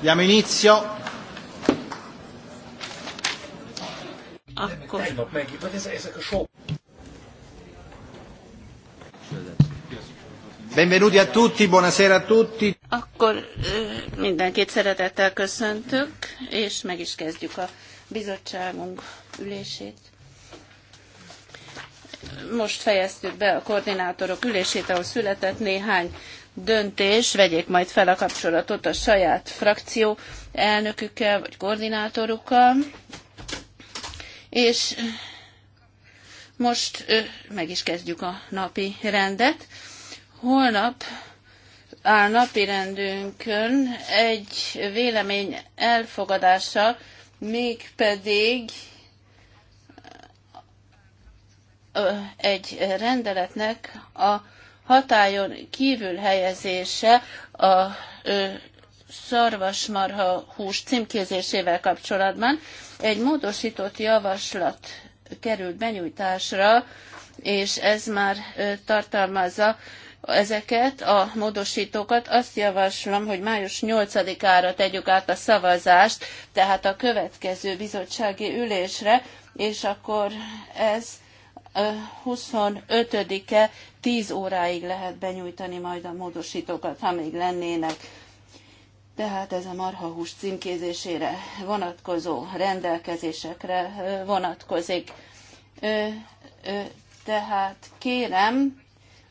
Diamo inizio. Benvenuti a tutti, buonasera a tutti. Akkor mindenkit szeretettel köszöntök, és meg is kezdjük a bizottságunk ülését. Most fejeztük be a koordinátorok ülését, ahol született néhány döntés, vegyék majd fel a kapcsolatot a saját frakció elnökükkel vagy koordinátorukkal. És most meg is kezdjük a napi rendet. Holnap áll napirendünkön egy vélemény elfogadása, mégpedig egy rendeletnek a hatályon kívül helyezése a ö, szarvasmarha hús címkézésével kapcsolatban egy módosított javaslat került benyújtásra, és ez már tartalmazza ezeket a módosítókat. Azt javaslom, hogy május 8-ára tegyük át a szavazást, tehát a következő bizottsági ülésre, és akkor ez 25-e 10 óráig lehet benyújtani majd a módosítókat, ha még lennének. Tehát ez a marhahús címkézésére vonatkozó rendelkezésekre vonatkozik. Tehát kérem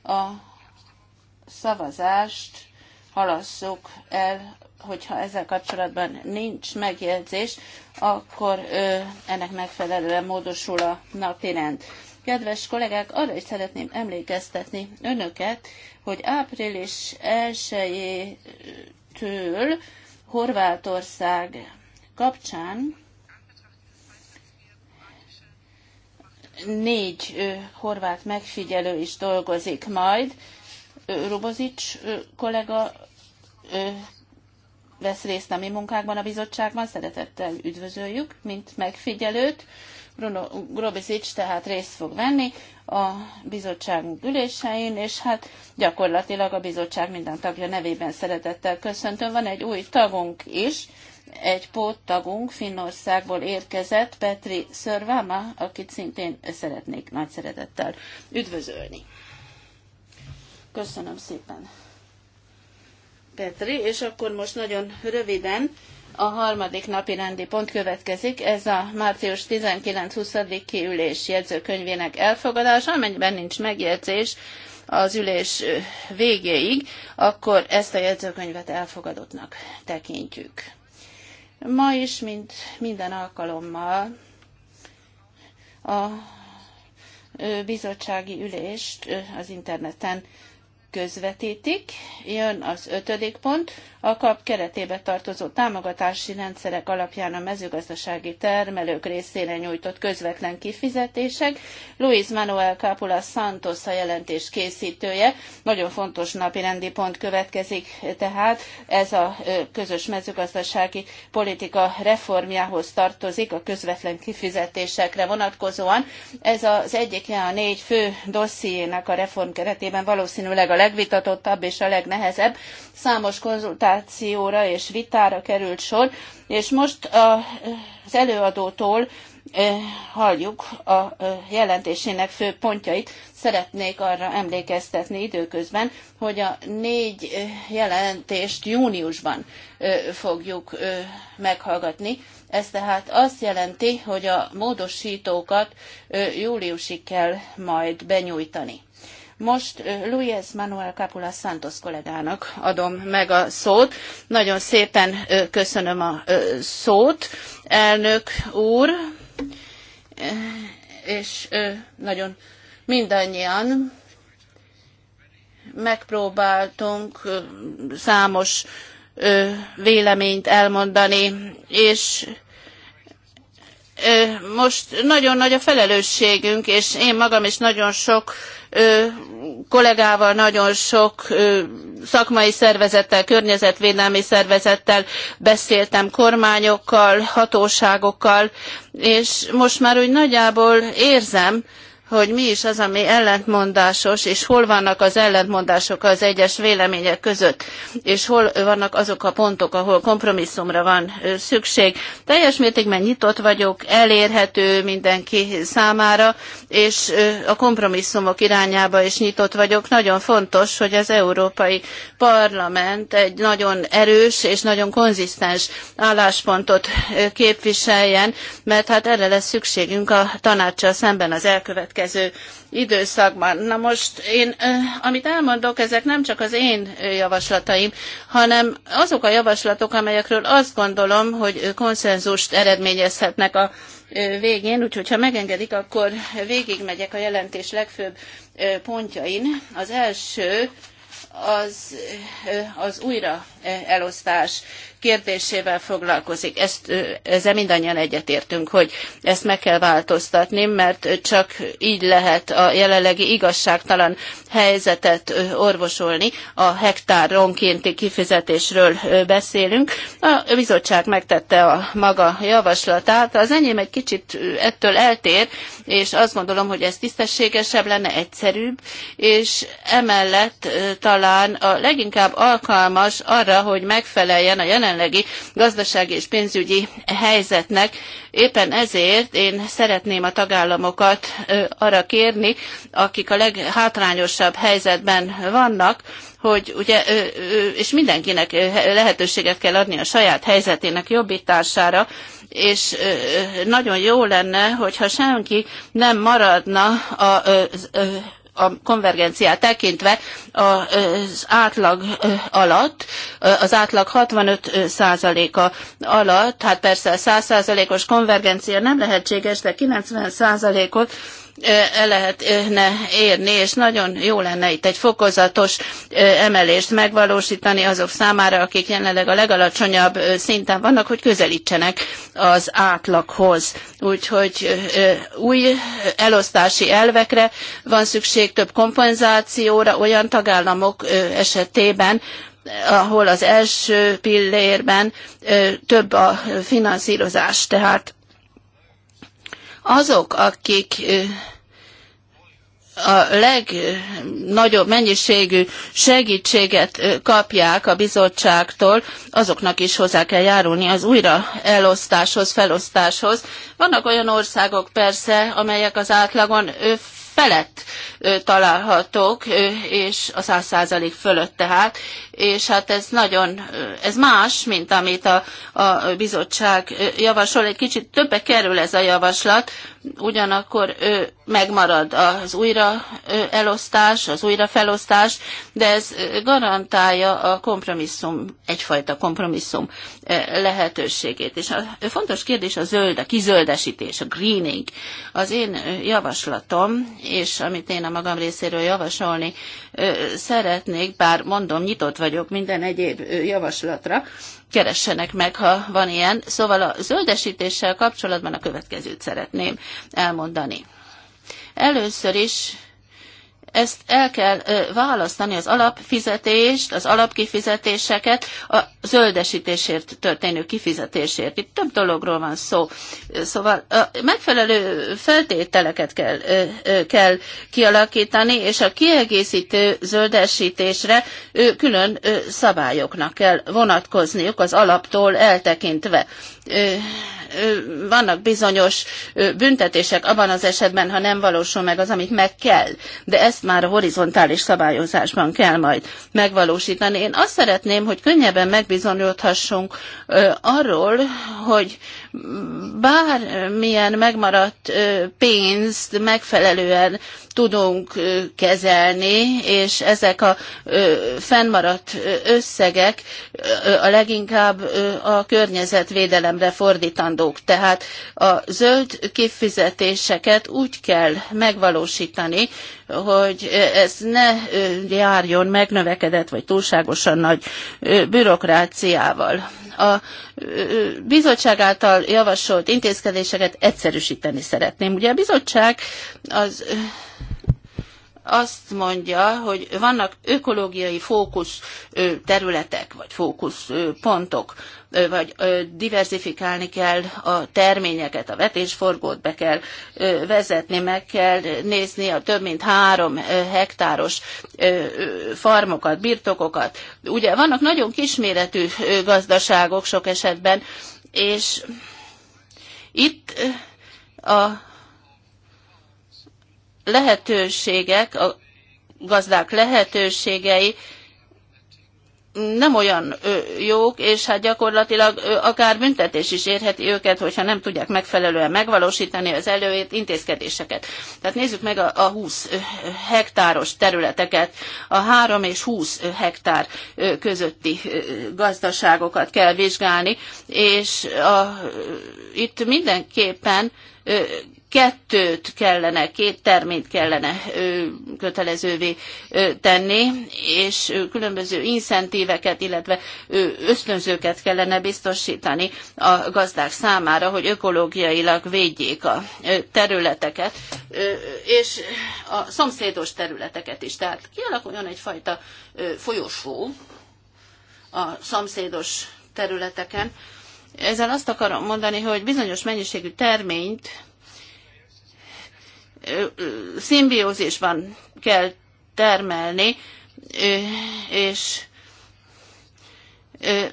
a szavazást halasszuk el, hogyha ezzel kapcsolatban nincs megjegyzés, akkor ennek megfelelően módosul a napirend. Kedves kollégák, arra is szeretném emlékeztetni önöket, hogy április 1-től Horvátország kapcsán négy horvát megfigyelő is dolgozik majd. Rubozics kollega vesz részt a mi munkákban a bizottságban, szeretettel üdvözöljük, mint megfigyelőt. Bruno Grobizic tehát részt fog venni a bizottság ülésein, és hát gyakorlatilag a bizottság minden tagja nevében szeretettel köszöntöm. Van egy új tagunk is, egy póttagunk Finnországból érkezett, Petri Szörváma, akit szintén szeretnék nagy szeretettel üdvözölni. Köszönöm szépen, Petri, és akkor most nagyon röviden a harmadik napi rendi pont következik, ez a március 19-20. kiülés jegyzőkönyvének elfogadása, amennyiben nincs megjegyzés az ülés végéig, akkor ezt a jegyzőkönyvet elfogadottnak tekintjük. Ma is, mint minden alkalommal, a bizottsági ülést az interneten közvetítik. Jön az ötödik pont, a kap keretébe tartozó támogatási rendszerek alapján a mezőgazdasági termelők részére nyújtott közvetlen kifizetések. Luis Manuel Capula Santos a jelentés készítője. Nagyon fontos napi rendi pont következik, tehát ez a közös mezőgazdasági politika reformjához tartozik a közvetlen kifizetésekre vonatkozóan. Ez az egyik a négy fő dossziének a reform keretében valószínűleg a legvitatottabb és a legnehezebb. Számos konzultáció konzultációra és vitára került sor, és most az előadótól halljuk a jelentésének fő pontjait. Szeretnék arra emlékeztetni időközben, hogy a négy jelentést júniusban fogjuk meghallgatni. Ez tehát azt jelenti, hogy a módosítókat júliusig kell majd benyújtani. Most Luis Manuel Capula Santos kollégának adom meg a szót. Nagyon szépen köszönöm a szót, elnök úr, és nagyon mindannyian megpróbáltunk számos véleményt elmondani, és most nagyon nagy a felelősségünk, és én magam is nagyon sok kollégával, nagyon sok szakmai szervezettel, környezetvédelmi szervezettel beszéltem, kormányokkal, hatóságokkal, és most már úgy nagyjából érzem, hogy mi is az, ami ellentmondásos, és hol vannak az ellentmondások az egyes vélemények között, és hol vannak azok a pontok, ahol kompromisszumra van szükség. Teljes mértékben nyitott vagyok, elérhető mindenki számára, és a kompromisszumok irányába is nyitott vagyok. Nagyon fontos, hogy az Európai Parlament egy nagyon erős és nagyon konzisztens álláspontot képviseljen, mert hát erre lesz szükségünk a tanácsa szemben az elkövetkező következő időszakban. Na most én, amit elmondok, ezek nem csak az én javaslataim, hanem azok a javaslatok, amelyekről azt gondolom, hogy konszenzust eredményezhetnek a végén, úgyhogy ha megengedik, akkor végigmegyek a jelentés legfőbb pontjain. Az első az, az újra elosztás kérdésével foglalkozik. Ezt, ezzel mindannyian egyetértünk, hogy ezt meg kell változtatni, mert csak így lehet a jelenlegi igazságtalan helyzetet orvosolni. A hektáronkénti kifizetésről beszélünk. A bizottság megtette a maga javaslatát. Az enyém egy kicsit ettől eltér, és azt gondolom, hogy ez tisztességesebb lenne, egyszerűbb, és emellett talán a leginkább alkalmas arra, arra, hogy megfeleljen a jelenlegi gazdasági és pénzügyi helyzetnek. Éppen ezért én szeretném a tagállamokat arra kérni, akik a leghátrányosabb helyzetben vannak, hogy ugye, és mindenkinek lehetőséget kell adni a saját helyzetének jobbítására, és nagyon jó lenne, hogyha senki nem maradna az a a konvergenciát tekintve az átlag alatt, az átlag 65 a alatt, hát persze a 100 os konvergencia nem lehetséges, de 90 ot el lehetne érni, és nagyon jó lenne itt egy fokozatos emelést megvalósítani azok számára, akik jelenleg a legalacsonyabb szinten vannak, hogy közelítsenek az átlaghoz. Úgyhogy új elosztási elvekre van szükség több kompenzációra olyan tagállamok esetében, ahol az első pillérben több a finanszírozás, tehát azok, akik a legnagyobb mennyiségű segítséget kapják a bizottságtól, azoknak is hozzá kell járulni az újra elosztáshoz, felosztáshoz. Vannak olyan országok persze, amelyek az átlagon felett találhatók, és a 100% fölött tehát, és hát ez nagyon, ez más, mint amit a, a bizottság javasol. Egy kicsit többe kerül ez a javaslat, ugyanakkor ő megmarad az újra elosztás, az újra felosztás, de ez garantálja a kompromisszum, egyfajta kompromisszum lehetőségét. És a fontos kérdés a zöld, a kizöldesítés, a greening. Az én javaslatom, és amit én a magam részéről javasolni szeretnék, bár mondom, nyitott vagyok minden egyéb javaslatra, keressenek meg, ha van ilyen. Szóval a zöldesítéssel kapcsolatban a következőt szeretném elmondani. Először is ezt el kell választani az alapfizetést, az alapkifizetéseket a zöldesítésért történő kifizetésért. Itt több dologról van szó. Szóval megfelelő feltételeket kell, kell kialakítani, és a kiegészítő zöldesítésre külön szabályoknak kell vonatkozniuk az alaptól eltekintve vannak bizonyos büntetések abban az esetben, ha nem valósul meg az, amit meg kell. De ezt már a horizontális szabályozásban kell majd megvalósítani. Én azt szeretném, hogy könnyebben megbizonyodhassunk arról, hogy bármilyen megmaradt pénzt megfelelően tudunk kezelni, és ezek a fennmaradt összegek a leginkább a környezetvédelemre fordítandók. Tehát a zöld kifizetéseket úgy kell megvalósítani, hogy ez ne járjon megnövekedett vagy túlságosan nagy bürokráciával. A bizottság által javasolt intézkedéseket egyszerűsíteni szeretném. Ugye a bizottság az azt mondja, hogy vannak ökológiai fókusz területek, vagy fókusz pontok, vagy diversifikálni kell a terményeket, a vetésforgót be kell vezetni, meg kell nézni a több mint három hektáros farmokat, birtokokat. Ugye vannak nagyon kisméretű gazdaságok sok esetben, és itt a lehetőségek, a gazdák lehetőségei nem olyan jók, és hát gyakorlatilag akár büntetés is érheti őket, hogyha nem tudják megfelelően megvalósítani az előét intézkedéseket. Tehát nézzük meg a, a 20 hektáros területeket, a 3 és 20 hektár közötti gazdaságokat kell vizsgálni, és a, itt mindenképpen kettőt kellene, két termét kellene kötelezővé tenni, és különböző incentíveket, illetve ösztönzőket kellene biztosítani a gazdák számára, hogy ökológiailag védjék a területeket, és a szomszédos területeket is. Tehát kialakuljon egyfajta folyosó a szomszédos területeken. Ezzel azt akarom mondani, hogy bizonyos mennyiségű terményt szimbiózisban kell termelni, és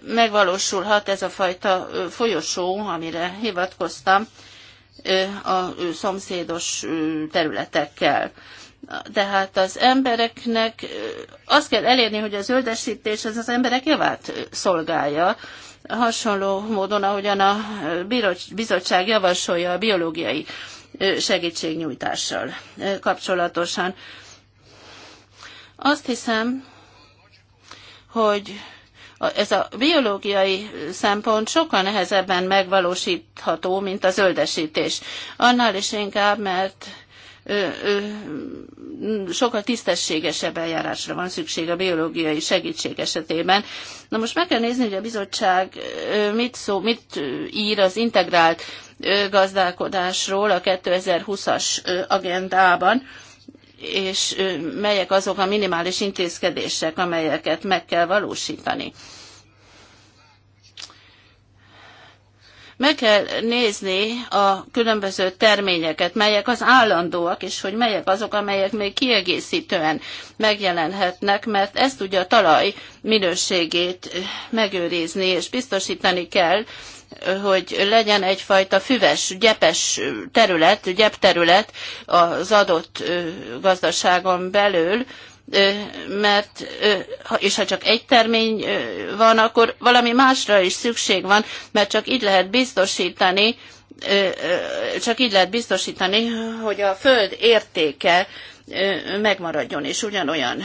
megvalósulhat ez a fajta folyosó, amire hivatkoztam, a szomszédos területekkel. Tehát az embereknek azt kell elérni, hogy a zöldesítés az az emberek javát szolgálja, hasonló módon, ahogyan a bizottság javasolja a biológiai segítségnyújtással kapcsolatosan. Azt hiszem, hogy ez a biológiai szempont sokkal nehezebben megvalósítható, mint a zöldesítés. Annál is inkább, mert sokkal tisztességesebb eljárásra van szükség a biológiai segítség esetében. Na most meg kell nézni, hogy a bizottság mit szó, mit ír az integrált gazdálkodásról a 2020-as agendában, és melyek azok a minimális intézkedések, amelyeket meg kell valósítani. Meg kell nézni a különböző terményeket, melyek az állandóak, és hogy melyek azok, amelyek még kiegészítően megjelenhetnek, mert ez tudja a talaj minőségét megőrizni, és biztosítani kell, hogy legyen egyfajta füves, gyepes terület, gyep terület az adott gazdaságon belül, mert és ha csak egy termény van, akkor valami másra is szükség van, mert csak így lehet biztosítani, csak így lehet biztosítani, hogy a föld értéke megmaradjon és ugyanolyan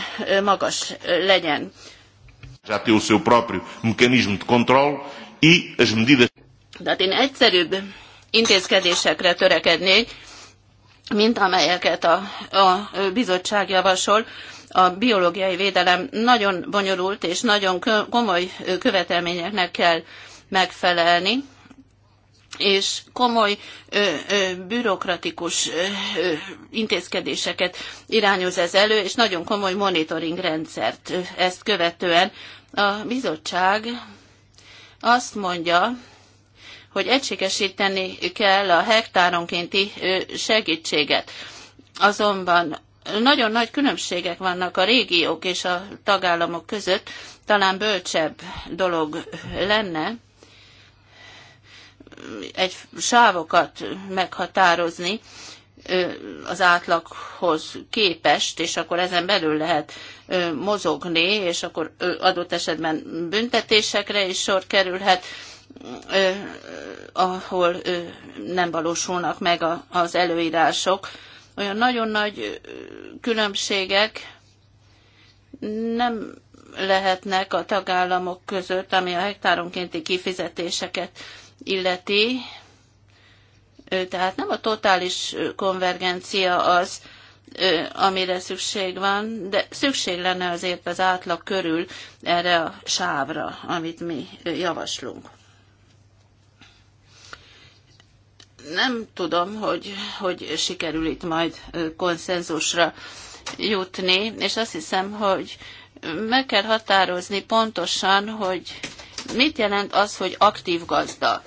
magas legyen. Já tem o seu próprio mecanismo de controle e as medidas. Tehát én egyszerűbb intézkedésekre törekednék, mint amelyeket a, a bizottság javasol. A biológiai védelem nagyon bonyolult és nagyon komoly követelményeknek kell megfelelni, és komoly ö, ö, bürokratikus ö, ö, intézkedéseket irányoz ez elő, és nagyon komoly monitoring rendszert ezt követően. A bizottság azt mondja, hogy egységesíteni kell a hektáronkénti segítséget. Azonban nagyon nagy különbségek vannak a régiók és a tagállamok között, talán bölcsebb dolog lenne egy sávokat meghatározni, az átlaghoz képest, és akkor ezen belül lehet mozogni, és akkor adott esetben büntetésekre is sor kerülhet, ahol nem valósulnak meg az előírások. Olyan nagyon nagy különbségek nem lehetnek a tagállamok között, ami a hektáronkénti kifizetéseket illeti, tehát nem a totális konvergencia az, amire szükség van, de szükség lenne azért az átlag körül erre a sávra, amit mi javaslunk. Nem tudom, hogy, hogy sikerül itt majd konszenzusra jutni, és azt hiszem, hogy meg kell határozni pontosan, hogy mit jelent az, hogy aktív gazda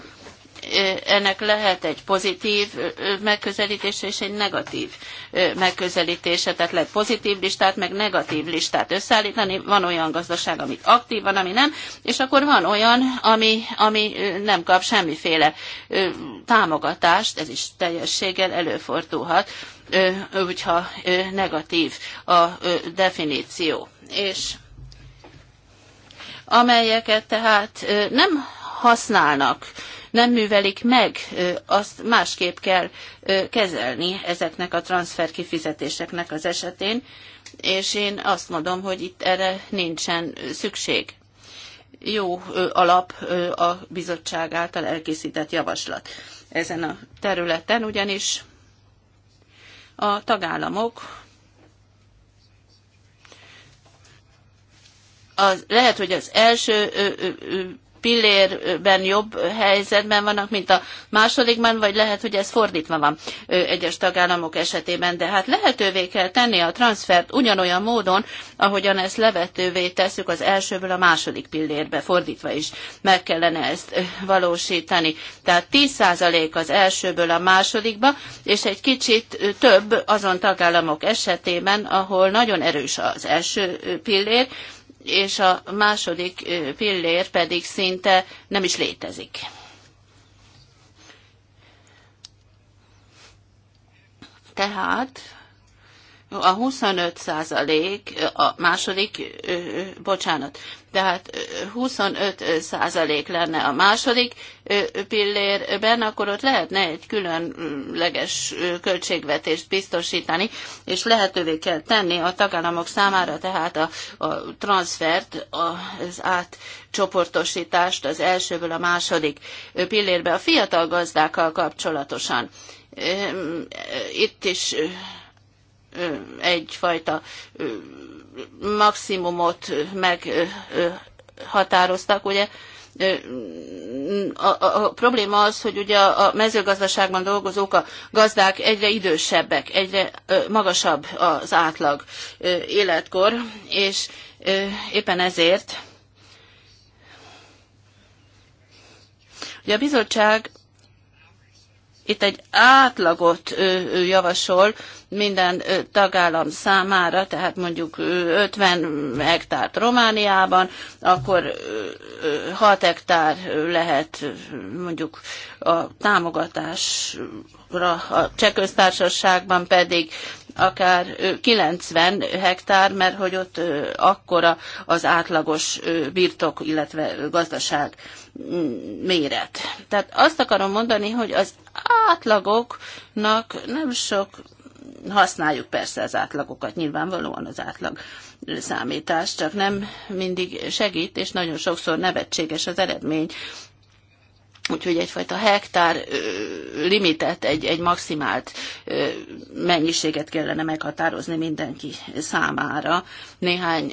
ennek lehet egy pozitív megközelítése és egy negatív megközelítése, tehát lehet pozitív listát, meg negatív listát összeállítani, van olyan gazdaság, ami aktív, van, ami nem, és akkor van olyan, ami, ami nem kap semmiféle támogatást, ez is teljességgel előfordulhat, hogyha negatív a definíció. És amelyeket tehát nem használnak nem művelik meg, azt másképp kell kezelni ezeknek a transferkifizetéseknek az esetén, és én azt mondom, hogy itt erre nincsen szükség. Jó alap a bizottság által elkészített javaslat ezen a területen, ugyanis a tagállamok az, lehet, hogy az első ö, ö, pillérben jobb helyzetben vannak, mint a másodikban, vagy lehet, hogy ez fordítva van egyes tagállamok esetében, de hát lehetővé kell tenni a transfert ugyanolyan módon, ahogyan ezt levetővé tesszük az elsőből a második pillérbe, fordítva is meg kellene ezt valósítani. Tehát 10% az elsőből a másodikba, és egy kicsit több azon tagállamok esetében, ahol nagyon erős az első pillér, és a második pillér pedig szinte nem is létezik. Tehát a 25 százalék, a második, bocsánat, tehát 25 százalék lenne a második pillérben, akkor ott lehetne egy különleges költségvetést biztosítani, és lehetővé kell tenni a tagállamok számára tehát a, a transfert, az átcsoportosítást az elsőből a második pillérbe a fiatal gazdákkal kapcsolatosan. Itt is egyfajta maximumot meghatároztak, ugye, a, a, a probléma az, hogy ugye a mezőgazdaságban dolgozók, a gazdák egyre idősebbek, egyre magasabb az átlag életkor, és éppen ezért ugye a bizottság itt egy átlagot javasol minden tagállam számára, tehát mondjuk 50 hektárt Romániában, akkor 6 hektár lehet mondjuk a támogatásra, a Csehköztársaságban pedig akár 90 hektár, mert hogy ott akkora az átlagos birtok, illetve gazdaság méret. Tehát azt akarom mondani, hogy az átlagoknak nem sok használjuk persze az átlagokat, nyilvánvalóan az átlag számítás, csak nem mindig segít, és nagyon sokszor nevetséges az eredmény. Úgyhogy egyfajta hektár limitet, egy, egy maximált mennyiséget kellene meghatározni mindenki számára. Néhány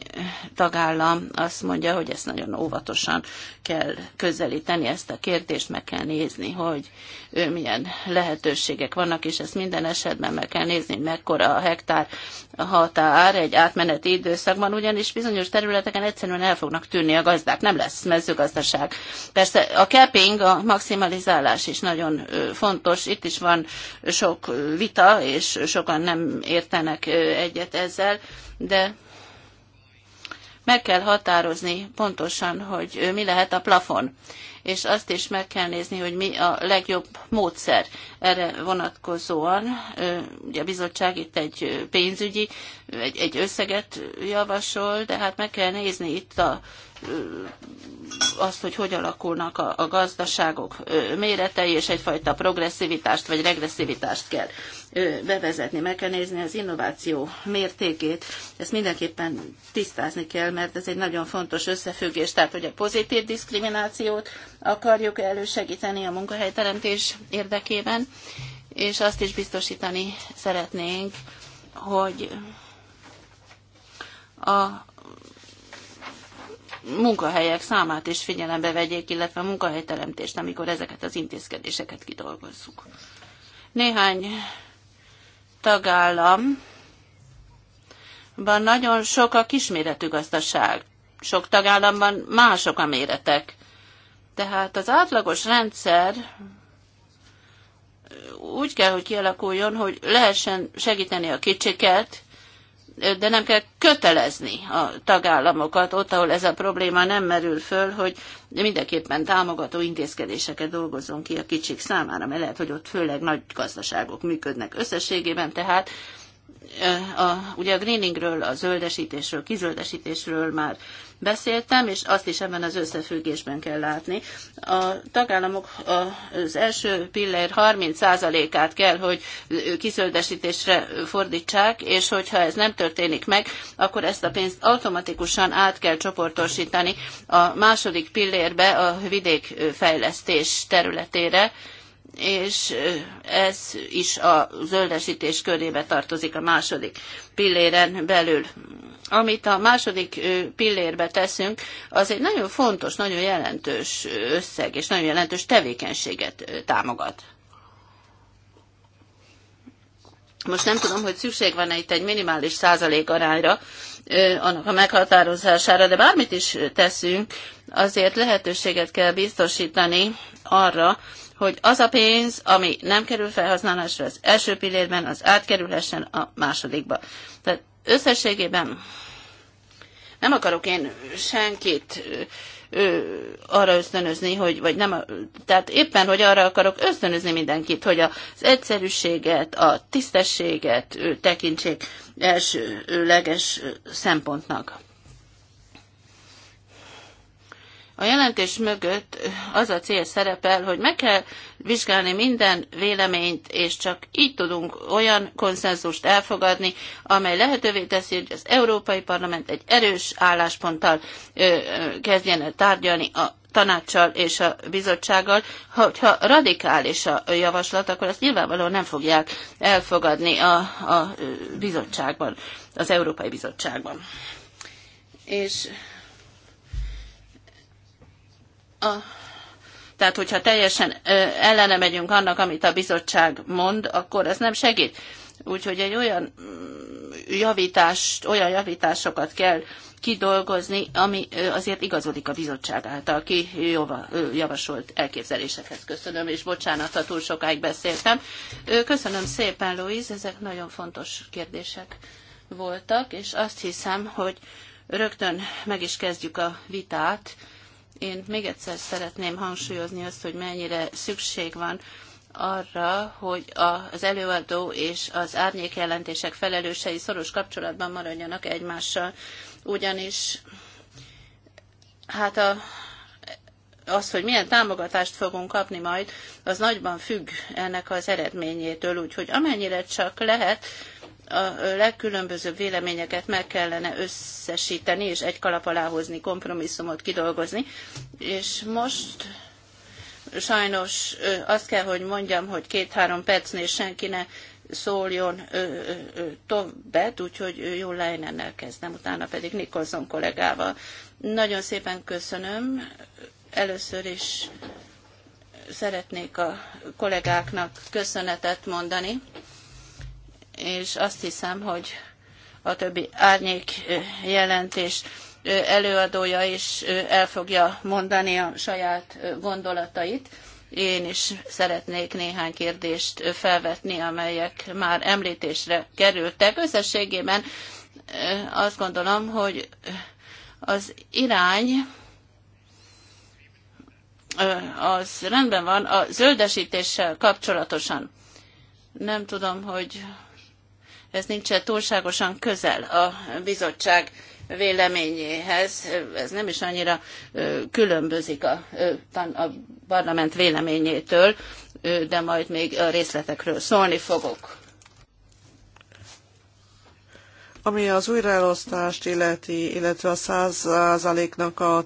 tagállam azt mondja, hogy ezt nagyon óvatosan kell közelíteni, ezt a kérdést meg kell nézni, hogy milyen lehetőségek vannak, és ezt minden esetben meg kell nézni, mekkora a hektár határ egy átmeneti időszakban, ugyanis bizonyos területeken egyszerűen el fognak tűnni a gazdák, nem lesz mezőgazdaság. Persze a capping, a maximalizálás is nagyon fontos. Itt is van sok vita, és sokan nem értenek egyet ezzel, de meg kell határozni pontosan, hogy mi lehet a plafon, és azt is meg kell nézni, hogy mi a legjobb módszer erre vonatkozóan. Ugye a bizottság itt egy pénzügyi, egy, egy összeget javasol, de hát meg kell nézni itt a, azt, hogy hogy alakulnak a, a gazdaságok méretei, és egyfajta progresszivitást vagy regresszivitást kell bevezetni. Meg kell nézni az innováció mértékét. Ezt mindenképpen tisztázni kell, mert ez egy nagyon fontos összefüggés, tehát hogy a pozitív diszkriminációt akarjuk elősegíteni a munkahelyteremtés érdekében, és azt is biztosítani szeretnénk, hogy a munkahelyek számát is figyelembe vegyék, illetve a munkahelyteremtést, amikor ezeket az intézkedéseket kidolgozzuk. Néhány tagállam nagyon sok a kisméretű gazdaság. Sok tagállamban mások a méretek. Tehát az átlagos rendszer úgy kell, hogy kialakuljon, hogy lehessen segíteni a kicsiket, de nem kell kötelezni a tagállamokat ott, ahol ez a probléma nem merül föl, hogy mindenképpen támogató intézkedéseket dolgozzon ki a kicsik számára, mert lehet, hogy ott főleg nagy gazdaságok működnek összességében, tehát a, ugye a greeningről, a zöldesítésről, kizöldesítésről már beszéltem, és azt is ebben az összefüggésben kell látni. A tagállamok az első pillér 30%-át kell, hogy kiszöldesítésre fordítsák, és hogyha ez nem történik meg, akkor ezt a pénzt automatikusan át kell csoportosítani a második pillérbe a vidékfejlesztés területére és ez is a zöldesítés körébe tartozik a második pilléren belül amit a második pillérbe teszünk, az egy nagyon fontos, nagyon jelentős összeg és nagyon jelentős tevékenységet támogat. Most nem tudom, hogy szükség van-e itt egy minimális százalék arányra, annak a meghatározására, de bármit is teszünk, azért lehetőséget kell biztosítani arra, hogy az a pénz, ami nem kerül felhasználásra az első pillérben, az átkerülhessen a másodikba. Tehát Összességében nem akarok én senkit arra ösztönözni, hogy, vagy nem, tehát éppen, hogy arra akarok ösztönözni mindenkit, hogy az egyszerűséget, a tisztességet tekintsék elsőleges szempontnak. A jelentés mögött az a cél szerepel, hogy meg kell vizsgálni minden véleményt, és csak így tudunk olyan konszenzust elfogadni, amely lehetővé teszi, hogy az Európai Parlament egy erős állásponttal ö, kezdjen el tárgyalni a tanácssal és a bizottsággal, hogyha radikális a javaslat, akkor azt nyilvánvalóan nem fogják elfogadni a, a bizottságban, az Európai Bizottságban. És a tehát, hogyha teljesen ellene megyünk annak, amit a bizottság mond, akkor ez nem segít. Úgyhogy egy olyan mm, javítást, olyan javításokat kell kidolgozni, ami azért igazodik a bizottság által ki javasolt elképzelésekhez. Köszönöm, és bocsánat, ha túl sokáig beszéltem. Köszönöm szépen, Louise, ezek nagyon fontos kérdések voltak, és azt hiszem, hogy rögtön meg is kezdjük a vitát. Én még egyszer szeretném hangsúlyozni azt, hogy mennyire szükség van arra, hogy az előadó és az árnyék jelentések felelősei szoros kapcsolatban maradjanak egymással, ugyanis hát a, az, hogy milyen támogatást fogunk kapni majd, az nagyban függ ennek az eredményétől, úgyhogy amennyire csak lehet, a legkülönbözőbb véleményeket meg kellene összesíteni, és egy kalap alá hozni, kompromisszumot kidolgozni. És most sajnos azt kell, hogy mondjam, hogy két-három percnél senki ne szóljon többet, úgyhogy jó Leinennel kezdem, utána pedig Nikolson kollégával. Nagyon szépen köszönöm. Először is szeretnék a kollégáknak köszönetet mondani és azt hiszem, hogy a többi árnyék jelentés előadója is el fogja mondani a saját gondolatait. Én is szeretnék néhány kérdést felvetni, amelyek már említésre kerültek. Összességében azt gondolom, hogy az irány az rendben van a zöldesítéssel kapcsolatosan. Nem tudom, hogy ez nincs túlságosan közel a bizottság véleményéhez. Ez nem is annyira különbözik a, a parlament véleményétől, de majd még a részletekről szólni fogok. Ami az újraelosztást illeti, illetve a százaléknak a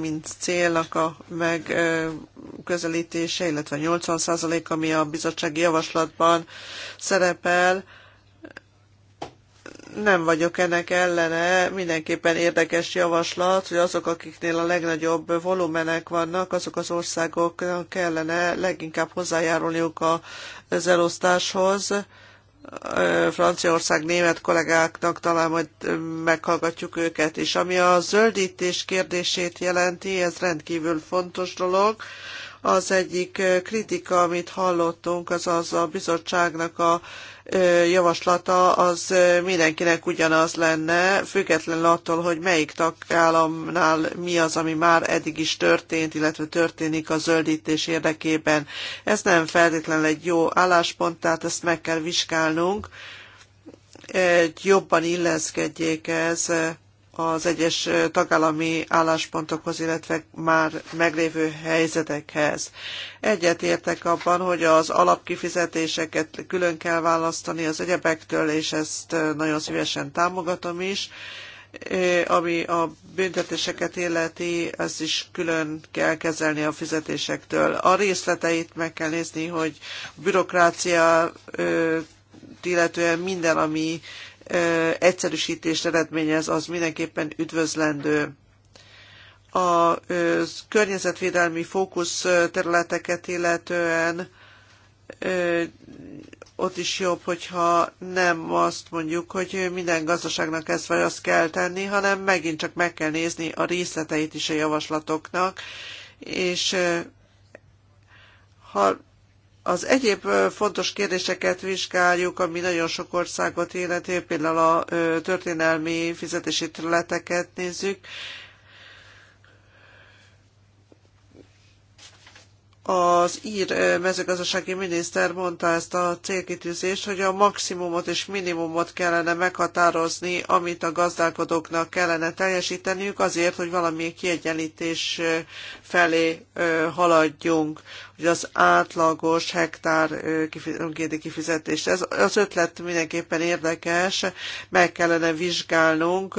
mint célnak a megközelítése, illetve 80 százalék, ami a bizottsági javaslatban szerepel, nem vagyok ennek ellene, mindenképpen érdekes javaslat, hogy azok, akiknél a legnagyobb volumenek vannak, azok az országoknak kellene leginkább hozzájárulniuk az elosztáshoz. Franciaország német kollégáknak talán majd meghallgatjuk őket is. Ami a zöldítés kérdését jelenti, ez rendkívül fontos dolog. Az egyik kritika, amit hallottunk, az az a bizottságnak a javaslata az mindenkinek ugyanaz lenne, függetlenül attól, hogy melyik tagállamnál mi az, ami már eddig is történt, illetve történik a zöldítés érdekében. Ez nem feltétlenül egy jó álláspont, tehát ezt meg kell vizsgálnunk, jobban illeszkedjék ez az egyes tagállami álláspontokhoz, illetve már meglévő helyzetekhez. Egyet értek abban, hogy az alapkifizetéseket külön kell választani az egyebektől, és ezt nagyon szívesen támogatom is. Ami a büntetéseket illeti, ezt is külön kell kezelni a fizetésektől. A részleteit meg kell nézni, hogy bürokrácia illetően minden, ami egyszerűsítést eredményez, az mindenképpen üdvözlendő. A környezetvédelmi fókusz területeket illetően ott is jobb, hogyha nem azt mondjuk, hogy minden gazdaságnak ezt vagy azt kell tenni, hanem megint csak meg kell nézni a részleteit is a javaslatoknak, és ha az egyéb fontos kérdéseket vizsgáljuk, ami nagyon sok országot illeti, például a történelmi fizetési területeket nézzük, az ír mezőgazdasági miniszter mondta ezt a célkitűzést, hogy a maximumot és minimumot kellene meghatározni, amit a gazdálkodóknak kellene teljesíteniük azért, hogy valami kiegyenlítés felé haladjunk, hogy az átlagos hektár önkénti kifizetést. Ez az ötlet mindenképpen érdekes, meg kellene vizsgálnunk,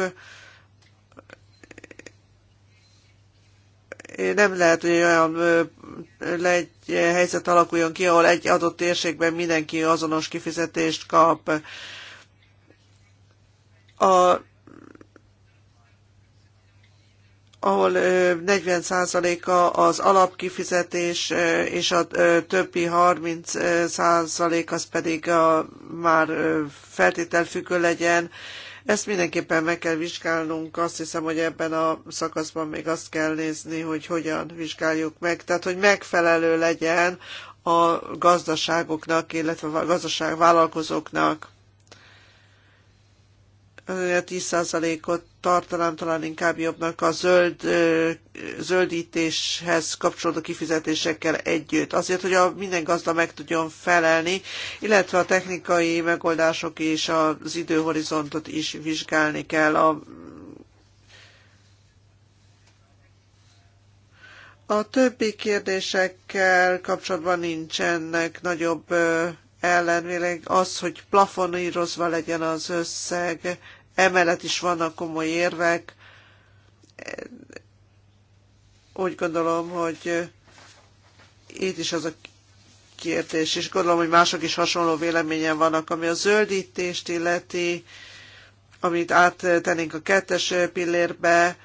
nem lehet, hogy olyan egy helyzet alakuljon ki, ahol egy adott térségben mindenki azonos kifizetést kap. A ahol 40%-a az alapkifizetés, és a többi 30% az pedig a, már függő legyen, ezt mindenképpen meg kell vizsgálnunk, azt hiszem, hogy ebben a szakaszban még azt kell nézni, hogy hogyan vizsgáljuk meg, tehát hogy megfelelő legyen a gazdaságoknak, illetve a gazdaságvállalkozóknak. 10%-ot tartanám talán inkább jobbnak a zöld, zöldítéshez kapcsolódó kifizetésekkel együtt. Azért, hogy a minden gazda meg tudjon felelni, illetve a technikai megoldások és az időhorizontot is vizsgálni kell. A, a többi kérdésekkel kapcsolatban nincsenek nagyobb ellenvileg az, hogy plafonírozva legyen az összeg, emellett is vannak komoly érvek. Úgy gondolom, hogy itt is az a kérdés, és gondolom, hogy mások is hasonló véleményen vannak, ami a zöldítést illeti, amit áttennénk a kettes pillérbe,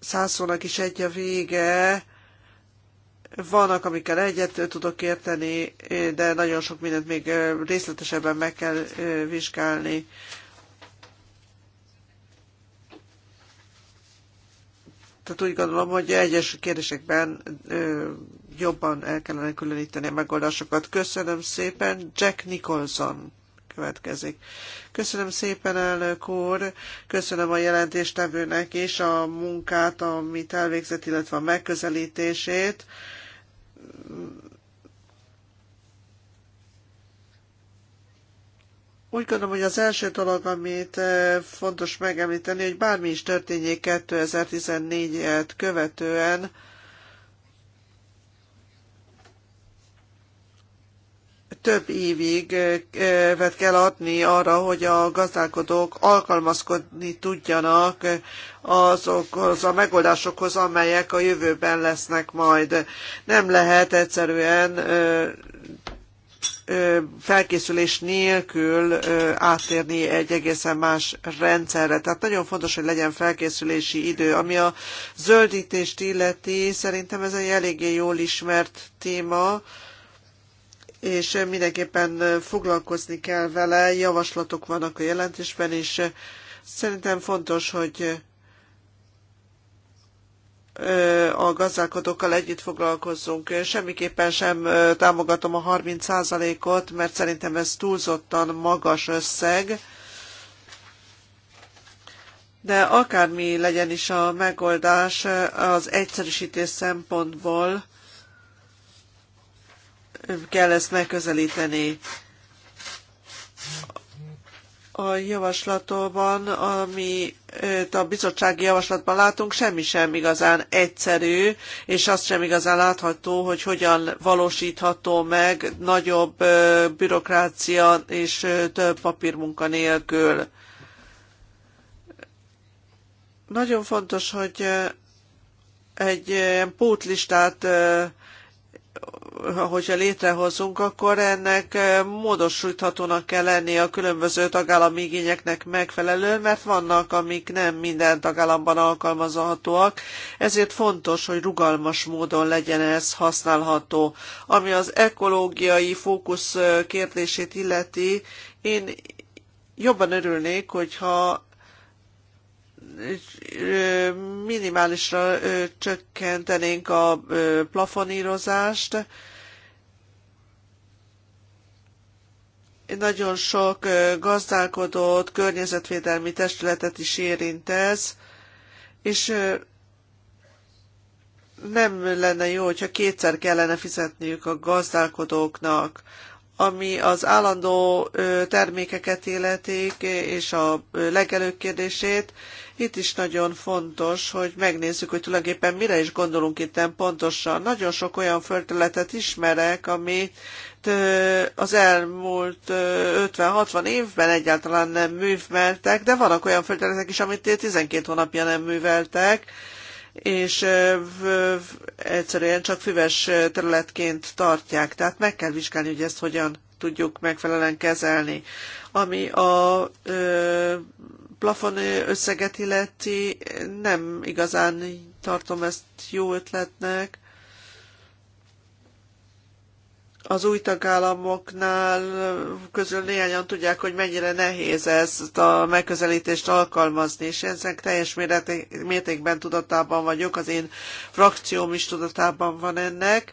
százszónak is egy a vége, vannak, amikkel egyet tudok érteni, de nagyon sok mindent még részletesebben meg kell vizsgálni. Tehát úgy gondolom, hogy egyes kérdésekben jobban el kellene különíteni a megoldásokat. Köszönöm szépen, Jack Nicholson következik. Köszönöm szépen, elnök úr, köszönöm a jelentéstevőnek és a munkát, amit elvégzett, illetve a megközelítését úgy gondolom, hogy az első dolog, amit eh, fontos megemlíteni, hogy bármi is történjék 2014-et követően, több évig vet kell adni arra, hogy a gazdálkodók alkalmazkodni tudjanak azokhoz a megoldásokhoz, amelyek a jövőben lesznek majd. Nem lehet egyszerűen felkészülés nélkül áttérni egy egészen más rendszerre. Tehát nagyon fontos, hogy legyen felkészülési idő. Ami a zöldítést illeti, szerintem ez egy eléggé jól ismert téma, és mindenképpen foglalkozni kell vele, javaslatok vannak a jelentésben, és szerintem fontos, hogy a gazdálkodókkal együtt foglalkozzunk. Semmiképpen sem támogatom a 30%-ot, mert szerintem ez túlzottan magas összeg. De akármi legyen is a megoldás az egyszerűsítés szempontból, kell ezt megközelíteni. A javaslatban, ami a bizottsági javaslatban látunk, semmi sem igazán egyszerű, és azt sem igazán látható, hogy hogyan valósítható meg nagyobb bürokrácia és több papírmunka nélkül. Nagyon fontos, hogy egy pótlistát hogyha létrehozunk, akkor ennek módosíthatónak kell lennie a különböző tagállami igényeknek megfelelően, mert vannak, amik nem minden tagállamban alkalmazhatóak, ezért fontos, hogy rugalmas módon legyen ez használható. Ami az ekológiai fókusz kérdését illeti, én jobban örülnék, hogyha minimálisra csökkentenénk a plafonírozást. Nagyon sok gazdálkodót, környezetvédelmi testületet is érint ez, és nem lenne jó, hogyha kétszer kellene fizetniük a gazdálkodóknak ami az állandó termékeket illetik, és a legelők kérdését. Itt is nagyon fontos, hogy megnézzük, hogy tulajdonképpen mire is gondolunk itt pontosan. Nagyon sok olyan földterületet ismerek, amit az elmúlt 50-60 évben egyáltalán nem műveltek, de vannak olyan földterületek is, amit 12 hónapja nem műveltek, és egyszerűen csak füves területként tartják. Tehát meg kell vizsgálni, hogy ezt hogyan tudjuk megfelelően kezelni. Ami a plafon összeget illeti, nem igazán tartom ezt jó ötletnek. Az új tagállamoknál közül néhányan tudják, hogy mennyire nehéz ezt a megközelítést alkalmazni, és ezek teljes mértékben tudatában vagyok, az én frakcióm is tudatában van ennek.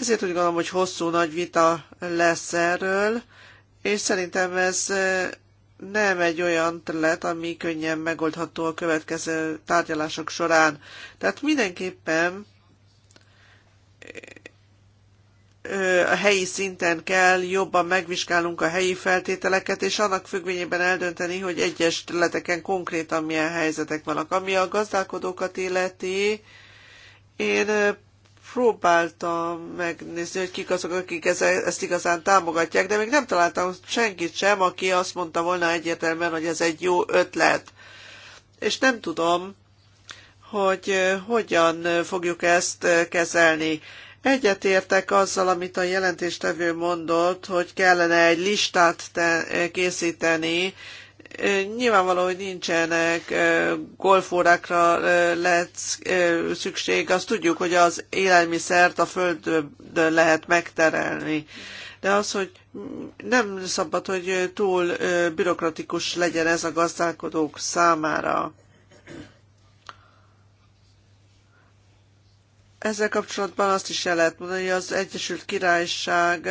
Ezért úgy gondolom, hogy hosszú nagy vita lesz erről, és szerintem ez nem egy olyan terület, ami könnyen megoldható a következő tárgyalások során. Tehát mindenképpen a helyi szinten kell jobban megvizsgálnunk a helyi feltételeket, és annak függvényében eldönteni, hogy egyes területeken konkrétan milyen helyzetek vannak. Ami a gazdálkodókat illeti, én próbáltam megnézni, hogy kik azok, akik ezt igazán támogatják, de még nem találtam senkit sem, aki azt mondta volna egyértelműen, hogy ez egy jó ötlet. És nem tudom, hogy eh, hogyan fogjuk ezt eh, kezelni. Egyetértek azzal, amit a jelentéstevő mondott, hogy kellene egy listát eh, készíteni, Nyilvánvaló, hogy nincsenek golfórákra lehet szükség. Azt tudjuk, hogy az élelmiszert a földön lehet megterelni. De az, hogy nem szabad, hogy túl bürokratikus legyen ez a gazdálkodók számára. Ezzel kapcsolatban azt is el lehet mondani, hogy az Egyesült Királyság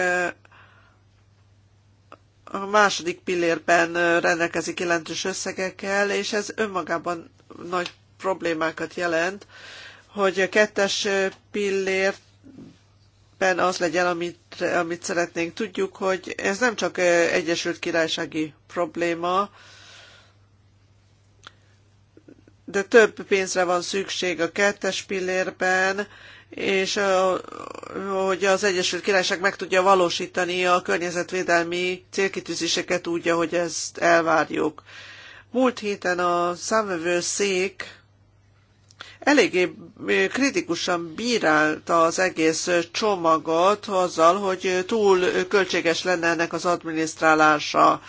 a második pillérben rendelkezik jelentős összegekkel, és ez önmagában nagy problémákat jelent, hogy a kettes pillért ben az legyen, amit, amit szeretnénk. Tudjuk, hogy ez nem csak Egyesült Királysági probléma, de több pénzre van szükség a kettes pillérben, és hogy az Egyesült Királyság meg tudja valósítani a környezetvédelmi célkitűzéseket úgy, ahogy ezt elvárjuk. Múlt héten a számvevő szék eléggé kritikusan bírálta az egész csomagot azzal, hogy túl költséges lenne ennek az adminisztrálása.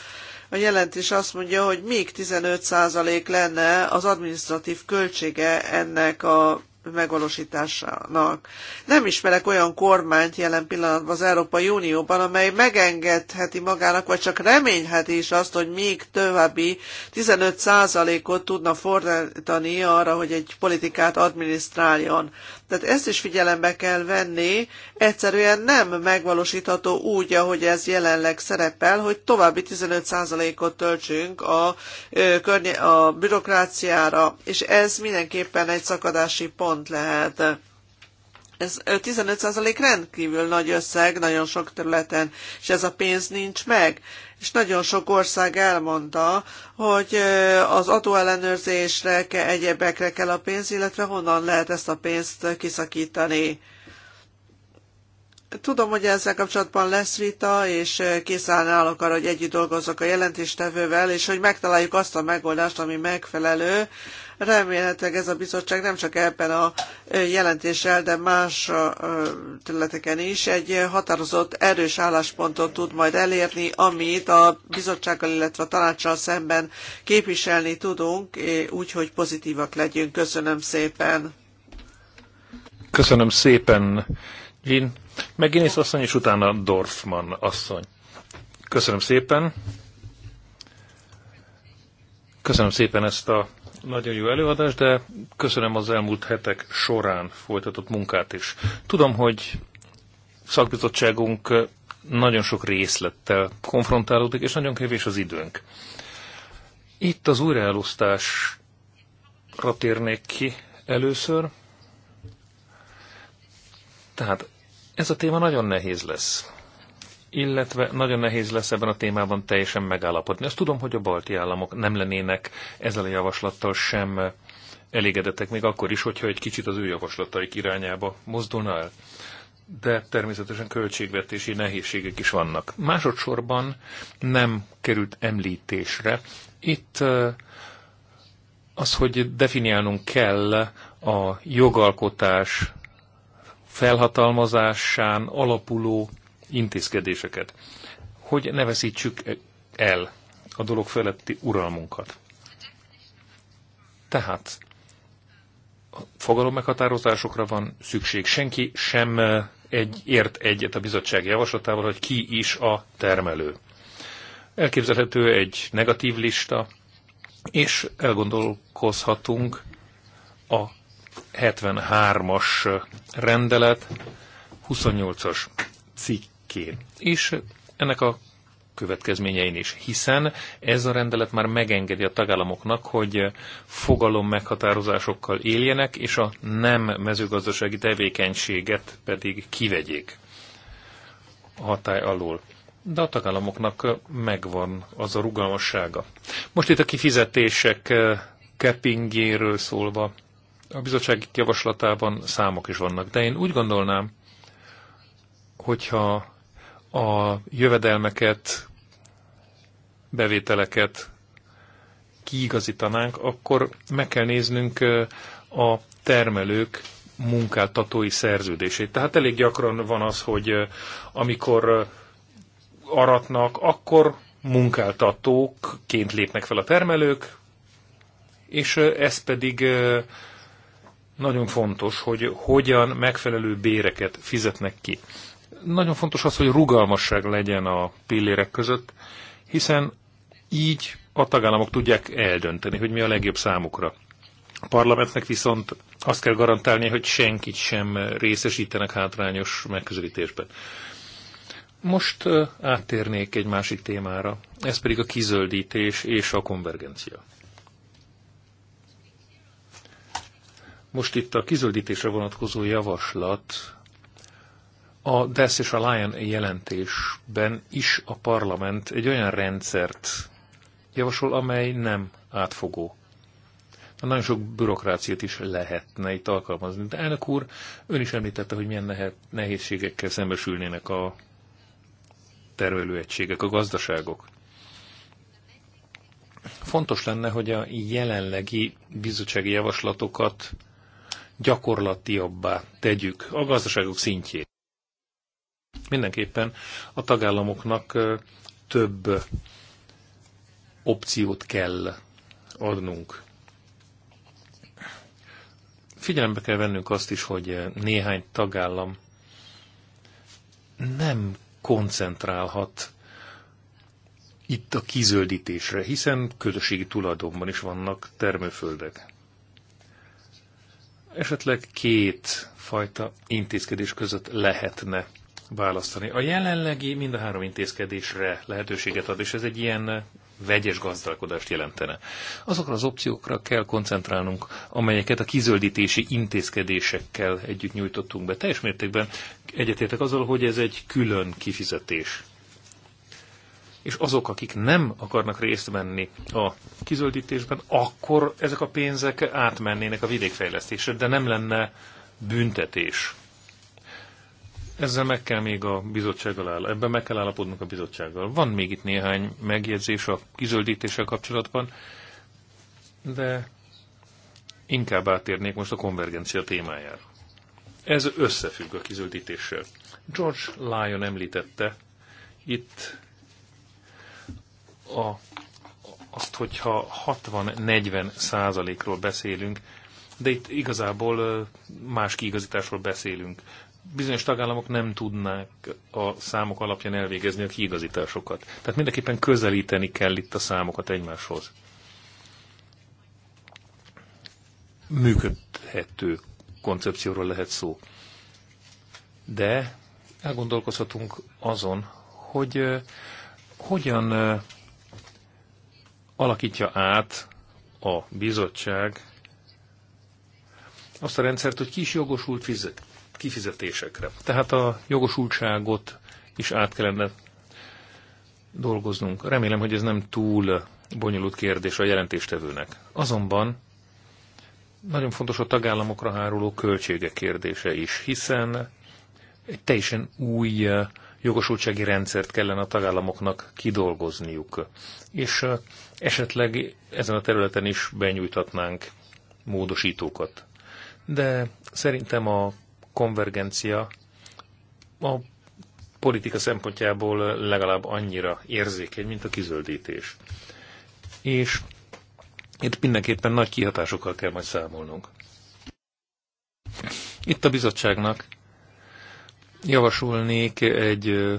A jelentés azt mondja, hogy még 15% lenne az adminisztratív költsége ennek a megvalósításának. Nem ismerek olyan kormányt jelen pillanatban az Európai Unióban, amely megengedheti magának, vagy csak reményheti is azt, hogy még további 15%-ot tudna fordítani arra, hogy egy politikát adminisztráljon. Tehát ezt is figyelembe kell venni, egyszerűen nem megvalósítható úgy, ahogy ez jelenleg szerepel, hogy további 15%-ot töltsünk a, a bürokráciára, és ez mindenképpen egy szakadási pont lehet. Ez 15% rendkívül nagy összeg nagyon sok területen, és ez a pénz nincs meg. És nagyon sok ország elmondta, hogy az adóellenőrzésre, egyebekre kell a pénz, illetve honnan lehet ezt a pénzt kiszakítani. Tudom, hogy ezzel kapcsolatban lesz vita, és készen állok arra, hogy együtt dolgozzak a jelentéstevővel, és hogy megtaláljuk azt a megoldást, ami megfelelő. Remélhetőleg ez a bizottság nem csak ebben a jelentéssel, de más területeken is egy határozott, erős álláspontot tud majd elérni, amit a bizottsággal, illetve a tanácssal szemben képviselni tudunk, úgyhogy pozitívak legyünk. Köszönöm szépen! Köszönöm szépen, Jean! Megénész asszony, és utána Dorfman asszony. Köszönöm szépen. Köszönöm szépen ezt a nagyon jó előadást, de köszönöm az elmúlt hetek során folytatott munkát is. Tudom, hogy szakbizottságunk nagyon sok részlettel konfrontálódik, és nagyon kevés az időnk. Itt az újraelosztásra térnék ki először. Tehát ez a téma nagyon nehéz lesz. Illetve nagyon nehéz lesz ebben a témában teljesen megállapodni. Azt tudom, hogy a balti államok nem lennének ezzel a javaslattal sem elégedettek, még akkor is, hogyha egy kicsit az ő javaslataik irányába mozdulna el. De természetesen költségvetési nehézségek is vannak. Másodszorban nem került említésre. Itt az, hogy definiálnunk kell a jogalkotás felhatalmazásán alapuló intézkedéseket, hogy ne veszítsük el a dolog feletti uralmunkat. Tehát fogalom meghatározásokra van szükség. Senki sem eh, egy, ért egyet a bizottság javaslatával, hogy ki is a termelő. Elképzelhető egy negatív lista, és elgondolkozhatunk a 73-as rendelet 28-as cikkén. És ennek a következményein is, hiszen ez a rendelet már megengedi a tagállamoknak, hogy fogalom meghatározásokkal éljenek, és a nem mezőgazdasági tevékenységet pedig kivegyék a hatály alól. De a tagállamoknak megvan az a rugalmassága. Most itt a kifizetések kepingéről eh, szólva, a bizottság javaslatában számok is vannak, de én úgy gondolnám, hogyha a jövedelmeket, bevételeket kiigazítanánk, akkor meg kell néznünk a termelők munkáltatói szerződését. Tehát elég gyakran van az, hogy amikor aratnak, akkor munkáltatókként lépnek fel a termelők, és ez pedig nagyon fontos, hogy hogyan megfelelő béreket fizetnek ki. Nagyon fontos az, hogy rugalmasság legyen a pillérek között, hiszen így a tagállamok tudják eldönteni, hogy mi a legjobb számukra. A parlamentnek viszont azt kell garantálni, hogy senkit sem részesítenek hátrányos megközelítésben. Most áttérnék egy másik témára, ez pedig a kizöldítés és a konvergencia. Most itt a kizöldítésre vonatkozó javaslat a DESZ és a Lion jelentésben is a parlament egy olyan rendszert javasol, amely nem átfogó. Na nagyon sok bürokráciát is lehetne itt alkalmazni. De elnök úr, ön is említette, hogy milyen nehézségekkel szembesülnének a termelőegységek, a gazdaságok. Fontos lenne, hogy a jelenlegi bizottsági javaslatokat gyakorlatiabbá tegyük a gazdaságok szintjét. Mindenképpen a tagállamoknak több opciót kell adnunk. Figyelembe kell vennünk azt is, hogy néhány tagállam nem koncentrálhat itt a kizöldítésre, hiszen közösségi tulajdonban is vannak termőföldek esetleg két fajta intézkedés között lehetne választani. A jelenlegi mind a három intézkedésre lehetőséget ad, és ez egy ilyen vegyes gazdálkodást jelentene. Azokra az opciókra kell koncentrálnunk, amelyeket a kizöldítési intézkedésekkel együtt nyújtottunk be. Teljes mértékben egyetértek azzal, hogy ez egy külön kifizetés és azok, akik nem akarnak részt venni a kizöldítésben, akkor ezek a pénzek átmennének a vidékfejlesztésre, de nem lenne büntetés. Ezzel meg kell még a bizottsággal áll, ebben meg kell állapodnunk a bizottsággal. Van még itt néhány megjegyzés a kizöldítéssel kapcsolatban, de inkább átérnék most a konvergencia témájára. Ez összefügg a kizöldítéssel. George Lyon említette itt a, azt, hogyha 60-40 százalékról beszélünk, de itt igazából más kiigazításról beszélünk. Bizonyos tagállamok nem tudnák a számok alapján elvégezni a kiigazításokat. Tehát mindenképpen közelíteni kell itt a számokat egymáshoz. Működhető koncepcióról lehet szó. De elgondolkozhatunk azon, hogy hogyan alakítja át a bizottság azt a rendszert, hogy kis jogosult fizet, kifizetésekre. Tehát a jogosultságot is át kellene dolgoznunk. Remélem, hogy ez nem túl bonyolult kérdés a jelentéstevőnek. Azonban nagyon fontos a tagállamokra háruló költségek kérdése is, hiszen egy teljesen új jogosultsági rendszert kellene a tagállamoknak kidolgozniuk. És esetleg ezen a területen is benyújthatnánk módosítókat. De szerintem a konvergencia a politika szempontjából legalább annyira érzékeny, mint a kizöldítés. És itt mindenképpen nagy kihatásokkal kell majd számolnunk. Itt a bizottságnak Javasolnék egy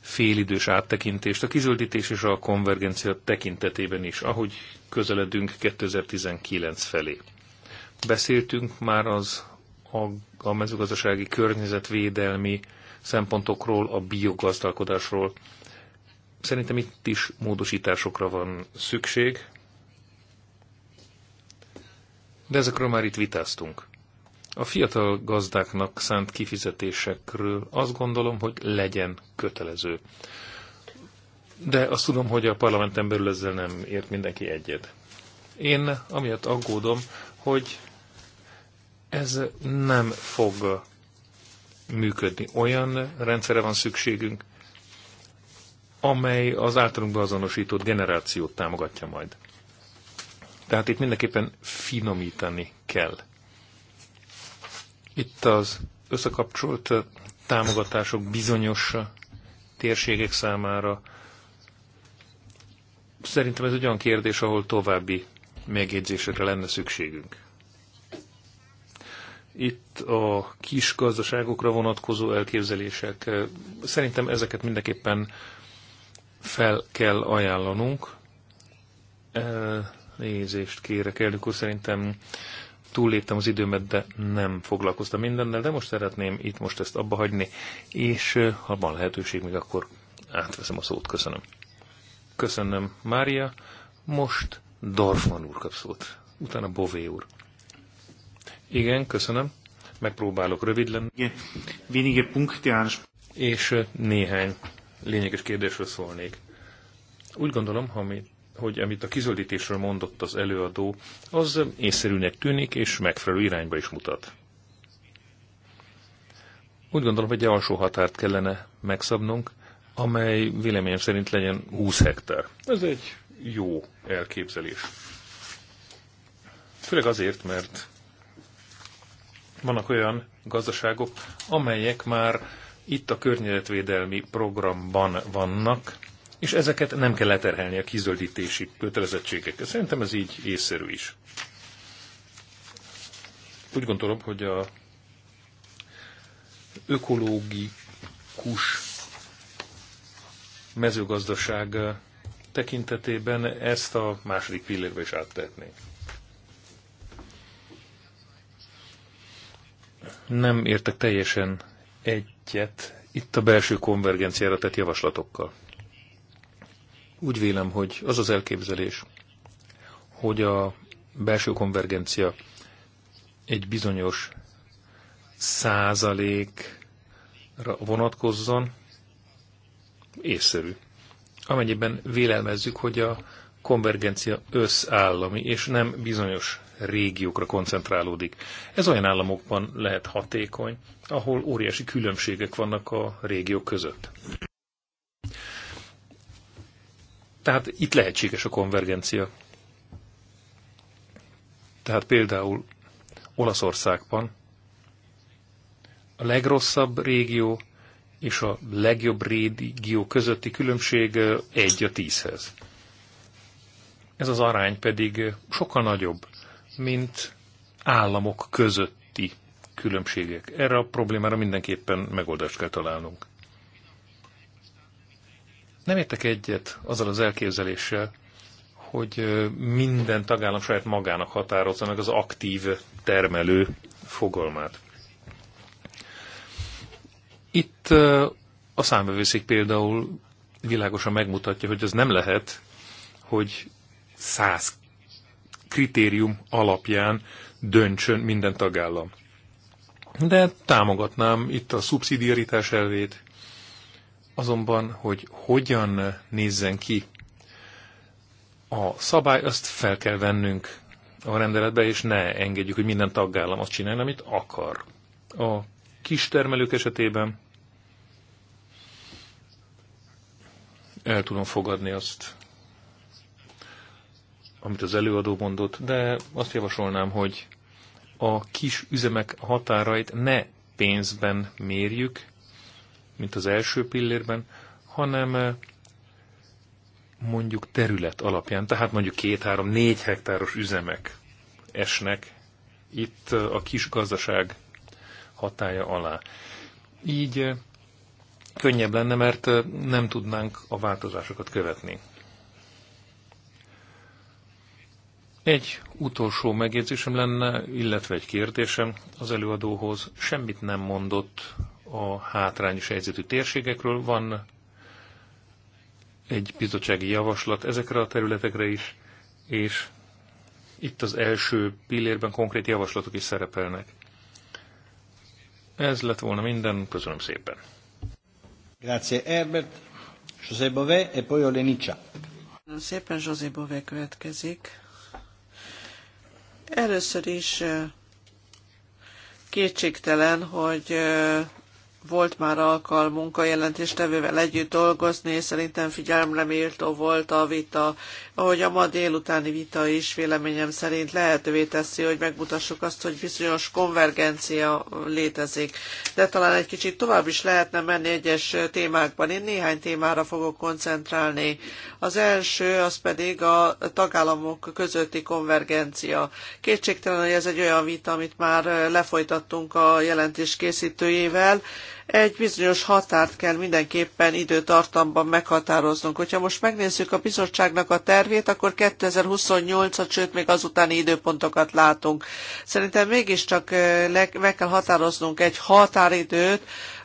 félidős áttekintést a kizöldítés és a konvergencia tekintetében is, ahogy közeledünk 2019 felé. Beszéltünk már az a, a mezőgazdasági környezetvédelmi szempontokról, a biogazdálkodásról. Szerintem itt is módosításokra van szükség, de ezekről már itt vitáztunk. A fiatal gazdáknak szánt kifizetésekről azt gondolom, hogy legyen kötelező. De azt tudom, hogy a parlamenten belül ezzel nem ért mindenki egyet. Én amiatt aggódom, hogy ez nem fog működni. Olyan rendszere van szükségünk, amely az általunk beazonosított generációt támogatja majd. Tehát itt mindenképpen finomítani kell itt az összekapcsolt támogatások bizonyos térségek számára. Szerintem ez egy olyan kérdés, ahol további megjegyzésekre lenne szükségünk. Itt a kis gazdaságokra vonatkozó elképzelések. Szerintem ezeket mindenképpen fel kell ajánlanunk. Nézést kérek, elnök úr, szerintem túlléptem az időmet, de nem foglalkoztam mindennel, de most szeretném itt most ezt abba hagyni, és ha van lehetőség, még akkor átveszem a szót. Köszönöm. Köszönöm, Mária. Most Dorfman úr kap szót, utána Bové úr. Igen, köszönöm. Megpróbálok rövid lenni. És néhány lényeges kérdésről szólnék. Úgy gondolom, ha mi hogy amit a kizöldítésről mondott az előadó, az észszerűnek tűnik, és megfelelő irányba is mutat. Úgy gondolom, hogy egy alsó határt kellene megszabnunk, amely véleményem szerint legyen 20 hektár. Ez egy jó elképzelés. Főleg azért, mert vannak olyan gazdaságok, amelyek már itt a környezetvédelmi programban vannak, és ezeket nem kell leterhelni a kizöldítési kötelezettségekkel. Szerintem ez így észszerű is. Úgy gondolom, hogy a ökológikus mezőgazdaság tekintetében ezt a második pillérbe is áttehetnénk. Nem értek teljesen egyet itt a belső konvergenciára tett javaslatokkal. Úgy vélem, hogy az az elképzelés, hogy a belső konvergencia egy bizonyos százalékra vonatkozzon, észszerű. Amennyiben vélelmezzük, hogy a konvergencia összállami és nem bizonyos régiókra koncentrálódik. Ez olyan államokban lehet hatékony, ahol óriási különbségek vannak a régiók között. Tehát itt lehetséges a konvergencia. Tehát például Olaszországban a legrosszabb régió és a legjobb régió közötti különbség egy a tízhez. Ez az arány pedig sokkal nagyobb, mint államok közötti különbségek. Erre a problémára mindenképpen megoldást kell találnunk. Nem értek egyet azzal az elképzeléssel, hogy minden tagállam saját magának határozza meg az aktív termelő fogalmát. Itt a számbevőszék például világosan megmutatja, hogy az nem lehet, hogy száz kritérium alapján döntsön minden tagállam. De támogatnám itt a szubszidiaritás elvét, azonban, hogy hogyan nézzen ki a szabály, azt fel kell vennünk a rendeletbe, és ne engedjük, hogy minden taggállam azt csinálja, amit akar. A kis termelők esetében el tudom fogadni azt, amit az előadó mondott, de azt javasolnám, hogy a kis üzemek határait ne pénzben mérjük, mint az első pillérben, hanem eh, mondjuk terület alapján, tehát mondjuk két-három-négy hektáros üzemek esnek itt eh, a kis gazdaság hatája alá. Így eh, könnyebb lenne, mert nem tudnánk a változásokat követni. Egy utolsó megjegyzésem lenne, illetve egy kérdésem az előadóhoz. Semmit nem mondott a hátrányos helyzetű térségekről. Van egy bizottsági javaslat ezekre a területekre is, és itt az első pillérben konkrét javaslatok is szerepelnek. Ez lett volna minden, köszönöm szépen. Grazie Herbert, José Bové, e poi Olenica. Szépen José Bové következik. Először is eh, kétségtelen, hogy eh, volt már alkalmunk a jelentéstevővel együtt dolgozni, és szerintem figyelmre méltó volt a vita ahogy a ma délutáni vita is véleményem szerint lehetővé teszi, hogy megmutassuk azt, hogy bizonyos konvergencia létezik. De talán egy kicsit tovább is lehetne menni egyes témákban. Én néhány témára fogok koncentrálni. Az első az pedig a tagállamok közötti konvergencia. Kétségtelen, hogy ez egy olyan vita, amit már lefolytattunk a jelentés készítőjével, egy bizonyos határt kell mindenképpen időtartamban meghatároznunk. Hogyha most megnézzük a bizottságnak a tervét, akkor 2028-at, sőt még azutáni időpontokat látunk. Szerintem mégiscsak eh, meg kell határoznunk egy határidőt,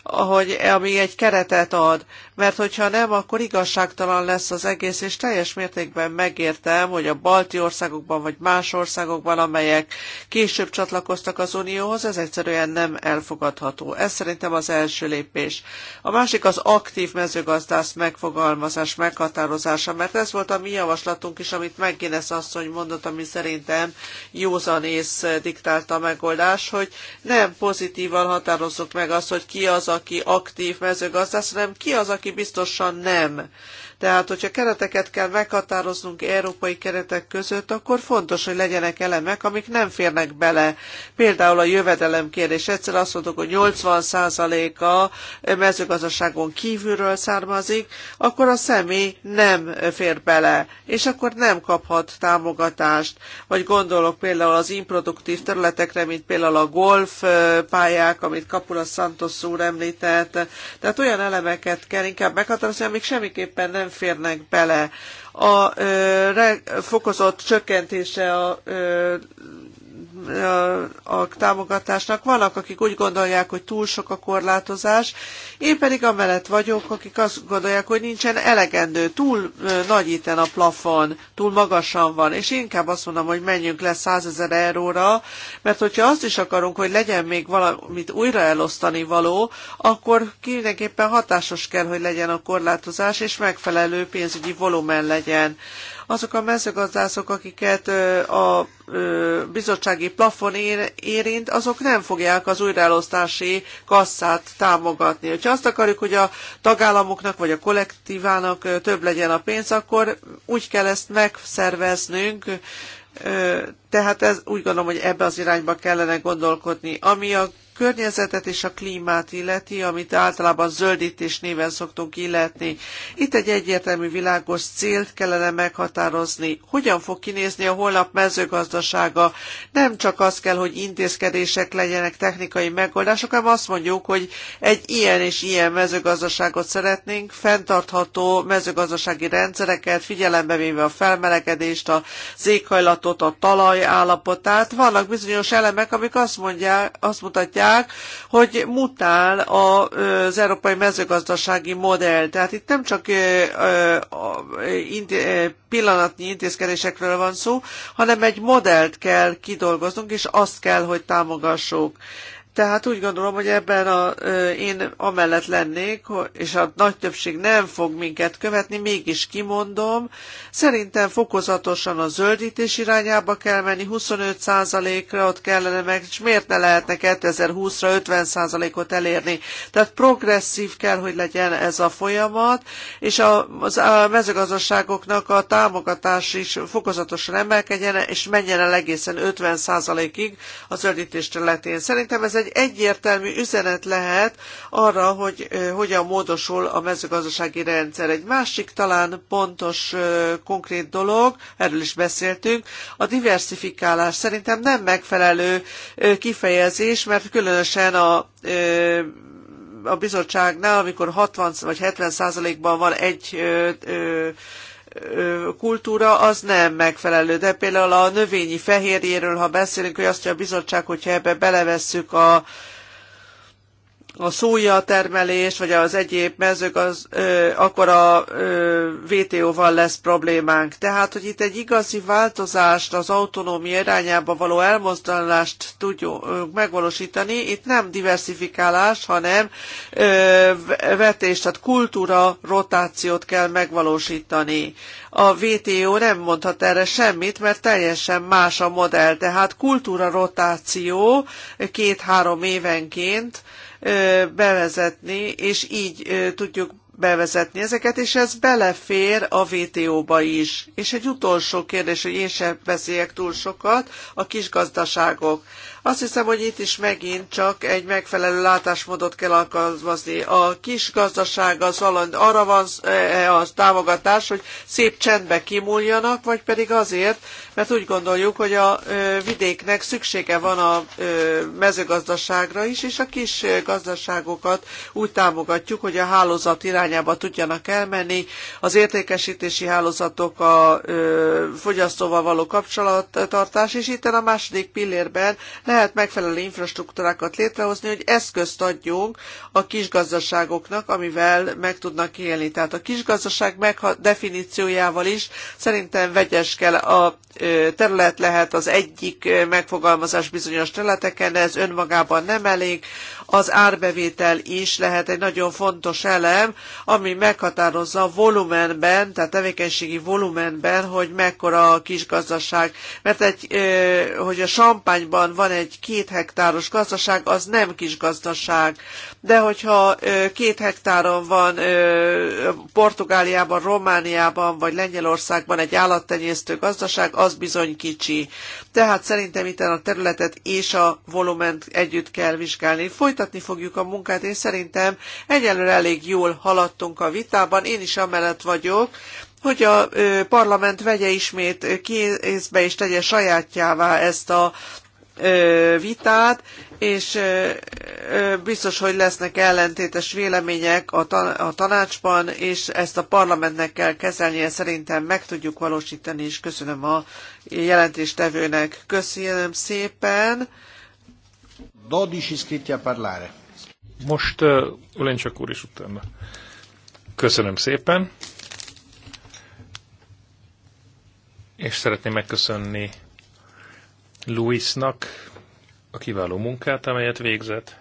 ahogy, ami egy keretet ad. Mert hogyha nem, akkor igazságtalan lesz az egész, és teljes mértékben megértem, hogy a balti országokban vagy más országokban, amelyek később csatlakoztak az Unióhoz, ez egyszerűen nem elfogadható. Ez szerintem az első lépés. A másik az aktív mezőgazdász megfogalmazás, meghatározása, mert ez volt a mi javaslatunk is, amit Megginesz asszony mondott, ami szerintem józanész diktálta a megoldás, hogy nem pozitívan határozzuk meg azt, hogy ki az, aki aktív mezőgazdász, hanem ki az, aki biztosan nem. Tehát, hogyha kereteket kell meghatároznunk európai keretek között, akkor fontos, hogy legyenek elemek, amik nem férnek bele. Például a jövedelem kérdés. Egyszer azt mondok, hogy 80%-a mezőgazdaságon kívülről származik, akkor a személy nem fér bele, és akkor nem kaphat támogatást. Vagy gondolok például az improduktív területekre, mint például a golf pályák, amit Kapula Santos úr említett. Tehát olyan elemeket kell inkább meghatározni, amik semmiképpen nem nem férnek bele. A ö, re, fokozott csökkentése a ö, a támogatásnak. Vannak, akik úgy gondolják, hogy túl sok a korlátozás, én pedig amellett vagyok, akik azt gondolják, hogy nincsen elegendő, túl nagy itten a plafon, túl magasan van, és inkább azt mondom, hogy menjünk le 100 ezer euróra, mert hogyha azt is akarunk, hogy legyen még valamit újra elosztani való, akkor mindenképpen hatásos kell, hogy legyen a korlátozás, és megfelelő pénzügyi volumen legyen azok a mezőgazdászok, akiket a bizottsági plafon érint, azok nem fogják az újraelosztási kasszát támogatni. Ha azt akarjuk, hogy a tagállamoknak vagy a kollektívának több legyen a pénz, akkor úgy kell ezt megszerveznünk, tehát ez, úgy gondolom, hogy ebbe az irányba kellene gondolkodni. Ami a környezetet és a klímát illeti, amit általában zöldítés néven szoktunk illetni. Itt egy egyértelmű világos célt kellene meghatározni. Hogyan fog kinézni a holnap mezőgazdasága? Nem csak az kell, hogy intézkedések legyenek, technikai megoldások, hanem azt mondjuk, hogy egy ilyen és ilyen mezőgazdaságot szeretnénk, fenntartható mezőgazdasági rendszereket, figyelembe véve a felmelegedést, az éghajlatot, a talaj állapotát. Vannak bizonyos elemek, amik azt, mondják, azt mutatják, mondják, hogy mutál az európai mezőgazdasági modell. Tehát itt nem csak pillanatnyi intézkedésekről van szó, hanem egy modellt kell kidolgoznunk, és azt kell, hogy támogassuk. Tehát úgy gondolom, hogy ebben a, én amellett lennék, és a nagy többség nem fog minket követni, mégis kimondom. Szerintem fokozatosan a zöldítés irányába kell menni, 25%-ra ott kellene meg, és miért ne lehetne 2020-ra 50%-ot elérni. Tehát progresszív kell, hogy legyen ez a folyamat, és a, a mezőgazdaságoknak a támogatás is fokozatosan emelkedjen, és menjen el egészen 50%-ig a zöldítés területén. Szerintem ez egy egy egyértelmű üzenet lehet arra, hogy hogyan módosul a mezőgazdasági rendszer. Egy másik talán pontos, konkrét dolog, erről is beszéltünk, a diversifikálás szerintem nem megfelelő kifejezés, mert különösen a a bizottságnál, amikor 60 vagy 70 százalékban van egy ö, ö, kultúra az nem megfelelő. De például a növényi fehérjéről, ha beszélünk, hogy azt mondja a bizottság, hogyha ebbe belevesszük a a szója termelés, vagy az egyéb mezők ö, akkor a VTO-val lesz problémánk. Tehát, hogy itt egy igazi változást, az autonómia irányába való elmozdulást tudjuk megvalósítani, itt nem diversifikálás, hanem vetés, tehát kultúra rotációt kell megvalósítani. A VTO nem mondhat erre semmit, mert teljesen más a modell, tehát kultúra rotáció két-három évenként, bevezetni, és így tudjuk bevezetni ezeket, és ez belefér a VTO-ba is. És egy utolsó kérdés, hogy én sem beszéljek túl sokat, a kis gazdaságok. Azt hiszem, hogy itt is megint csak egy megfelelő látásmódot kell alkalmazni. A kis gazdaság az valami, arra van eh, a támogatás, hogy szép csendbe kimúljanak, vagy pedig azért, mert úgy gondoljuk, hogy a vidéknek szüksége van a mezőgazdaságra is, és a kis gazdaságokat úgy támogatjuk, hogy a hálózat irány irányába tudjanak elmenni. Az értékesítési hálózatok, a fogyasztóval való kapcsolattartás, és itt a második pillérben lehet megfelelő infrastruktúrákat létrehozni, hogy eszközt adjunk a kisgazdaságoknak, amivel meg tudnak élni. Tehát a kisgazdaság megha- definíciójával is szerintem vegyes kell a terület lehet az egyik megfogalmazás bizonyos területeken, de ez önmagában nem elég az árbevétel is lehet egy nagyon fontos elem, ami meghatározza a volumenben, tehát tevékenységi volumenben, hogy mekkora a kis gazdaság. Mert egy, hogy a Sampányban van egy két hektáros gazdaság, az nem kis gazdaság de hogyha két hektáron van Portugáliában, Romániában vagy Lengyelországban egy állattenyésztő gazdaság, az bizony kicsi. Tehát szerintem itt a területet és a volument együtt kell vizsgálni. Folytatni fogjuk a munkát, és szerintem egyelőre elég jól haladtunk a vitában. Én is amellett vagyok, hogy a parlament vegye ismét kézbe és tegye sajátjává ezt a vitát, és biztos, hogy lesznek ellentétes vélemények a tanácsban, és ezt a parlamentnek kell kezelnie, szerintem meg tudjuk valósítani, és köszönöm a jelentéstevőnek. Köszönöm szépen. Dodici iscritti a parlare. Most uh, Ulencsak úr is utána. Köszönöm szépen. És szeretném megköszönni Louisnak, a kiváló munkát, amelyet végzett.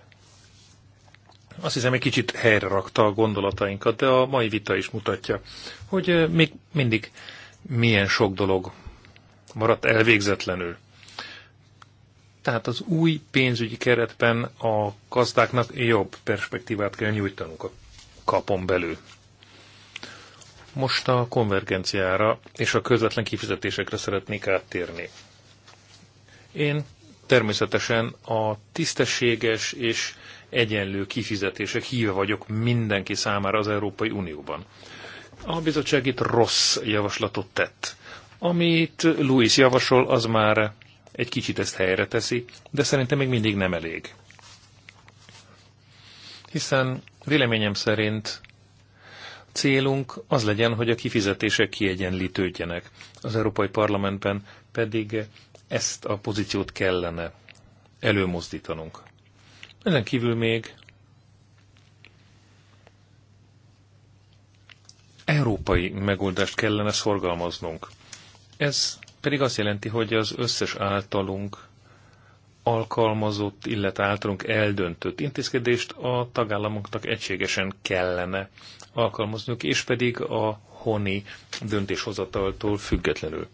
Azt hiszem, egy kicsit helyre rakta a gondolatainkat, de a mai vita is mutatja, hogy még mindig milyen sok dolog maradt elvégzetlenül. Tehát az új pénzügyi keretben a gazdáknak jobb perspektívát kell nyújtanunk a kapon belül. Most a konvergenciára és a közvetlen kifizetésekre szeretnék áttérni. Én természetesen a tisztességes és egyenlő kifizetések híve vagyok mindenki számára az Európai Unióban. A bizottság itt rossz javaslatot tett. Amit Louis javasol, az már egy kicsit ezt helyre teszi, de szerintem még mindig nem elég. Hiszen véleményem szerint célunk az legyen, hogy a kifizetések kiegyenlítődjenek. Az Európai Parlamentben pedig ezt a pozíciót kellene előmozdítanunk. Ezen kívül még európai megoldást kellene szorgalmaznunk. Ez pedig azt jelenti, hogy az összes általunk alkalmazott, illetve általunk eldöntött intézkedést a tagállamoknak egységesen kellene alkalmazniuk, és pedig a honi döntéshozataltól függetlenül.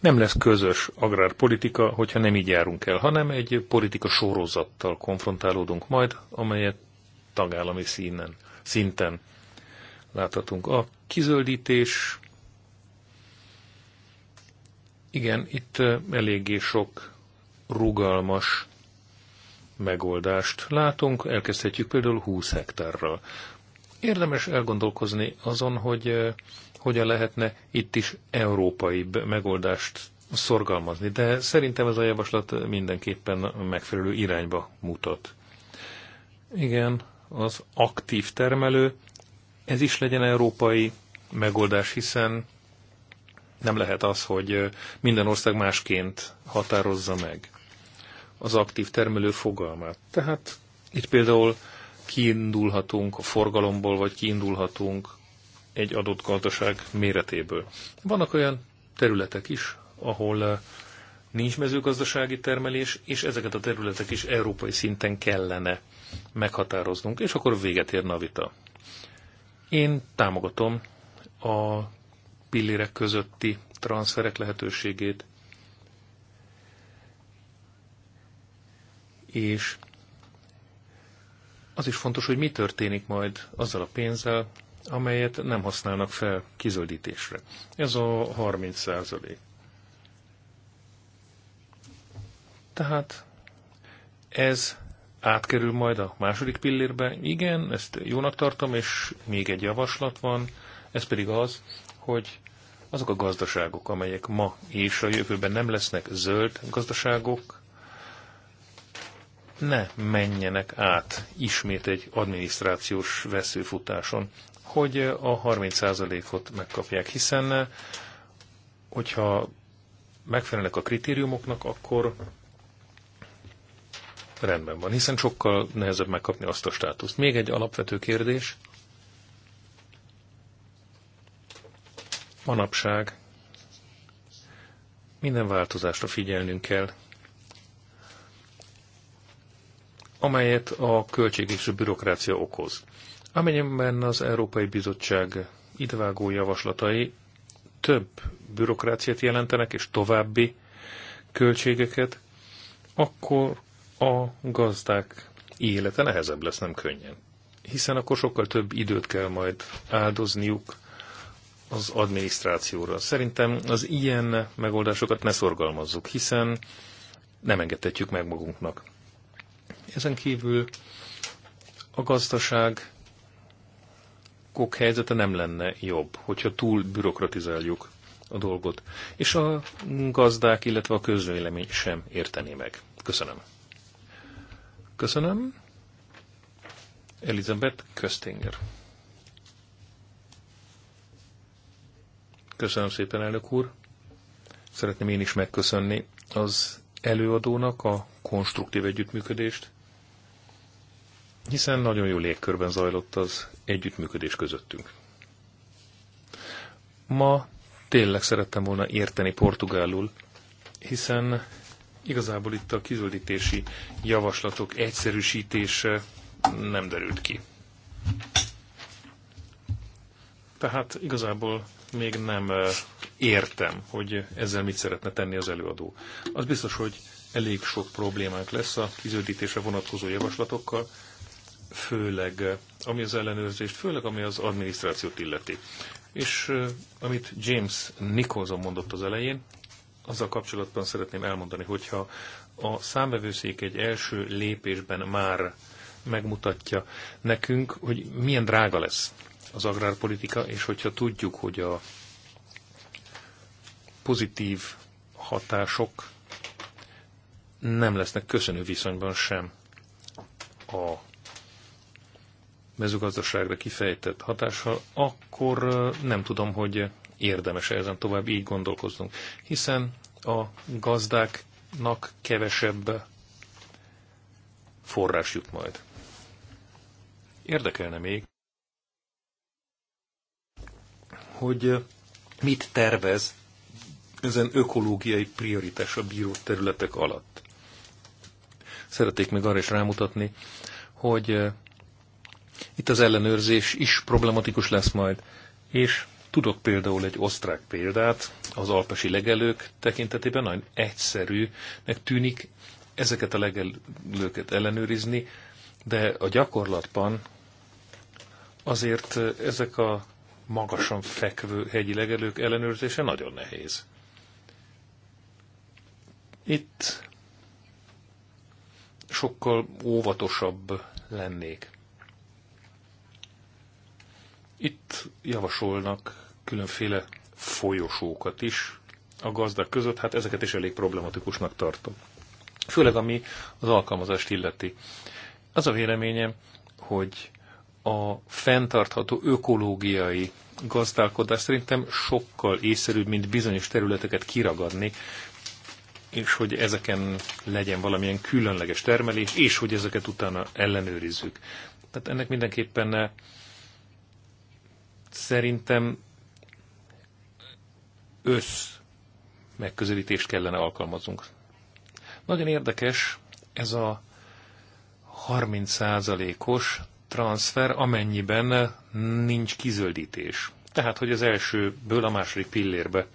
Nem lesz közös agrárpolitika, hogyha nem így járunk el, hanem egy politika sorozattal konfrontálódunk majd, amelyet tagállami színen, szinten láthatunk. A kizöldítés, igen, itt eléggé sok rugalmas megoldást látunk, elkezdhetjük például 20 hektárral. Érdemes elgondolkozni azon, hogy hogyan lehetne itt is európai megoldást szorgalmazni, de szerintem ez a javaslat mindenképpen megfelelő irányba mutat. Igen, az aktív termelő, ez is legyen európai megoldás, hiszen nem lehet az, hogy minden ország másként határozza meg az aktív termelő fogalmát. Tehát itt például kiindulhatunk a forgalomból, vagy kiindulhatunk egy adott gazdaság méretéből. Vannak olyan területek is, ahol eh, nincs mezőgazdasági termelés, és ezeket a területek is európai szinten kellene meghatároznunk, és akkor véget érne a vita. Én támogatom a pillérek közötti transferek lehetőségét, és az is fontos, hogy mi történik majd azzal a pénzzel, amelyet nem használnak fel kizöldítésre. Ez a 30 százalék. Tehát ez átkerül majd a második pillérbe. Igen, ezt jónak tartom, és még egy javaslat van, ez pedig az, hogy azok a gazdaságok, amelyek ma és a jövőben nem lesznek zöld gazdaságok, ne menjenek át ismét egy adminisztrációs veszőfutáson, hogy a 30%-ot megkapják, hiszen hogyha megfelelnek a kritériumoknak, akkor rendben van, hiszen sokkal nehezebb megkapni azt a státuszt. Még egy alapvető kérdés. Manapság minden változásra figyelnünk kell, amelyet a költség és a bürokrácia okoz amennyiben az Európai Bizottság idvágó javaslatai több bürokráciát jelentenek és további költségeket, akkor a gazdák élete nehezebb lesz, nem könnyen. Hiszen akkor sokkal több időt kell majd áldozniuk az adminisztrációra. Szerintem az ilyen megoldásokat ne szorgalmazzuk, hiszen nem engedhetjük meg magunknak. Ezen kívül a gazdaság lakók helyzete nem lenne jobb, hogyha túl bürokratizáljuk a dolgot. És a gazdák, illetve a közvélemény sem értené meg. Köszönöm. Köszönöm. Elizabeth Köstinger. Köszönöm szépen, elnök úr. Szeretném én is megköszönni az előadónak a konstruktív együttműködést hiszen nagyon jó légkörben zajlott az együttműködés közöttünk. Ma tényleg szerettem volna érteni portugálul, hiszen igazából itt a kizöldítési javaslatok egyszerűsítése nem derült ki. Tehát igazából még nem értem, hogy ezzel mit szeretne tenni az előadó. Az biztos, hogy elég sok problémánk lesz a kizöldítésre vonatkozó javaslatokkal, főleg ami az ellenőrzést, főleg ami az adminisztrációt illeti. És amit James Nicholson mondott az elején, azzal kapcsolatban szeretném elmondani, hogyha a számbevőszék egy első lépésben már megmutatja nekünk, hogy milyen drága lesz az agrárpolitika, és hogyha tudjuk, hogy a pozitív hatások nem lesznek köszönő viszonyban sem a mezőgazdaságra kifejtett hatással, akkor nem tudom, hogy érdemes -e ezen tovább így gondolkoznunk, hiszen a gazdáknak kevesebb forrás jut majd. Érdekelne még, hogy mit tervez ezen ökológiai a bíró területek alatt. Szeretnék még arra is rámutatni, hogy itt az ellenőrzés is problematikus lesz majd, és tudok például egy osztrák példát, az alpesi legelők tekintetében nagyon egyszerűnek tűnik ezeket a legelőket ellenőrizni, de a gyakorlatban azért ezek a magasan fekvő hegyi legelők ellenőrzése nagyon nehéz. Itt sokkal óvatosabb lennék. javasolnak különféle folyosókat is a gazdák között, hát ezeket is elég problematikusnak tartom. Főleg ami az alkalmazást illeti. Az a véleményem, hogy a fenntartható ökológiai gazdálkodás szerintem sokkal észszerűbb, mint bizonyos területeket kiragadni, és hogy ezeken legyen valamilyen különleges termelés, és hogy ezeket utána ellenőrizzük. Tehát ennek mindenképpen Szerintem össz megközelítést kellene alkalmaznunk. Nagyon érdekes ez a 30%-os transfer, amennyiben nincs kizöldítés. Tehát, hogy az elsőből a második pillérbe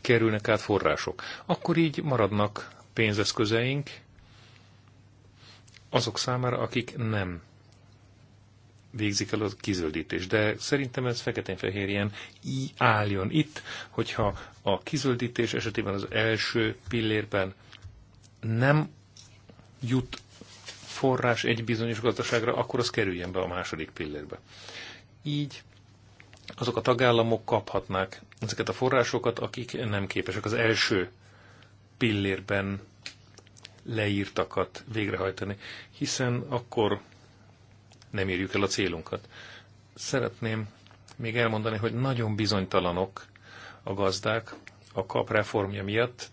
kerülnek át források. Akkor így maradnak pénzeszközeink azok számára, akik nem végzik el a kizöldítés. De szerintem ez feketén-fehérjen álljon itt, hogyha a kizöldítés esetében az első pillérben nem jut forrás egy bizonyos gazdaságra, akkor az kerüljen be a második pillérbe. Így azok a tagállamok kaphatnák ezeket a forrásokat, akik nem képesek az első pillérben leírtakat végrehajtani, hiszen akkor nem érjük el a célunkat. Szeretném még elmondani, hogy nagyon bizonytalanok a gazdák a kap reformja miatt.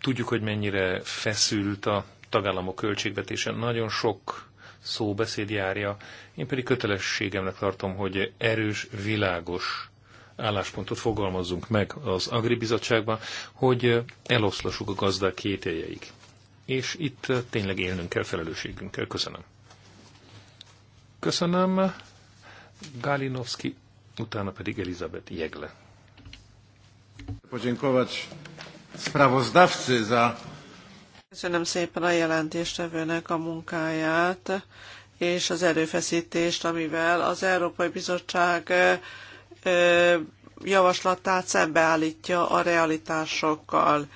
Tudjuk, hogy mennyire feszült a tagállamok költségvetése. Nagyon sok szóbeszéd járja. Én pedig kötelességemnek tartom, hogy erős, világos álláspontot fogalmazzunk meg az Agribizottságban, hogy eloszlassuk a gazdák kételjeik. És itt tényleg élnünk kell felelősségünkkel. Köszönöm. Köszönöm. Galinovski, utána pedig Elizabeth Jegle. Köszönöm szépen a jelentéstevőnek a munkáját és az erőfeszítést, amivel az Európai Bizottság javaslatát szembeállítja a realitásokkal,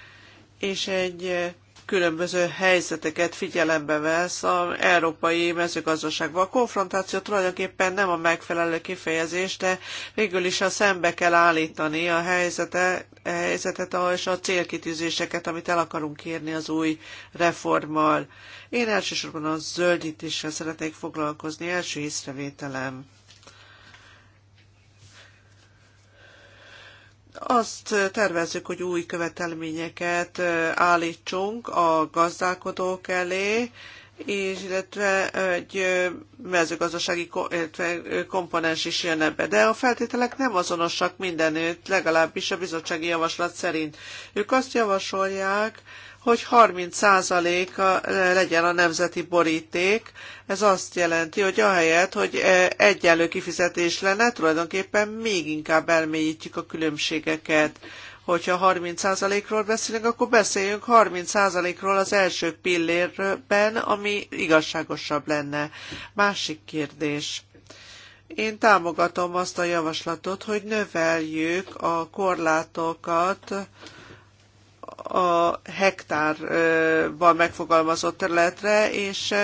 és egy különböző helyzeteket figyelembe vesz az európai mezőgazdaságban. A konfrontáció tulajdonképpen nem a megfelelő kifejezés, de végül is a szembe kell állítani a helyzete, a helyzetet és a célkitűzéseket, amit el akarunk érni az új reformmal. Én elsősorban a zöldítéssel szeretnék foglalkozni, első észrevételem. azt tervezzük, hogy új követelményeket állítsunk a gazdálkodók elé, és illetve egy mezőgazdasági komponens is jön ebbe. De a feltételek nem azonosak mindenütt, legalábbis a bizottsági javaslat szerint. Ők azt javasolják, hogy 30% eh, legyen a nemzeti boríték. Ez azt jelenti, hogy ahelyett, hogy eh, egyenlő kifizetés lenne, tulajdonképpen még inkább elmélyítjük a különbségeket. Hogyha 30%-ról beszélünk, akkor beszéljünk 30%-ról az első pillérben, ami igazságosabb lenne. Másik kérdés. Én támogatom azt a javaslatot, hogy növeljük a korlátokat, a hektárban megfogalmazott területre, és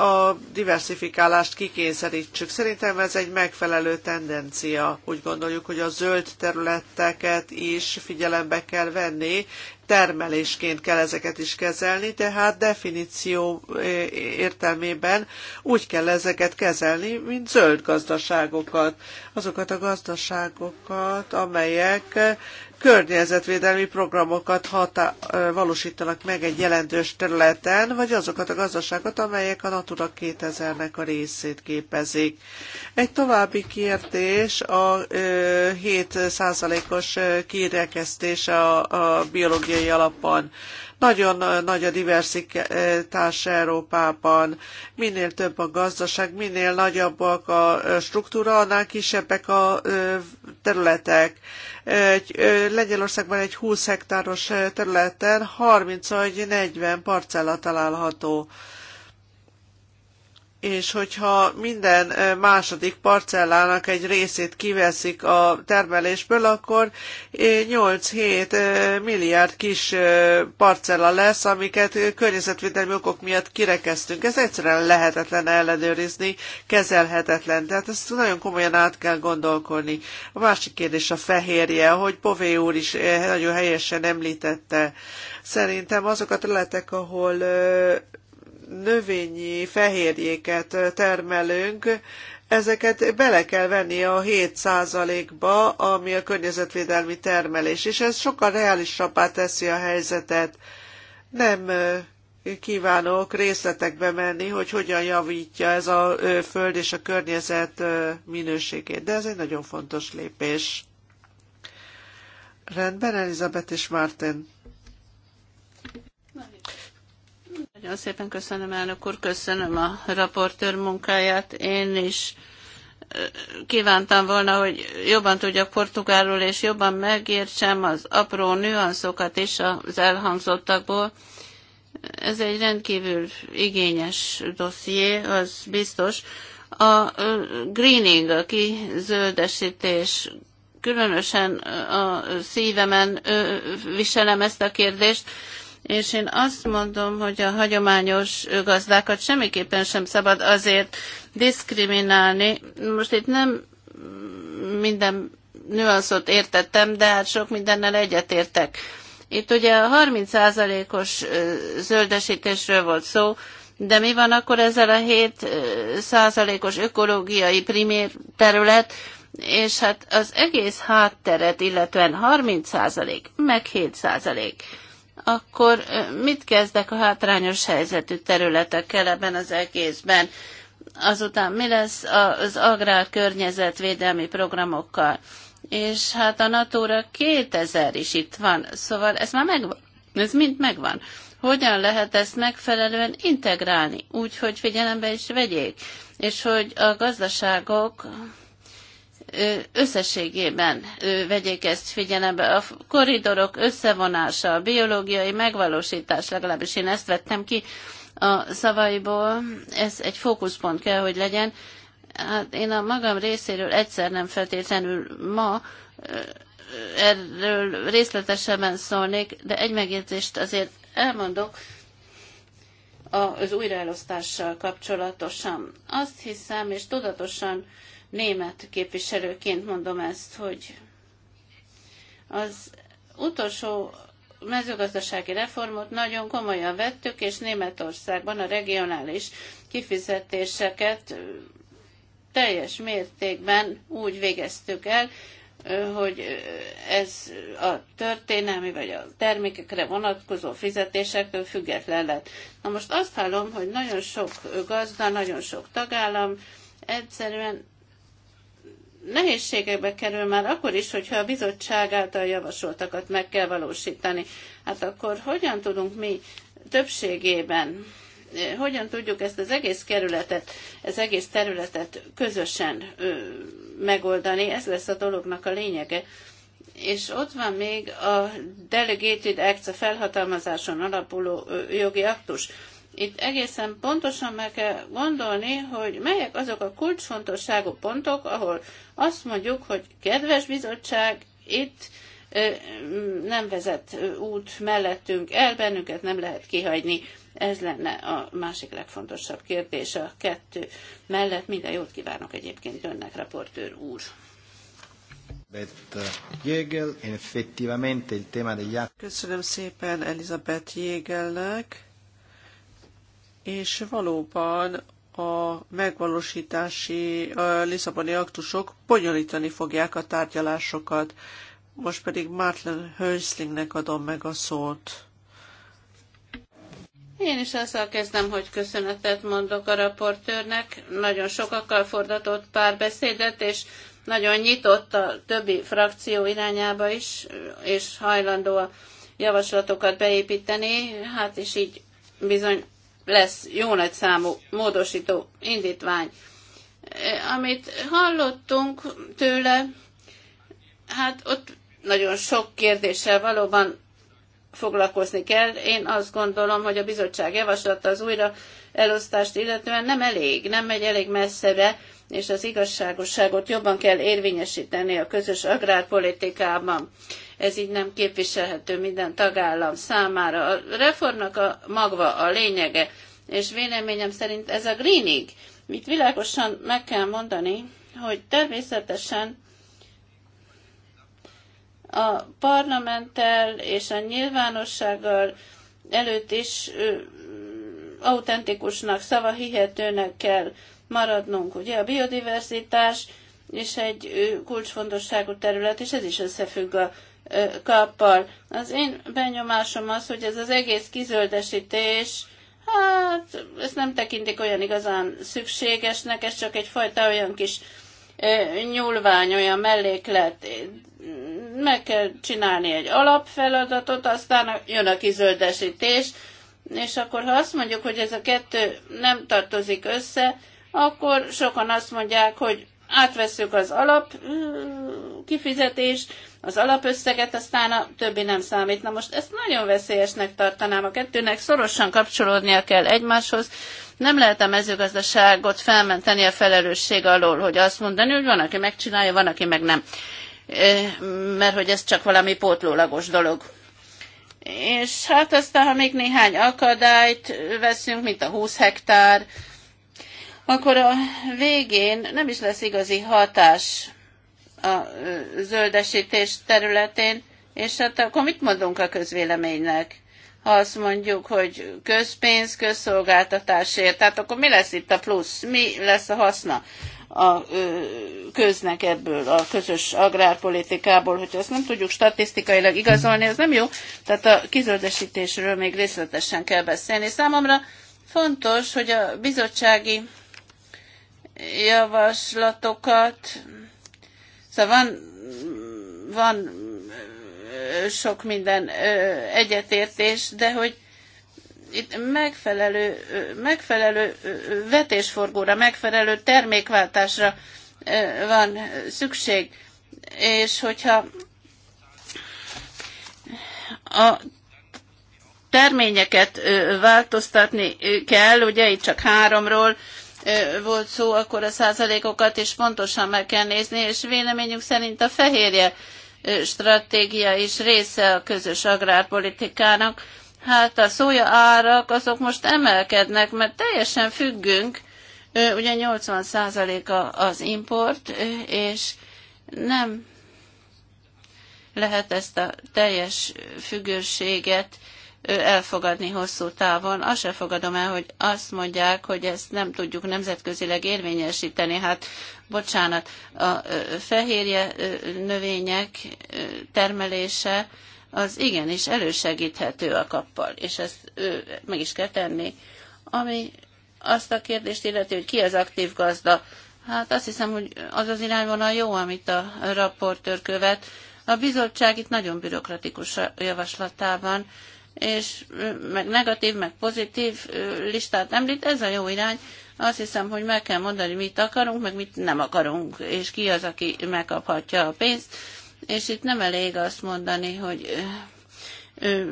a diversifikálást kikényszerítsük. Szerintem ez egy megfelelő tendencia. Úgy gondoljuk, hogy a zöld területeket is figyelembe kell venni, termelésként kell ezeket is kezelni, tehát definíció eh, értelmében úgy kell ezeket kezelni, mint zöld gazdaságokat. Azokat a gazdaságokat, amelyek eh, környezetvédelmi programokat hatá- eh, valósítanak meg egy jelentős területen, vagy azokat a gazdaságokat, amelyek a Natura 2000-nek a részét képezik. Egy további kérdés a 7%-os kirekesztés a, a biológiai európai alapon. Nagyon nagy a diversitás Európában. Minél több a gazdaság, minél nagyobbak a struktúra, annál kisebbek a területek. Egy, Lengyelországban egy 20 hektáros területen 30 vagy 40 parcella található és hogyha minden második parcellának egy részét kiveszik a termelésből, akkor 8-7 milliárd kis parcella lesz, amiket környezetvédelmi okok miatt kirekeztünk. Ez egyszerűen lehetetlen ellenőrizni, kezelhetetlen. Tehát ezt nagyon komolyan át kell gondolkodni. A másik kérdés a fehérje, hogy Pové úr is eh, nagyon helyesen említette. Szerintem azok a területek, ahol növényi fehérjéket termelünk, ezeket bele kell venni a 7%-ba, ami a környezetvédelmi termelés, és ez sokkal reálisabbá teszi a helyzetet. Nem kívánok részletekbe menni, hogy hogyan javítja ez a föld és a környezet minőségét, de ez egy nagyon fontos lépés. Rendben, Elizabeth és Martin. Nagyon szépen köszönöm, elnök úr, köszönöm a raportőr munkáját. Én is kívántam volna, hogy jobban tudjak portugálul, és jobban megértsem az apró nüanszokat is az elhangzottakból. Ez egy rendkívül igényes dosszié, az biztos. A greening, a kizöldesítés, különösen a szívemen viselem ezt a kérdést, és én azt mondom, hogy a hagyományos gazdákat semmiképpen sem szabad azért diszkriminálni. Most itt nem minden nüanszot értettem, de hát sok mindennel egyetértek. Itt ugye a 30%-os zöldesítésről volt szó, de mi van akkor ezzel a 7%-os ökológiai primér terület, és hát az egész hátteret, illetően 30% meg 7% akkor mit kezdek a hátrányos helyzetű területekkel ebben az egészben? Azután mi lesz az agrár környezetvédelmi programokkal? És hát a Natura 2000 is itt van, szóval ez már megvan, ez mind megvan. Hogyan lehet ezt megfelelően integrálni, úgy, hogy figyelembe is vegyék, és hogy a gazdaságok összességében vegyék ezt figyelembe. A koridorok összevonása, a biológiai megvalósítás, legalábbis én ezt vettem ki a szavaiból, ez egy fókuszpont kell, hogy legyen. Hát én a magam részéről egyszer nem feltétlenül ma erről részletesebben szólnék, de egy megjegyzést azért elmondok az újraelosztással kapcsolatosan. Azt hiszem, és tudatosan német képviselőként mondom ezt, hogy az utolsó mezőgazdasági reformot nagyon komolyan vettük, és Németországban a regionális kifizetéseket teljes mértékben úgy végeztük el, hogy ez a történelmi vagy a termékekre vonatkozó fizetésektől független lett. Na most azt hallom, hogy nagyon sok gazda, nagyon sok tagállam egyszerűen nehézségekbe kerül már akkor is, hogyha a bizottság által javasoltakat meg kell valósítani. Hát akkor hogyan tudunk mi többségében, eh, hogyan tudjuk ezt az egész kerületet, ez egész területet közösen ö, megoldani? Ez lesz a dolognak a lényege. És ott van még a Delegated Acts, a felhatalmazáson alapuló jogi aktus. Itt egészen pontosan meg kell gondolni, hogy melyek azok a kulcsfontosságú pontok, ahol azt mondjuk, hogy kedves bizottság, itt nem vezet út mellettünk el, bennünket nem lehet kihagyni. Ez lenne a másik legfontosabb kérdés a kettő mellett. Minden jót kívánok egyébként önnek, raportőr úr. Eh, Köszönöm szépen Elizabeth Jégelnek és valóban a megvalósítási a Lisszaboni aktusok bonyolítani fogják a tárgyalásokat. Most pedig Martin Hörslingnek adom meg a szót. Én is azzal kezdem, hogy köszönetet mondok a raportőrnek. Nagyon sokakkal fordatott párbeszédet, és nagyon nyitott a többi frakció irányába is, és hajlandó a javaslatokat beépíteni. Hát és így bizony lesz jó nagy számú módosító indítvány. E, amit hallottunk tőle, hát ott nagyon sok kérdéssel valóban foglalkozni kell. Én azt gondolom, hogy a bizottság javaslata az újra elosztást illetően nem elég, nem megy elég messzebe és az igazságosságot jobban kell érvényesíteni a közös agrárpolitikában. Ez így nem képviselhető minden tagállam számára. A reformnak a magva a lényege, és véleményem szerint ez a greening. Itt világosan meg kell mondani, hogy természetesen a parlamenttel és a nyilvánossággal előtt is autentikusnak, szavahihetőnek kell maradnunk. Ugye a biodiverzitás is egy kulcsfontosságú terület, és ez is összefügg a kappal. Az én benyomásom az, hogy ez az egész kizöldesítés, hát ezt nem tekintik olyan igazán szükségesnek, ez csak egyfajta olyan kis nyúlvány, olyan melléklet. Meg kell csinálni egy alapfeladatot, aztán jön a kizöldesítés, és akkor ha azt mondjuk, hogy ez a kettő nem tartozik össze, akkor sokan azt mondják, hogy átveszük az alap kifizetést, az alapösszeget, aztán a többi nem számít. Na most ezt nagyon veszélyesnek tartanám. A kettőnek szorosan kapcsolódnia kell egymáshoz. Nem lehet a mezőgazdaságot felmenteni a felelősség alól, hogy azt mondani, hogy van, aki megcsinálja, van, aki meg nem. Mert hogy ez csak valami pótlólagos dolog. És hát aztán, ha még néhány akadályt veszünk, mint a 20 hektár, akkor a végén nem is lesz igazi hatás a zöldesítés területén, és hát akkor mit mondunk a közvéleménynek? Ha azt mondjuk, hogy közpénz, közszolgáltatásért, tehát akkor mi lesz itt a plusz? Mi lesz a haszna a köznek ebből, a közös agrárpolitikából? Hogyha azt nem tudjuk statisztikailag igazolni, az nem jó. Tehát a kizöldesítésről még részletesen kell beszélni. Számomra fontos, hogy a bizottsági javaslatokat. Szóval van, van sok minden egyetértés, de hogy itt megfelelő, megfelelő vetésforgóra, megfelelő termékváltásra van szükség, és hogyha a terményeket változtatni kell, ugye itt csak háromról volt szó, akkor a százalékokat is pontosan meg kell nézni, és véleményünk szerint a fehérje stratégia is része a közös agrárpolitikának. Hát a szója árak azok most emelkednek, mert teljesen függünk, ugye 80 százaléka az import, és nem lehet ezt a teljes függőséget elfogadni hosszú távon. Azt sem fogadom el, hogy azt mondják, hogy ezt nem tudjuk nemzetközileg érvényesíteni. Hát bocsánat, a fehérje növények termelése az igenis elősegíthető a kappal, és ezt meg is kell tenni. Ami azt a kérdést illeti, hogy ki az aktív gazda, Hát azt hiszem, hogy az az irányvonal jó, amit a raportőr követ. A bizottság itt nagyon bürokratikus javaslatában és meg negatív, meg pozitív listát említ, ez a jó irány. Azt hiszem, hogy meg kell mondani, mit akarunk, meg mit nem akarunk, és ki az, aki megkaphatja a pénzt. És itt nem elég azt mondani, hogy ö,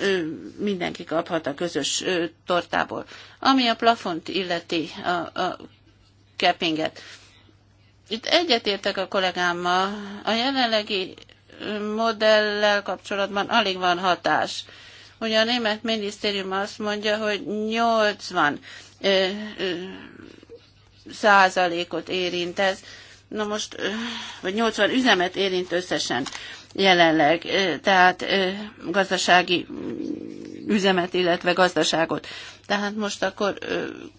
ö, mindenki kaphat a közös ö, tortából. Ami a plafont illeti, a, a cappinget. Itt egyetértek a kollégámmal, a jelenlegi modellel kapcsolatban alig van hatás. Ugye a német minisztérium azt mondja, hogy 80 ö, ö, százalékot érint ez, na most, vagy 80 üzemet érint összesen jelenleg, tehát gazdasági üzemet, illetve gazdaságot. Tehát most akkor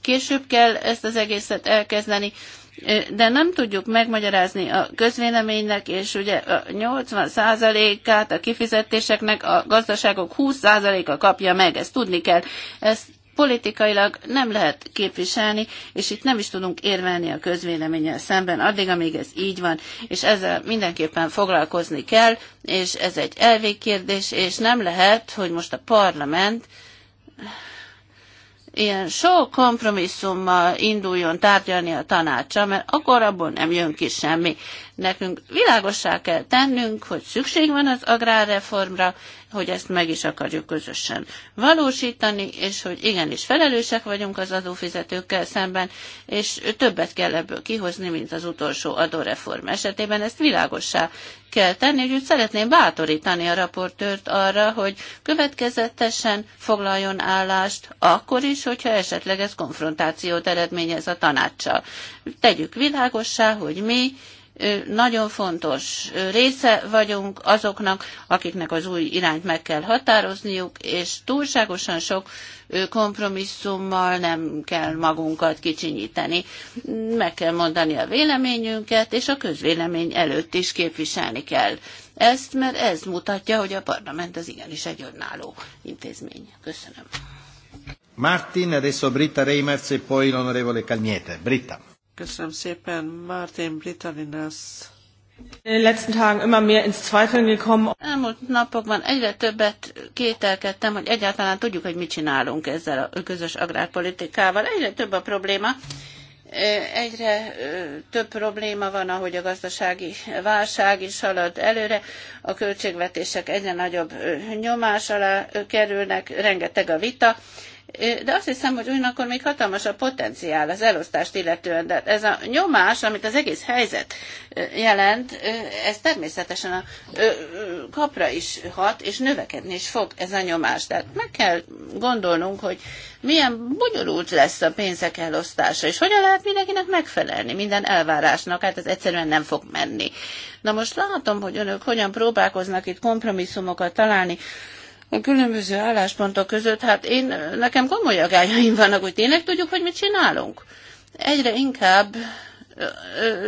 később kell ezt az egészet elkezdeni, de nem tudjuk megmagyarázni a közvéleménynek, és ugye a 80%-át a kifizetéseknek a gazdaságok 20%-a kapja meg, ezt tudni kell. Ezt politikailag nem lehet képviselni, és itt nem is tudunk érvelni a közvéleménnyel szemben, addig, amíg ez így van, és ezzel mindenképpen foglalkozni kell, és ez egy elvégkérdés, és nem lehet, hogy most a parlament ilyen sok kompromisszummal induljon tárgyalni a tanácsa, mert akkor abból nem jön ki semmi. Nekünk világossá kell tennünk, hogy szükség van az agrárreformra, hogy ezt meg is akarjuk közösen valósítani, és hogy igenis felelősek vagyunk az adófizetőkkel szemben, és többet kell ebből kihozni, mint az utolsó adóreform esetében. Ezt világossá kell tenni, úgyhogy szeretném bátorítani a raportőrt arra, hogy következetesen foglaljon állást, akkor is, hogyha esetleg ez konfrontációt eredményez a tanácssal. Tegyük világossá, hogy mi nagyon fontos része vagyunk azoknak, akiknek az új irányt meg kell határozniuk, és túlságosan sok kompromisszummal nem kell magunkat kicsinyíteni. Meg kell mondani a véleményünket, és a közvélemény előtt is képviselni kell ezt, mert ez mutatja, hogy a parlament az igenis egy önálló intézmény. Köszönöm. Martin, adesso Britta Reimers e poi l'onorevole Calmiete. Britta. Köszönöm szépen, Martin Britaninas. Elmúlt napokban egyre többet kételkedtem, hogy egyáltalán tudjuk, hogy mit csinálunk ezzel a közös agrárpolitikával. Egyre több a probléma. Egyre több probléma van, ahogy a gazdasági válság is halad előre, a költségvetések egyre nagyobb nyomás alá kerülnek, rengeteg a vita, de azt hiszem, hogy ugyanakkor még hatalmas a potenciál az elosztást illetően, de ez a nyomás, amit az egész helyzet jelent, ez természetesen a kapra is hat, és növekedni is fog ez a nyomás. Tehát meg kell gondolnunk, hogy milyen bonyolult lesz a pénzek elosztása, és hogyan lehet mindenkinek megfelelni minden elvárásnak, hát ez egyszerűen nem fog menni. Na most látom, hogy önök hogyan próbálkoznak itt kompromisszumokat találni, a különböző álláspontok között, hát én, nekem komoly agályaim vannak, hogy tényleg tudjuk, hogy mit csinálunk. Egyre inkább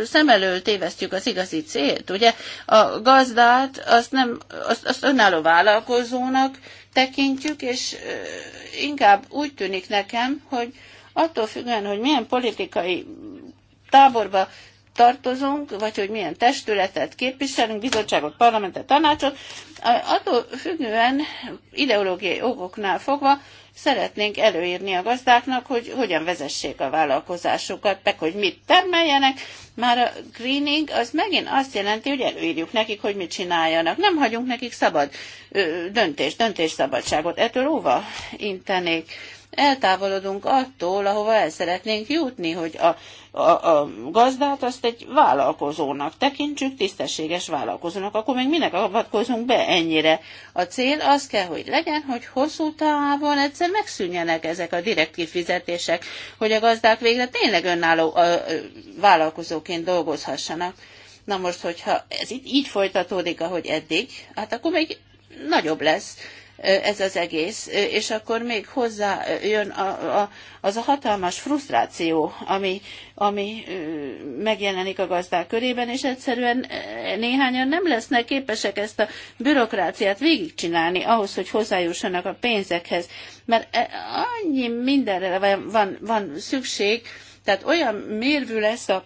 szem elől tévesztjük az igazi célt. Ugye a gazdát azt, nem, azt, azt önálló vállalkozónak tekintjük, és inkább úgy tűnik nekem, hogy attól függően, hogy milyen politikai táborba tartozunk, vagy hogy milyen testületet képviselünk, bizottságot, parlamentet, tanácsot, attól függően ideológiai okoknál fogva szeretnénk előírni a gazdáknak, hogy hogyan vezessék a vállalkozásukat, meg hogy mit termeljenek. Már a greening az megint azt jelenti, hogy előírjuk nekik, hogy mit csináljanak. Nem hagyunk nekik szabad ö, döntés, döntésszabadságot. Ettől óva intenék eltávolodunk attól, ahova el szeretnénk jutni, hogy a, a, a gazdát azt egy vállalkozónak tekintsük, tisztességes vállalkozónak, akkor még minek avatkozunk be ennyire? A cél az kell, hogy legyen, hogy hosszú távon egyszer megszűnjenek ezek a direkt kifizetések, hogy a gazdák végre tényleg önálló a, a, vállalkozóként dolgozhassanak. Na most, hogyha ez így, így folytatódik, ahogy eddig, hát akkor még nagyobb lesz ez az egész, és akkor még hozzá jön a, a, az a hatalmas frusztráció, ami, ami megjelenik a gazdák körében, és egyszerűen néhányan nem lesznek képesek ezt a bürokráciát végigcsinálni ahhoz, hogy hozzájussanak a pénzekhez, mert annyi mindenre van, van szükség, tehát olyan mérvű lesz a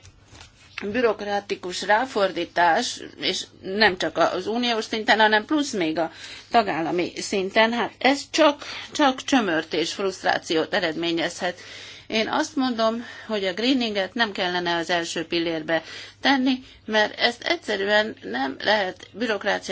bürokratikus ráfordítás, és nem csak az uniós szinten, hanem plusz még a tagállami szinten, hát ez csak, csak csömört és frusztrációt eredményezhet. Én azt mondom, hogy a greeninget nem kellene az első pillérbe tenni, mert ezt egyszerűen nem lehet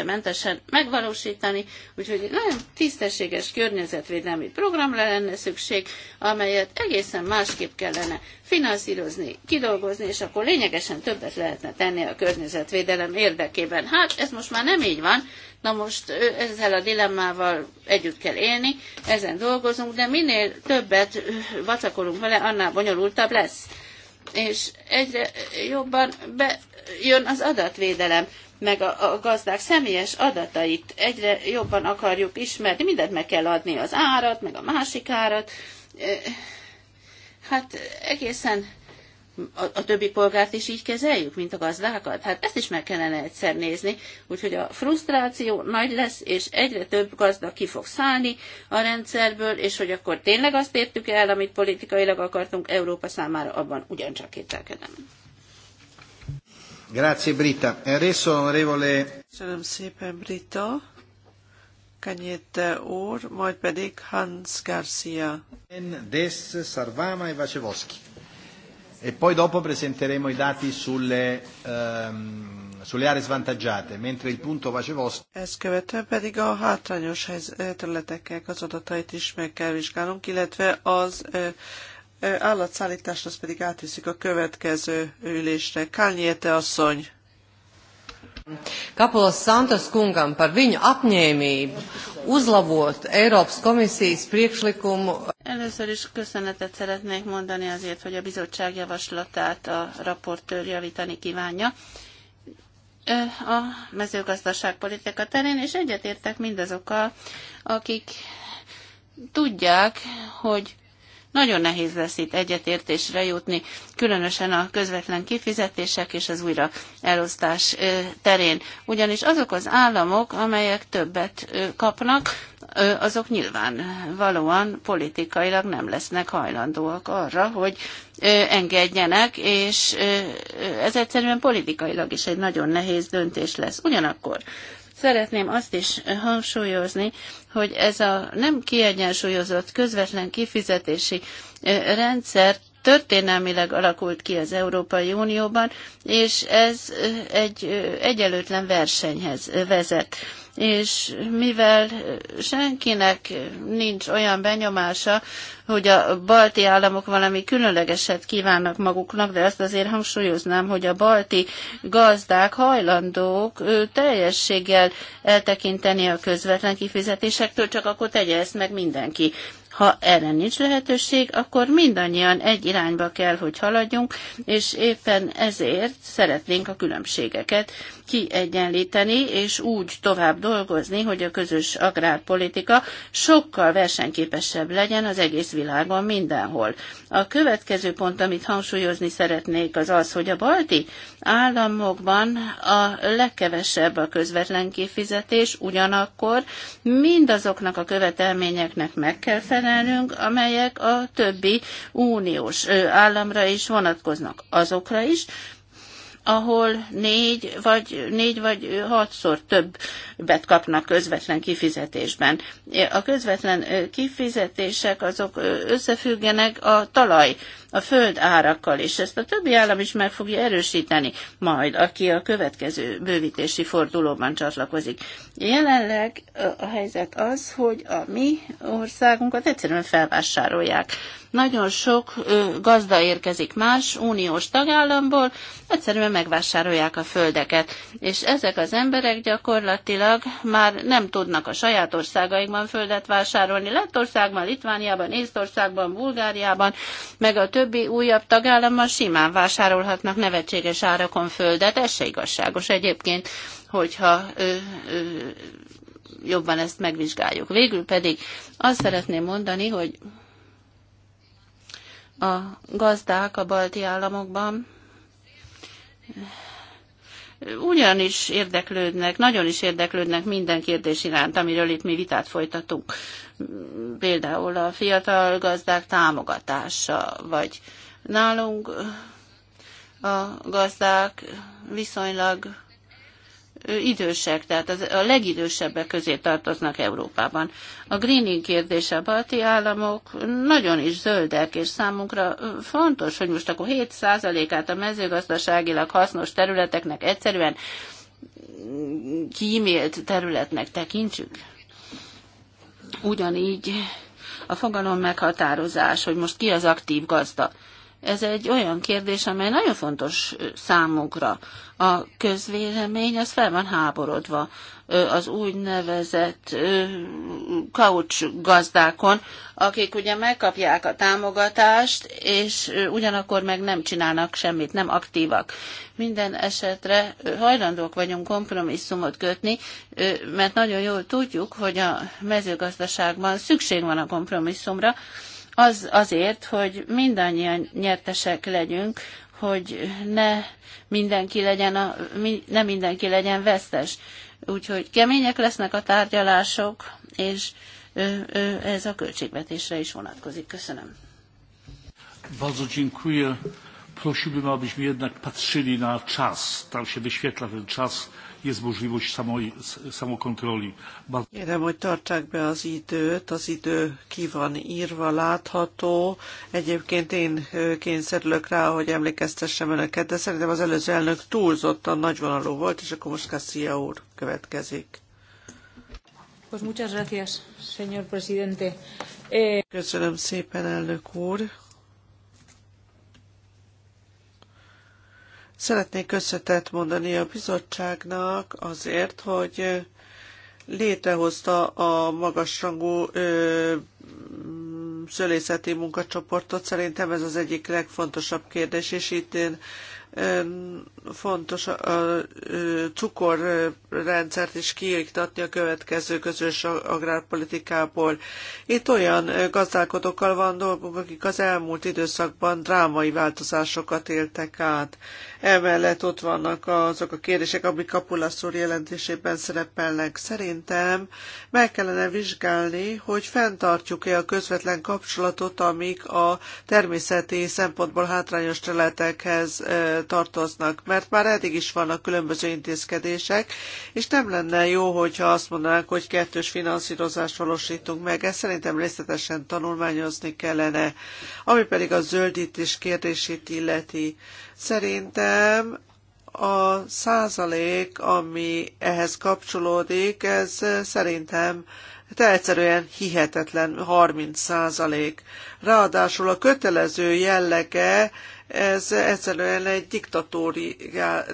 mentesen megvalósítani, úgyhogy nagyon tisztességes környezetvédelmi programra lenne szükség, amelyet egészen másképp kellene finanszírozni, kidolgozni, és akkor lényegesen többet lehetne tenni a környezetvédelem érdekében. Hát ez most már nem így van, Na most ezzel a dilemmával együtt kell élni, ezen dolgozunk, de minél többet vacakolunk vele, annál bonyolultabb lesz és egyre jobban bejön az adatvédelem, meg a, a gazdák személyes adatait egyre jobban akarjuk ismerni, mindent meg kell adni, az árat, meg a másik árat. Eh, hát egészen a, a többi polgárt is így kezeljük, mint a gazdákat? Hát ezt is meg kellene egyszer nézni. Úgyhogy a frusztráció nagy lesz, és egyre több gazda ki fog szállni a rendszerből, és hogy akkor tényleg azt értük el, amit politikailag akartunk Európa számára, abban ugyancsak kételkedem. Grazie Brita. E adesso onorevole... Köszönöm szépen Brita. Kanyete úr, majd pedig Hans Garcia. Des Sarvama e Vacevoski. E poi dopo presenteremo i dati sulle, ehm, sulle aree svantaggiate, mentre il punto pace vostro... Ezt követően pedig a hátrányos eh, területeknek az adatait is meg kell vizsgálnunk, illetve az ö, eh, eh, pedig átviszik a következő ülésre. Kányéte asszony! Kapolas Santas kungam par viņu apņēmību uzlabot Eiropas komisijas priekšlikumu. Először is köszönetet szeretnék mondani azért, hogy a bizottság javaslatát a raportőr javítani kívánja a mezőgazdaságpolitika terén, és egyetértek mindazokkal, akik tudják, hogy nagyon nehéz lesz itt egyetértésre jutni, különösen a közvetlen kifizetések és az újra elosztás terén. Ugyanis azok az államok, amelyek többet kapnak, azok nyilván valóan politikailag nem lesznek hajlandóak arra, hogy engedjenek, és ez egyszerűen politikailag is egy nagyon nehéz döntés lesz. Ugyanakkor Szeretném azt is hangsúlyozni, hogy ez a nem kiegyensúlyozott közvetlen kifizetési rendszer történelmileg alakult ki az Európai Unióban, és ez egy egyelőtlen versenyhez vezet. És mivel senkinek nincs olyan benyomása, hogy a balti államok valami különlegeset kívánnak maguknak, de azt azért hangsúlyoznám, hogy a balti gazdák hajlandók teljességgel eltekinteni a közvetlen kifizetésektől, csak akkor tegye ezt meg mindenki. Ha erre nincs lehetőség, akkor mindannyian egy irányba kell, hogy haladjunk, és éppen ezért szeretnénk a különbségeket kiegyenlíteni, és úgy tovább dolgozni, hogy a közös agrárpolitika sokkal versenyképesebb legyen az egész világon mindenhol. A következő pont, amit hangsúlyozni szeretnék, az az, hogy a balti államokban a legkevesebb a közvetlen kifizetés, ugyanakkor mindazoknak a követelményeknek meg kell felelnünk, amelyek a többi uniós államra is vonatkoznak azokra is, ahol négy vagy, négy vagy hatszor többet kapnak közvetlen kifizetésben. A közvetlen kifizetések azok összefüggenek a talaj a föld árakkal, és ezt a többi állam is meg fogja erősíteni majd, aki a következő bővítési fordulóban csatlakozik. Jelenleg a helyzet az, hogy a mi országunkat egyszerűen felvásárolják. Nagyon sok gazda érkezik más uniós tagállamból, egyszerűen megvásárolják a földeket, és ezek az emberek gyakorlatilag már nem tudnak a saját országaikban földet vásárolni. Lettországban, Litvániában, Észtországban, Bulgáriában, meg a többi újabb tagállammal simán vásárolhatnak nevetséges árakon földet. Ez se igazságos egyébként, hogyha ö, ö, jobban ezt megvizsgáljuk. Végül pedig azt szeretném mondani, hogy a gazdák a balti államokban ugyanis érdeklődnek, nagyon is érdeklődnek minden kérdés iránt, amiről itt mi vitát folytatunk. Például a fiatal gazdák támogatása, vagy nálunk a gazdák viszonylag idősek, tehát az, a legidősebbek közé tartoznak Európában. A greening kérdése a balti államok nagyon is zöldek, és számunkra fontos, hogy most akkor 7%-át a mezőgazdaságilag hasznos területeknek egyszerűen kímélt területnek tekintsük. Ugyanígy a fogalom meghatározás, hogy most ki az aktív gazda ez egy olyan kérdés, amely nagyon fontos számunkra. A közvélemény az fel van háborodva az úgynevezett kaucs gazdákon, akik ugye megkapják a támogatást, és ugyanakkor meg nem csinálnak semmit, nem aktívak. Minden esetre hajlandók vagyunk kompromisszumot kötni, mert nagyon jól tudjuk, hogy a mezőgazdaságban szükség van a kompromisszumra, az azért, hogy mindannyian nyertesek legyünk, hogy ne mindenki legyen, a, ne mindenki legyen vesztes. Úgyhogy kemények lesznek a tárgyalások, és ez a költségvetésre is vonatkozik. Köszönöm. Bardzo dziękuję. Prosiłbym, abyśmy jednak patrzyli na czas. Tam się wyświetla ten czas jest możliwość samoj, samokontroli. Kérem, hogy tartsák be az időt, az idő ki van írva, látható. Egyébként én kényszerülök rá, hogy emlékeztessem önöket, de szerintem az előző elnök túlzottan nagyvonalú volt, és akkor most Cassia úr következik. Köszönöm szépen, elnök úr. Szeretnék köszönetet mondani a bizottságnak azért, hogy létrehozta a magasrangú ö, szölészeti munkacsoportot. Szerintem ez az egyik legfontosabb kérdés, és itt én fontos a cukorrendszert is kiiktatni a következő közös agrárpolitikából. Itt olyan gazdálkodókkal van dolgunk, akik az elmúlt időszakban drámai változásokat éltek át. Emellett ott vannak azok a kérdések, amik Kapulasz úr jelentésében szerepelnek. Szerintem meg kellene vizsgálni, hogy fenntartjuk-e a közvetlen kapcsolatot, amik a természeti szempontból hátrányos területekhez tartoznak, mert már eddig is vannak különböző intézkedések, és nem lenne jó, hogyha azt mondanánk, hogy kettős finanszírozást valósítunk meg. Ezt szerintem részletesen tanulmányozni kellene. Ami pedig a zöldítés kérdését illeti. Szerintem a százalék, ami ehhez kapcsolódik, ez szerintem de egyszerűen hihetetlen 30 százalék. Ráadásul a kötelező jellege ez egyszerűen egy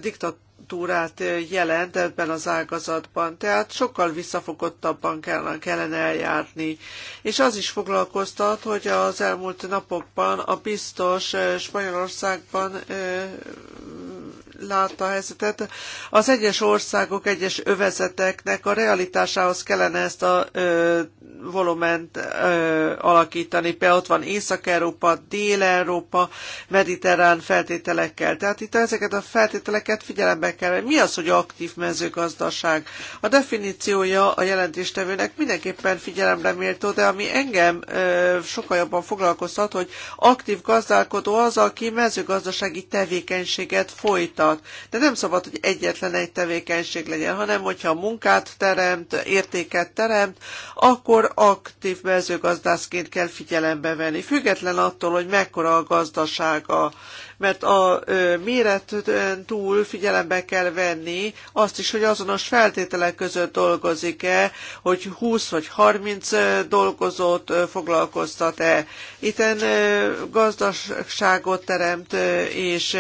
diktatúrát jelent ebben az ágazatban, tehát sokkal visszafogottabban kellene eljárni. És az is foglalkoztat, hogy az elmúlt napokban a biztos Spanyolországban látta a helyzetet. Az egyes országok, egyes övezeteknek a realitásához kellene ezt a ö, volument ö, alakítani. Például ott van Észak-Európa, Dél-Európa, mediterrán feltételekkel. Tehát itt ezeket a feltételeket figyelembe kell venni. Mi az, hogy aktív mezőgazdaság? A definíciója a jelentéstevőnek mindenképpen figyelemre méltó, de ami engem ö, sokkal jobban foglalkoztat, hogy aktív gazdálkodó az, aki mezőgazdasági tevékenységet folytat dolgokat. De nem szabad, hogy egyetlen egy tevékenység legyen, hanem hogyha munkát teremt, értéket teremt, akkor aktív mezőgazdászként kell figyelembe venni, független attól, hogy mekkora a gazdasága mert a méretűen túl figyelembe kell venni azt is, hogy azonos feltételek között dolgozik-e, hogy 20 vagy 30 dolgozót foglalkoztat-e. Itten gazdaságot teremt és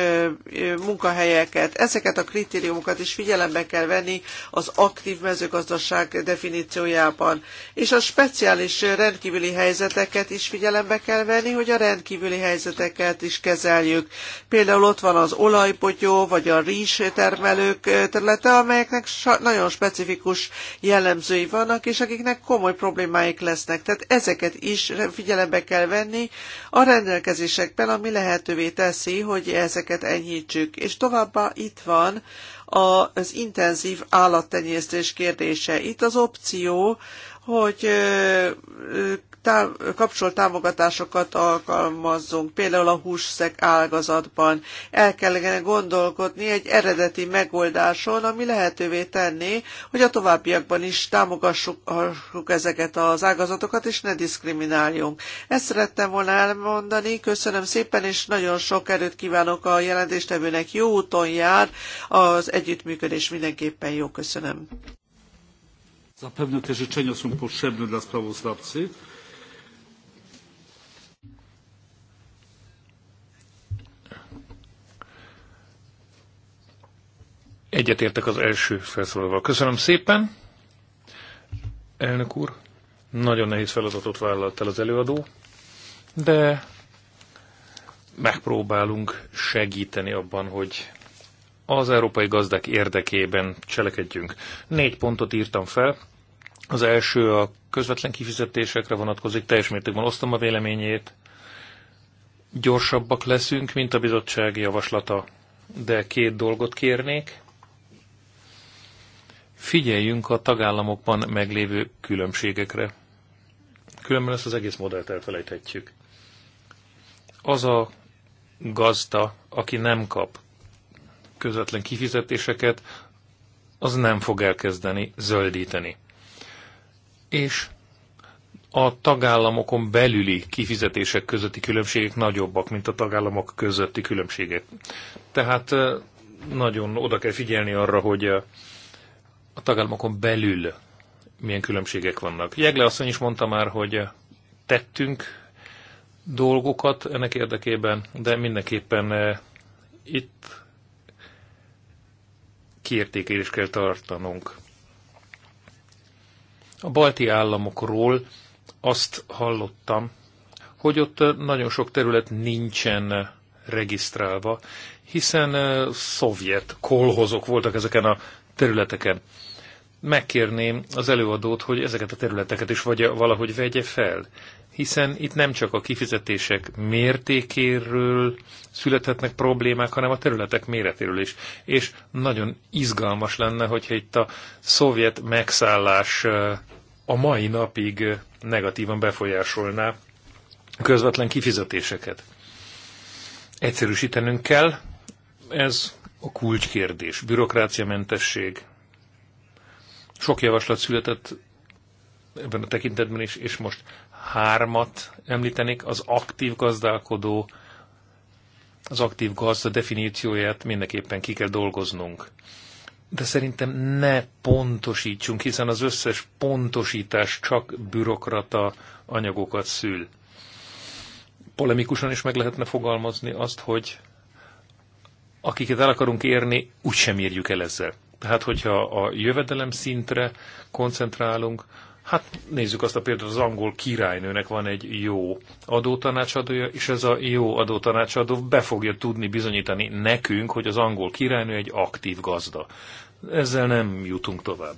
munkahelyeket. Ezeket a kritériumokat is figyelembe kell venni az aktív mezőgazdaság definíciójában. És a speciális rendkívüli helyzeteket is figyelembe kell venni, hogy a rendkívüli helyzeteket is kezeljük. Például ott van az olajpotyó, vagy a rizs termelők területe, amelyeknek nagyon specifikus jellemzői vannak, és akiknek komoly problémáik lesznek. Tehát ezeket is figyelembe kell venni a rendelkezésekben, ami lehetővé teszi, hogy ezeket enyhítsük. És továbbá itt van az intenzív állattenyésztés kérdése. Itt az opció, hogy táv, kapcsolt támogatásokat alkalmazzunk, például a hússzek ágazatban. El kellene gondolkodni egy eredeti megoldáson, ami lehetővé tenné, hogy a továbbiakban is támogassuk ezeket az ágazatokat, és ne diszkrimináljunk. Ezt szerettem volna elmondani, köszönöm szépen, és nagyon sok erőt kívánok a jelentéstevőnek, jó úton jár, az együttműködés mindenképpen jó, köszönöm. Zapewne te życzenia są potrzebne dla sprawozdawcy. Egyetértek az első felszólalóval. Köszönöm szépen. Elnök úr, nagyon nehéz feladatot vállalt el az előadó, de megpróbálunk segíteni abban, hogy az európai gazdák érdekében cselekedjünk. Négy pontot írtam fel. Az első a közvetlen kifizetésekre vonatkozik, teljes mértékben osztom a véleményét. Gyorsabbak leszünk, mint a bizottság javaslata, de két dolgot kérnék figyeljünk a tagállamokban meglévő különbségekre. Különben ezt az egész modellt elfelejthetjük. Az a gazda, aki nem kap közvetlen kifizetéseket, az nem fog elkezdeni zöldíteni. És a tagállamokon belüli kifizetések közötti különbségek nagyobbak, mint a tagállamok közötti különbségek. Tehát eh, nagyon oda kell figyelni arra, hogy eh, a tagállamokon belül milyen különbségek vannak. Jegle asszony is mondta már, hogy tettünk dolgokat ennek érdekében, de mindenképpen eh, itt kiértékelést kell tartanunk. A balti államokról azt hallottam, hogy ott eh, nagyon sok terület nincsen eh, regisztrálva, hiszen szovjet kolhozok voltak ezeken a területeken. Megkérném az előadót, hogy ezeket a területeket is vagy valahogy vegye fel, hiszen itt nem csak a kifizetések mértékéről születhetnek problémák, hanem a területek méretéről is. És nagyon izgalmas lenne, hogyha itt a szovjet megszállás a mai napig negatívan befolyásolná közvetlen kifizetéseket. Egyszerűsítenünk kell, ez a kulcskérdés. Bürokráciamentesség. Sok javaslat született ebben a tekintetben is, és most hármat említenék, az aktív gazdálkodó, az aktív gazda definícióját mindenképpen ki kell dolgoznunk. De szerintem ne pontosítsunk, hiszen az összes pontosítás csak bürokrata anyagokat szül. Polemikusan is meg lehetne fogalmazni azt, hogy akiket el akarunk érni, úgy sem érjük el ezzel. Tehát, hogyha a jövedelem szintre koncentrálunk, hát nézzük azt a példát, az angol királynőnek van egy jó adótanácsadója, és ez a jó adótanácsadó be fogja tudni bizonyítani nekünk, hogy az angol királynő egy aktív gazda. Ezzel nem jutunk tovább.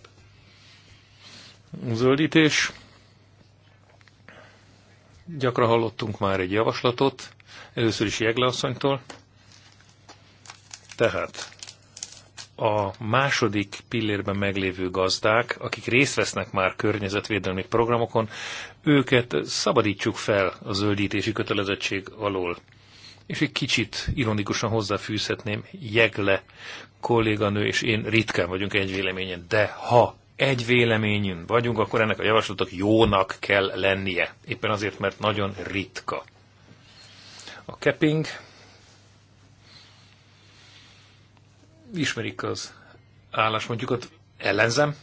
Zöldítés. Gyakran hallottunk már egy javaslatot, először is Jegle asszonytól. Tehát a második pillérben meglévő gazdák, akik részt vesznek már környezetvédelmi programokon, őket szabadítsuk fel a zöldítési kötelezettség alól. És egy kicsit ironikusan hozzáfűzhetném, Jegle kolléganő és én ritkán vagyunk egy véleményen, de ha egy véleményünk vagyunk, akkor ennek a javaslatok jónak kell lennie. Éppen azért, mert nagyon ritka. A capping ismerik az álláspontjukat, ellenzem,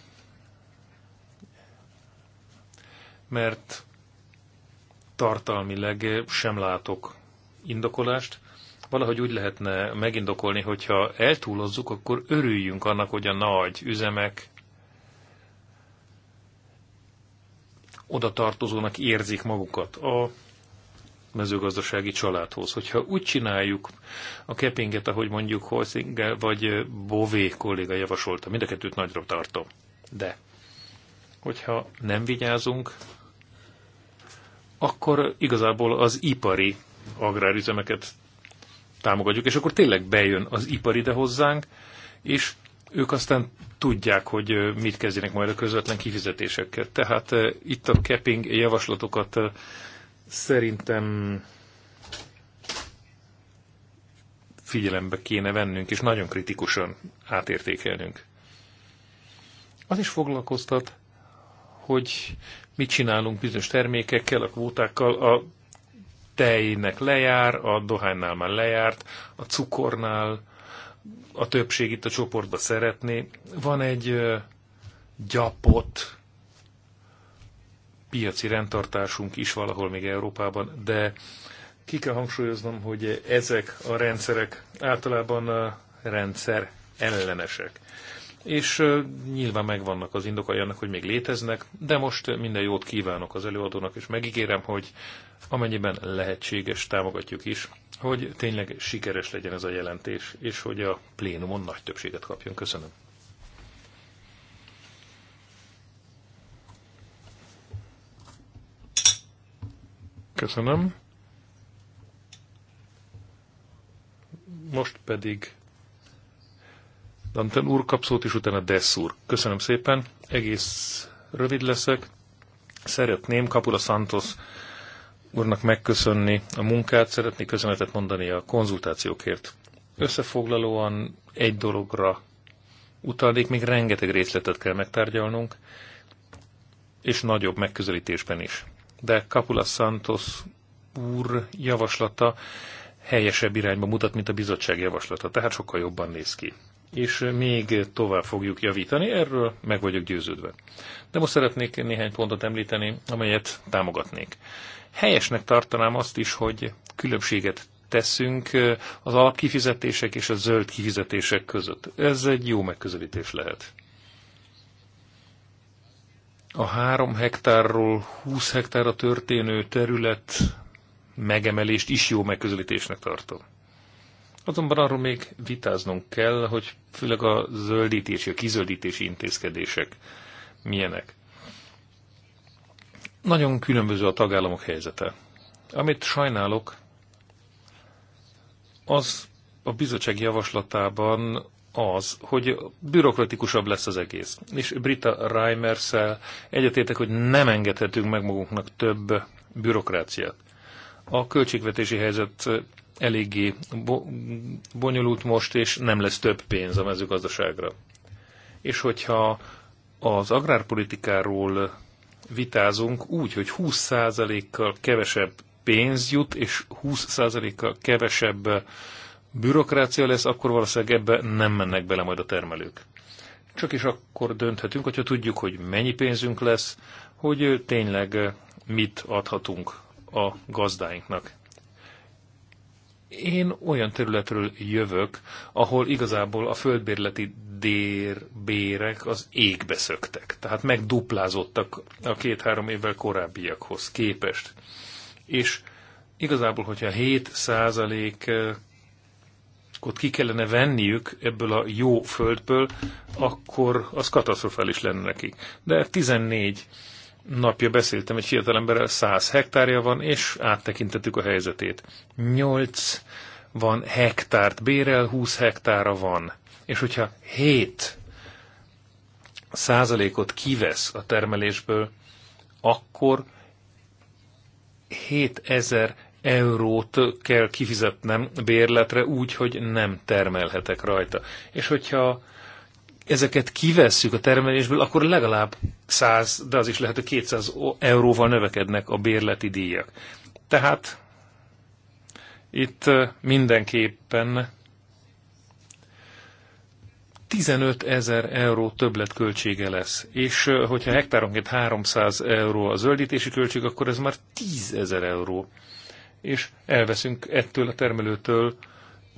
mert tartalmileg sem látok indokolást. Valahogy úgy lehetne megindokolni, hogyha eltúlozzuk, akkor örüljünk annak, hogy a nagy üzemek oda tartozónak érzik magukat. A mezőgazdasági családhoz. Hogyha úgy csináljuk a kepinget, ahogy mondjuk Holzinger vagy Bové kolléga javasolta, mind a kettőt nagyra tartom. De hogyha nem vigyázunk, akkor igazából az ipari agrárüzemeket támogatjuk, és akkor tényleg bejön az ipari ide hozzánk, és ők aztán tudják, hogy mit kezdjenek majd a közvetlen kifizetésekkel. Tehát itt a capping javaslatokat szerintem figyelembe kéne vennünk, és nagyon kritikusan átértékelnünk. Az is foglalkoztat, hogy mit csinálunk bizonyos termékekkel, a kvótákkal, a tejnek lejár, a dohánynál már lejárt, a cukornál, a többség itt a csoportba szeretné. Van egy gyapot piaci rendtartásunk is valahol még Európában, de ki kell hangsúlyoznom, hogy ezek a rendszerek általában a rendszer ellenesek. És nyilván megvannak az indokai annak, hogy még léteznek, de most minden jót kívánok az előadónak, és megígérem, hogy amennyiben lehetséges, támogatjuk is, hogy tényleg sikeres legyen ez a jelentés, és hogy a plénumon nagy többséget kapjon. Köszönöm. Köszönöm. Most pedig Danten úr kapszót, és utána Dessz úr. Köszönöm szépen, egész rövid leszek. Szeretném Kapula Santos úrnak megköszönni a munkát, szeretnék köszönetet mondani a konzultációkért. Összefoglalóan egy dologra utalnék, még rengeteg részletet kell megtárgyalnunk, és nagyobb megközelítésben is de Capula Santos úr javaslata helyesebb irányba mutat, mint a bizottság javaslata, tehát sokkal jobban néz ki. És még tovább fogjuk javítani, erről meg vagyok győződve. De most szeretnék néhány pontot említeni, amelyet támogatnék. Helyesnek tartanám azt is, hogy különbséget teszünk eh, az alapkifizetések és a zöld kifizetések között. Ez egy jó megközelítés lehet a három hektárról 20 hektárra történő terület megemelést is jó megközelítésnek tartom. Azonban arról még vitáznunk kell, hogy főleg a zöldítési, a kizöldítési intézkedések milyenek. Nagyon különböző a tagállamok helyzete. Amit sajnálok, az a bizottság javaslatában az, hogy bürokratikusabb lesz az egész. És Brita reimers egyetértek, hogy nem engedhetünk meg magunknak több bürokráciát. A költségvetési helyzet eléggé bonyolult most, és nem lesz több pénz a mezőgazdaságra. És hogyha az agrárpolitikáról vitázunk úgy, hogy 20%-kal kevesebb pénz jut, és 20%-kal kevesebb bürokrácia lesz, akkor valószínűleg ebbe nem mennek bele majd a termelők. Csak is akkor dönthetünk, hogyha tudjuk, hogy mennyi pénzünk lesz, hogy tényleg mit adhatunk a gazdáinknak. Én olyan területről jövök, ahol igazából a földbérleti dérbérek az égbe szöktek. Tehát megduplázottak a két-három évvel korábbiakhoz képest. És igazából, hogyha 7 országot ki kellene venniük ebből a jó földből, akkor az katasztrofális lenne nekik. De 14 napja beszéltem egy fiatalemberrel, 100 hektárja van, és áttekintettük a helyzetét. 8 van hektárt bérel, 20 hektára van. És hogyha 7 százalékot kivesz a termelésből, akkor 7000 eurót kell kifizetnem bérletre úgy, hogy nem termelhetek rajta. És hogyha ezeket kivesszük a termelésből, akkor legalább 100, de az is lehet, hogy 200 euróval növekednek a bérleti díjak. Tehát itt mindenképpen 15 ezer euró többletköltsége lesz, és hogyha hektáronként 300 euró a zöldítési költség, akkor ez már 10 ezer euró és elveszünk ettől a termelőtől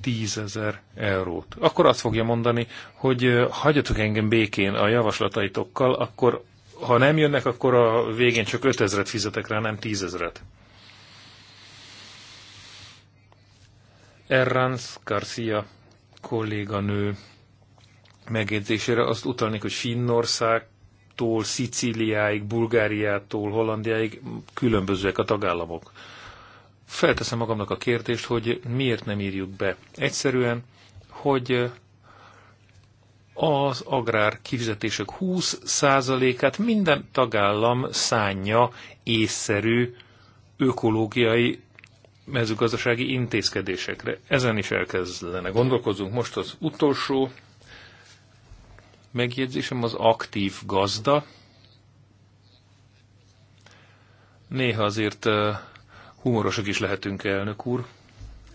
tízezer eurót. Akkor azt fogja mondani, hogy hagyjatok engem békén a javaslataitokkal, akkor ha nem jönnek, akkor a végén csak ötezret fizetek rá, nem tízezret. Erranz, Garcia kolléganő megjegyzésére azt utalnék, hogy Finnorság-tól, Szicíliáig, Bulgáriától, Hollandiáig különbözőek a tagállamok felteszem magamnak a kérdést, hogy miért nem írjuk be. Egyszerűen, hogy az agrár kifizetések 20%-át minden tagállam szánja észszerű ökológiai mezőgazdasági intézkedésekre. Ezen is elkezdene gondolkozunk. Most az utolsó megjegyzésem az aktív gazda. Néha azért eh, Humorosak is lehetünk, elnök úr.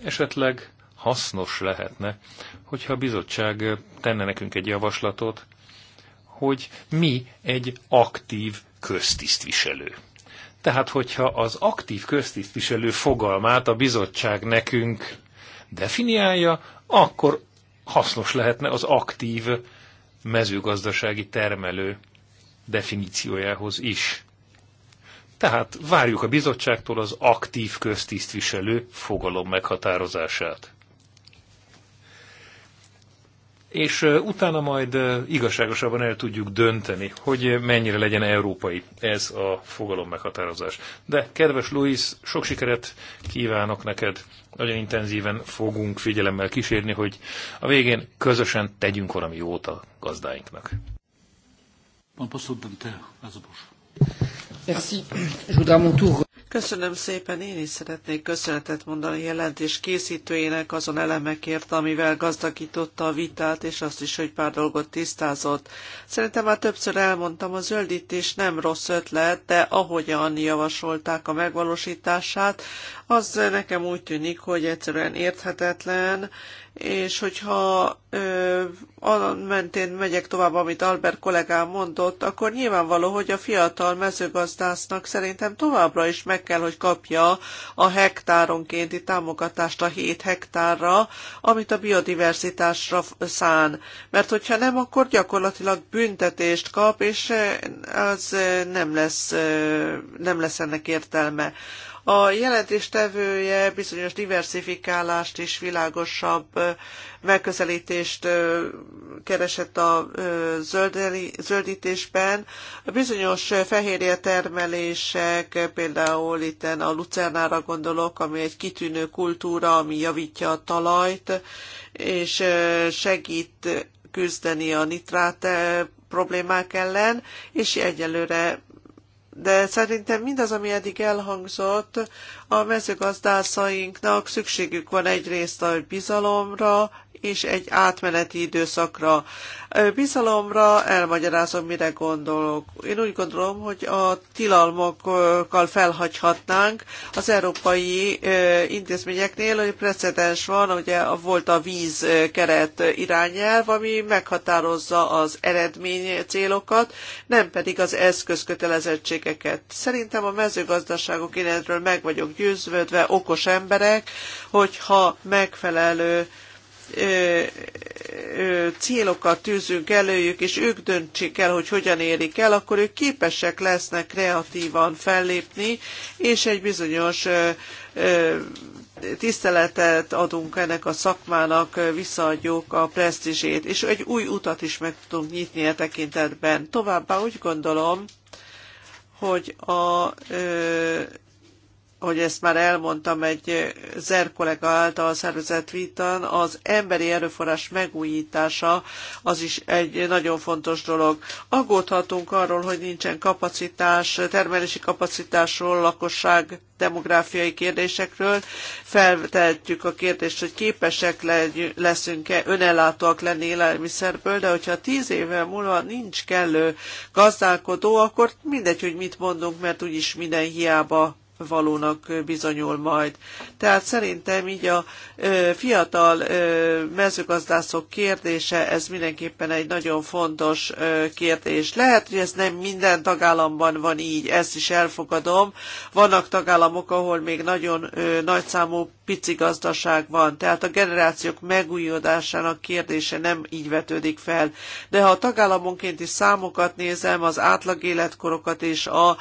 Esetleg hasznos lehetne, hogyha a bizottság tenne nekünk egy javaslatot, hogy mi egy aktív köztisztviselő. Tehát, hogyha az aktív köztisztviselő fogalmát a bizottság nekünk definiálja, akkor hasznos lehetne az aktív mezőgazdasági termelő definíciójához is. Tehát várjuk a bizottságtól az aktív köztisztviselő fogalom meghatározását. És utána majd igazságosabban el tudjuk dönteni, hogy mennyire legyen európai ez a fogalom meghatározás. De kedves Luis, sok sikeret kívánok neked. Nagyon intenzíven fogunk figyelemmel kísérni, hogy a végén közösen tegyünk valami jót a gazdáinknak. Pan Köszönöm szépen, én is szeretnék köszönetet mondani jelentés készítőjének azon elemekért, amivel gazdagította a vitát, és azt is, hogy pár dolgot tisztázott. Szerintem már többször elmondtam, a zöldítés nem rossz ötlet, de ahogyan javasolták a megvalósítását, az nekem úgy tűnik, hogy egyszerűen érthetetlen, és hogyha ö, annan mentén megyek tovább, amit Albert kollégám mondott, akkor nyilvánvaló, hogy a fiatal mezőgazdásznak szerintem továbbra is meg kell, hogy kapja a hektáronkénti támogatást a 7 hektárra, amit a biodiverzitásra szán. Mert hogyha nem, akkor gyakorlatilag büntetést kap, és az nem lesz, nem lesz ennek értelme. A jelentéstevője bizonyos diversifikálást és világosabb megközelítést keresett a zöldítésben. A bizonyos fehérje termelések, például itt a lucernára gondolok, ami egy kitűnő kultúra, ami javítja a talajt, és segít küzdeni a nitrát problémák ellen, és egyelőre de szerintem mindaz, ami eddig elhangzott, a mezőgazdászainknak szükségük van egyrészt a bizalomra, és egy átmeneti időszakra. Bizalomra elmagyarázom, mire gondolok. Én úgy gondolom, hogy a tilalmokkal felhagyhatnánk az európai intézményeknél, hogy precedens van, ugye volt a vízkeret irányelv, ami meghatározza az eredmény célokat, nem pedig az eszközkötelezettségeket. Szerintem a mezőgazdaságok, én erről meg vagyok győződve, okos emberek, hogyha megfelelő ö, ö, célokat tűzünk előjük, és ők döntsék el, hogy hogyan érik el, akkor ők képesek lesznek kreatívan fellépni, és egy bizonyos ö, ö, tiszteletet adunk ennek a szakmának, visszaadjuk a presztízsét, és egy új utat is meg tudunk nyitni e tekintetben. Továbbá úgy gondolom, hogy a ö, hogy ezt már elmondtam egy ZER kollega által a szervezett vitán, az emberi erőforrás megújítása az is egy nagyon fontos dolog. Aggódhatunk arról, hogy nincsen kapacitás, termelési kapacitásról, lakosság demográfiai kérdésekről. Feltehetjük a kérdést, hogy képesek leszünk-e önellátóak lenni élelmiszerből, de hogyha tíz éve múlva nincs kellő gazdálkodó, akkor mindegy, hogy mit mondunk, mert úgyis minden hiába valónak bizonyul majd. Tehát szerintem így a fiatal mezőgazdászok kérdése, ez mindenképpen egy nagyon fontos kérdés. Lehet, hogy ez nem minden tagállamban van így, ezt is elfogadom. Vannak tagállamok, ahol még nagyon nagyszámú pici gazdaság van, tehát a generációk megújulásának kérdése nem így vetődik fel. De ha a tagállamonkénti számokat nézem, az átlag életkorokat és a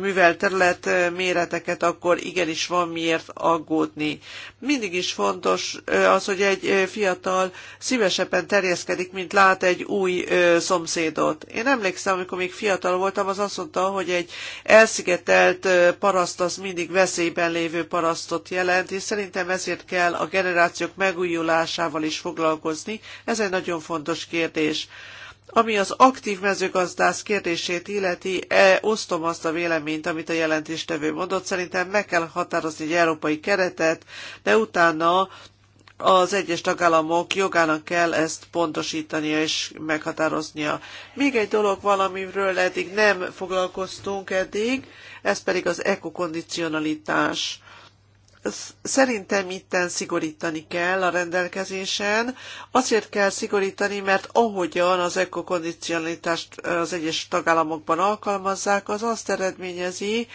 művelt terület méreteket, akkor igenis van miért aggódni. Mindig is fontos az, hogy egy fiatal szívesebben terjeszkedik, mint lát egy új szomszédot. Én emlékszem, amikor még fiatal voltam, az azt mondta, hogy egy elszigetelt paraszt az mindig veszélyben lévő parasztot jelent, és szerintem ezért kell a generációk megújulásával is foglalkozni. Ez egy nagyon fontos kérdés. Ami az aktív mezőgazdász kérdését illeti, e, osztom azt a véleményt, amit a jelentéstevő mondott. Szerintem meg kell határozni egy európai keretet, de utána az egyes tagállamok jogának kell ezt pontosítania és meghatároznia. Még egy dolog valamiről eddig nem foglalkoztunk eddig, ez pedig az ekokondicionalitás szerintem itten szigorítani kell a rendelkezésen. Azért kell szigorítani, mert ahogyan az ekokondicionalitást az egyes tagállamokban alkalmazzák, az azt eredményezi,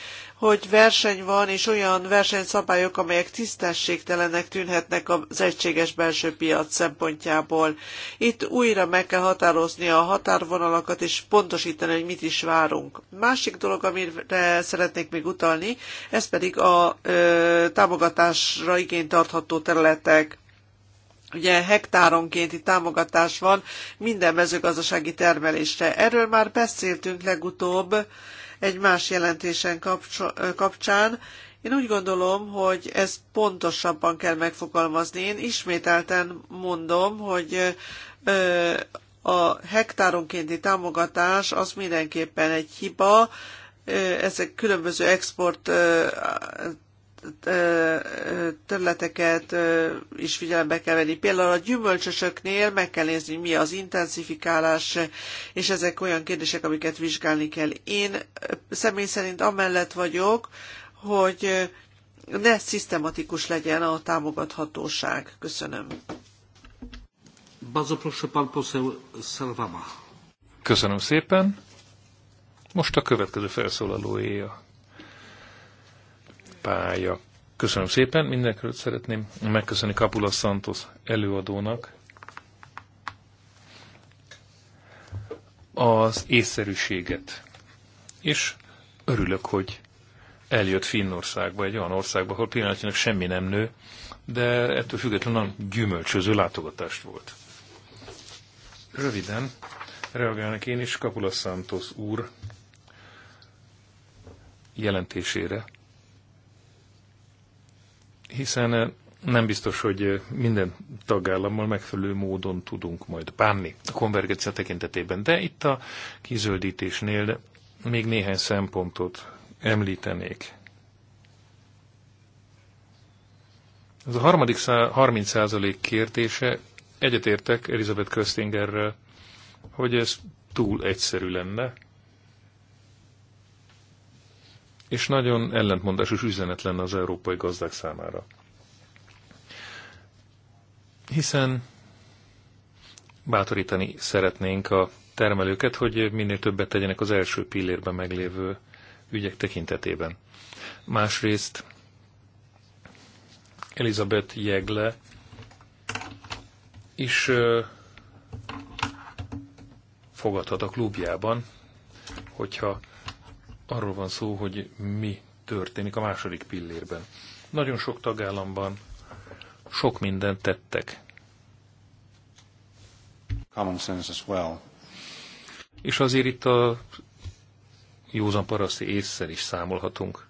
hogy verseny van, és olyan versenyszabályok, amelyek tisztességtelenek tűnhetnek az egységes belső piac szempontjából. Itt újra meg kell határozni a határvonalakat, és pontosítani, hogy mit is várunk. Másik dolog, amire szeretnék még utalni, ez pedig a ö, támogatásra igényt tartható területek ugye hektáronkénti támogatás van minden mezőgazdasági termelésre. Erről már beszéltünk legutóbb, egy más jelentésen kapcsán. Én úgy gondolom, hogy ezt pontosabban kell megfogalmazni. Én ismételten mondom, hogy a hektáronkénti támogatás az mindenképpen egy hiba, ezek különböző export területeket is figyelembe kell venni. Például a gyümölcsösöknél meg kell nézni, mi az intenzifikálás, és ezek olyan kérdések, amiket vizsgálni kell. Én személy szerint amellett vagyok, hogy ne szisztematikus legyen a támogathatóság. Köszönöm. Bardzo proszę pan poseł Salvama. Köszönöm szépen. Most a következő felszólalóéja pálya. Köszönöm szépen, mindenkről szeretném megköszönni Kapula Santos előadónak az észszerűséget. És örülök, hogy eljött Finnországba, egy olyan országba, ahol pillanatnyilag semmi nem nő, de ettől függetlenül gyümölcsöző látogatást volt. Röviden reagálnak én is Kapula Santos úr jelentésére, hiszen eh, nem biztos, hogy eh, minden tagállammal megfelelő módon tudunk majd bánni a konvergencia tekintetében. De itt a kizöldítésnél még néhány szempontot említenék. Ez a harmadik 30% kértése, egyetértek Elizabeth Köstingerrel, hogy ez túl egyszerű lenne, és nagyon ellentmondásos üzenet lenne az európai gazdák számára. Hiszen bátorítani szeretnénk a termelőket, hogy minél többet tegyenek az első pillérben meglévő ügyek tekintetében. Másrészt Elizabeth Jegle is fogadhat a klubjában, hogyha arról van szó, hogy mi történik a második pillérben. Nagyon sok tagállamban sok mindent tettek. Common sense as well. És azért itt a józan paraszti észszel is számolhatunk.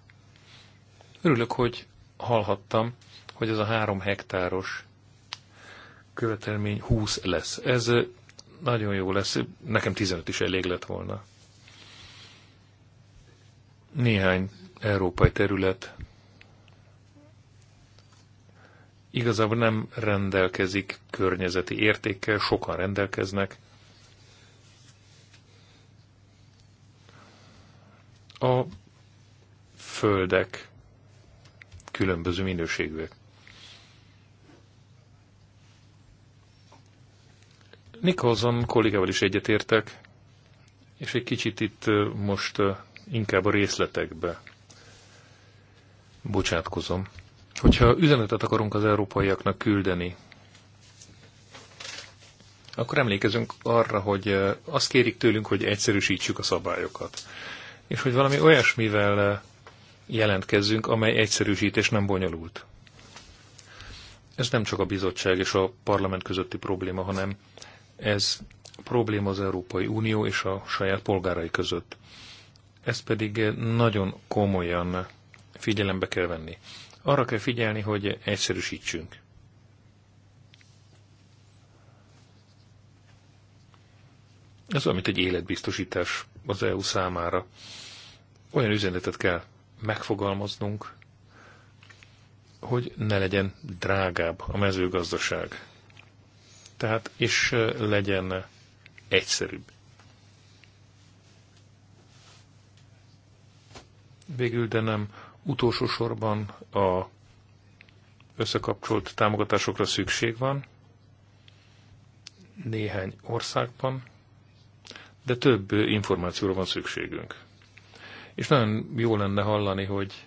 Örülök, hogy hallhattam, hogy ez a három hektáros követelmény 20 lesz. Ez nagyon jó lesz. Nekem 15 is elég lett volna. Néhány európai terület igazából nem rendelkezik környezeti értékkel, sokan rendelkeznek. A földek különböző minőségűek. Nikolson kollégával is egyetértek, és egy kicsit itt most inkább a részletekbe bocsátkozom. Hogyha üzenetet akarunk az európaiaknak küldeni, akkor emlékezünk arra, hogy eh, azt kérik tőlünk, hogy egyszerűsítsük a szabályokat. És hogy valami olyasmivel eh, jelentkezzünk, amely egyszerűsítés nem bonyolult. Ez nem csak a bizottság és a parlament közötti probléma, hanem ez probléma az Európai Unió és a saját polgárai között. Ezt pedig nagyon komolyan figyelembe kell venni. Arra kell figyelni, hogy egyszerűsítsünk. Ez olyan, mint egy életbiztosítás az EU számára. Olyan üzenetet kell megfogalmaznunk, hogy ne legyen drágább a mezőgazdaság. Tehát, és eh, legyen egyszerűbb. Végül, de nem utolsó sorban a összekapcsolt támogatásokra szükség van néhány országban, de több információra van szükségünk. És nagyon jó lenne hallani, hogy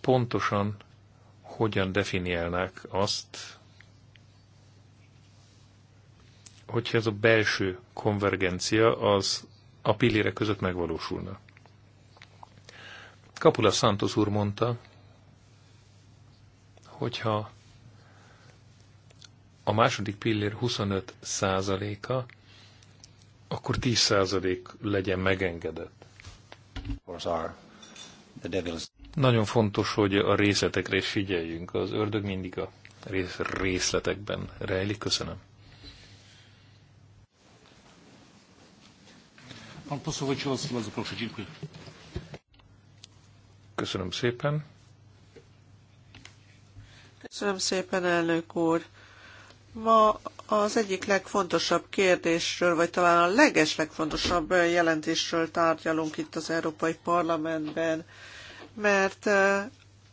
pontosan hogyan definiálnák azt, hogyha ez a belső konvergencia az a pillére között megvalósulna. Kapula Santos úr mondta, hogyha a második pillér 25 százaléka, akkor 10 százalék legyen megengedett. Nagyon fontos, hogy a részletekre is figyeljünk. Az ördög mindig a részletekben rejlik. Köszönöm. Pan poseł Dziękuję. Köszönöm szépen. Köszönöm szépen, elnök úr. Ma az egyik legfontosabb kérdésről, vagy talán a legeslegfontosabb jelentésről tárgyalunk itt az Európai Parlamentben, mert eh,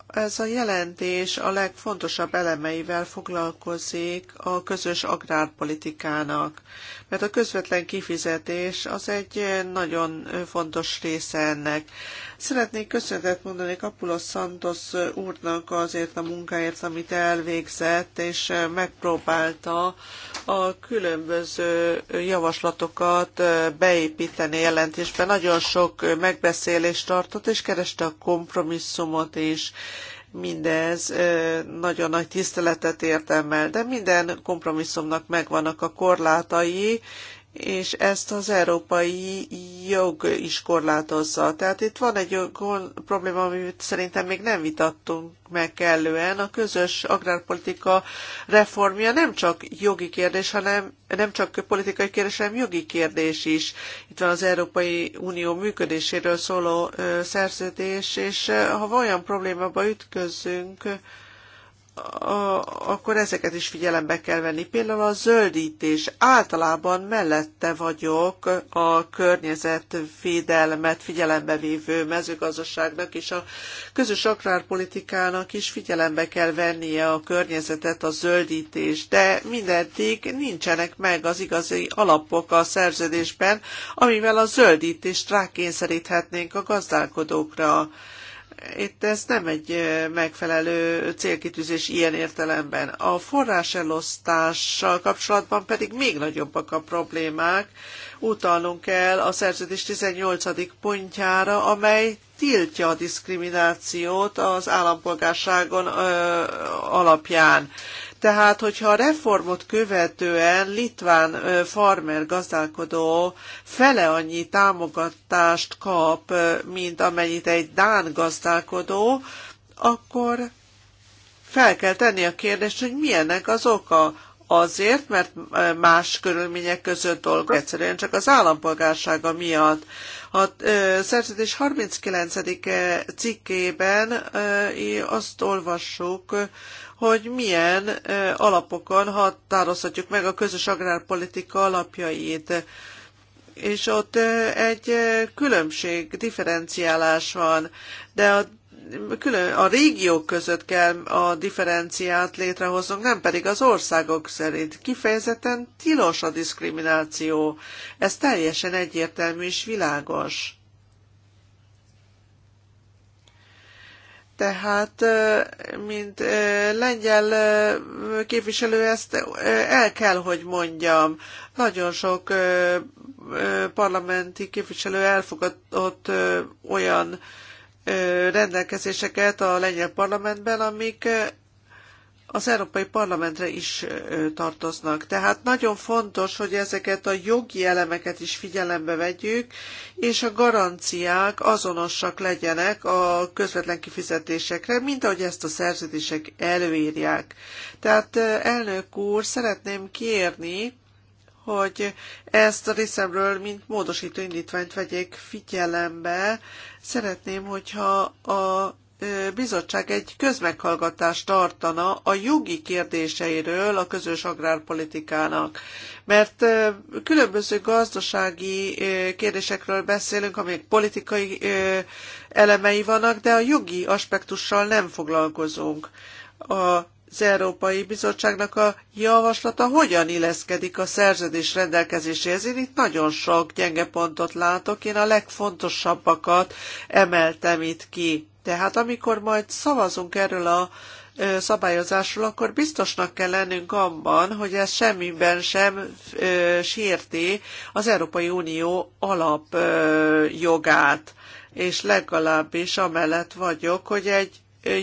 ez a jelentés a legfontosabb elemeivel foglalkozik a közös agrárpolitikának, mert a közvetlen kifizetés az egy nagyon fontos része ennek. Szeretnék köszönetet mondani Kapulos Santos úrnak azért a munkáért, amit elvégzett, és megpróbálta a különböző javaslatokat beépíteni jelentésbe. Nagyon sok megbeszélést tartott, és kereste a kompromisszumot is mindez nagyon nagy tiszteletet érdemel, de minden kompromisszumnak megvannak a korlátai, és ezt az európai jog is korlátozza. Tehát itt van egy probléma, amit szerintem még nem vitattunk meg kellően. A közös agrárpolitika reformja nem csak jogi kérdés, hanem nem csak politikai kérdés, hanem jogi kérdés is. Itt van az Európai Unió működéséről szóló szerződés, és ha olyan problémába ütközünk, a, akkor ezeket is figyelembe kell venni. Például a zöldítés. Általában mellette vagyok a környezetvédelmet figyelembe vévő mezőgazdaságnak és a közös agrárpolitikának is figyelembe kell vennie a környezetet, a zöldítés. De mindeddig nincsenek meg az igazi alapok a szerződésben, amivel a zöldítést rákényszeríthetnénk a gazdálkodókra itt ez nem egy megfelelő célkitűzés ilyen értelemben. A forráselosztással kapcsolatban pedig még nagyobbak a problémák. Utalnunk kell a szerződés 18. pontjára, amely tiltja a diszkriminációt az állampolgárságon ö, alapján. Tehát, hogyha a reformot követően litván farmer gazdálkodó fele annyi támogatást kap, mint amennyit egy dán gazdálkodó, akkor fel kell tenni a kérdést, hogy milyennek az oka. Azért, mert más körülmények között dolgok egyszerűen csak az állampolgársága miatt. A szerződés 39. cikkében azt olvassuk, hogy milyen alapokon határozhatjuk meg a közös agrárpolitika alapjait. És ott egy különbség, differenciálás van, de a külön, a régiók között kell a differenciát létrehoznunk, nem pedig az országok szerint. Kifejezetten tilos a diszkrimináció. Ez teljesen egyértelmű és világos. Tehát, mint lengyel képviselő, ezt el kell, hogy mondjam. Nagyon sok parlamenti képviselő elfogadott olyan rendelkezéseket a lengyel parlamentben, amik az Európai Parlamentre is tartoznak. Tehát nagyon fontos, hogy ezeket a jogi elemeket is figyelembe vegyük, és a garanciák azonosak legyenek a közvetlen kifizetésekre, mint ahogy ezt a szerződések előírják. Tehát elnök úr, szeretném kérni, hogy ezt a részemről, mint módosító indítványt vegyék figyelembe. Szeretném, hogyha a bizottság egy közmeghallgatást tartana a jogi kérdéseiről a közös agrárpolitikának. Mert különböző gazdasági kérdésekről beszélünk, amik politikai elemei vannak, de a jogi aspektussal nem foglalkozunk. Az Európai Bizottságnak a javaslata hogyan illeszkedik a szerződés rendelkezéséhez? Én itt nagyon sok gyenge pontot látok, én a legfontosabbakat emeltem itt ki tehát amikor majd szavazunk erről a szabályozásról, akkor biztosnak kell lennünk abban, hogy ez semmiben sem ö, sérti az Európai Unió alapjogát, és legalábbis amellett vagyok, hogy egy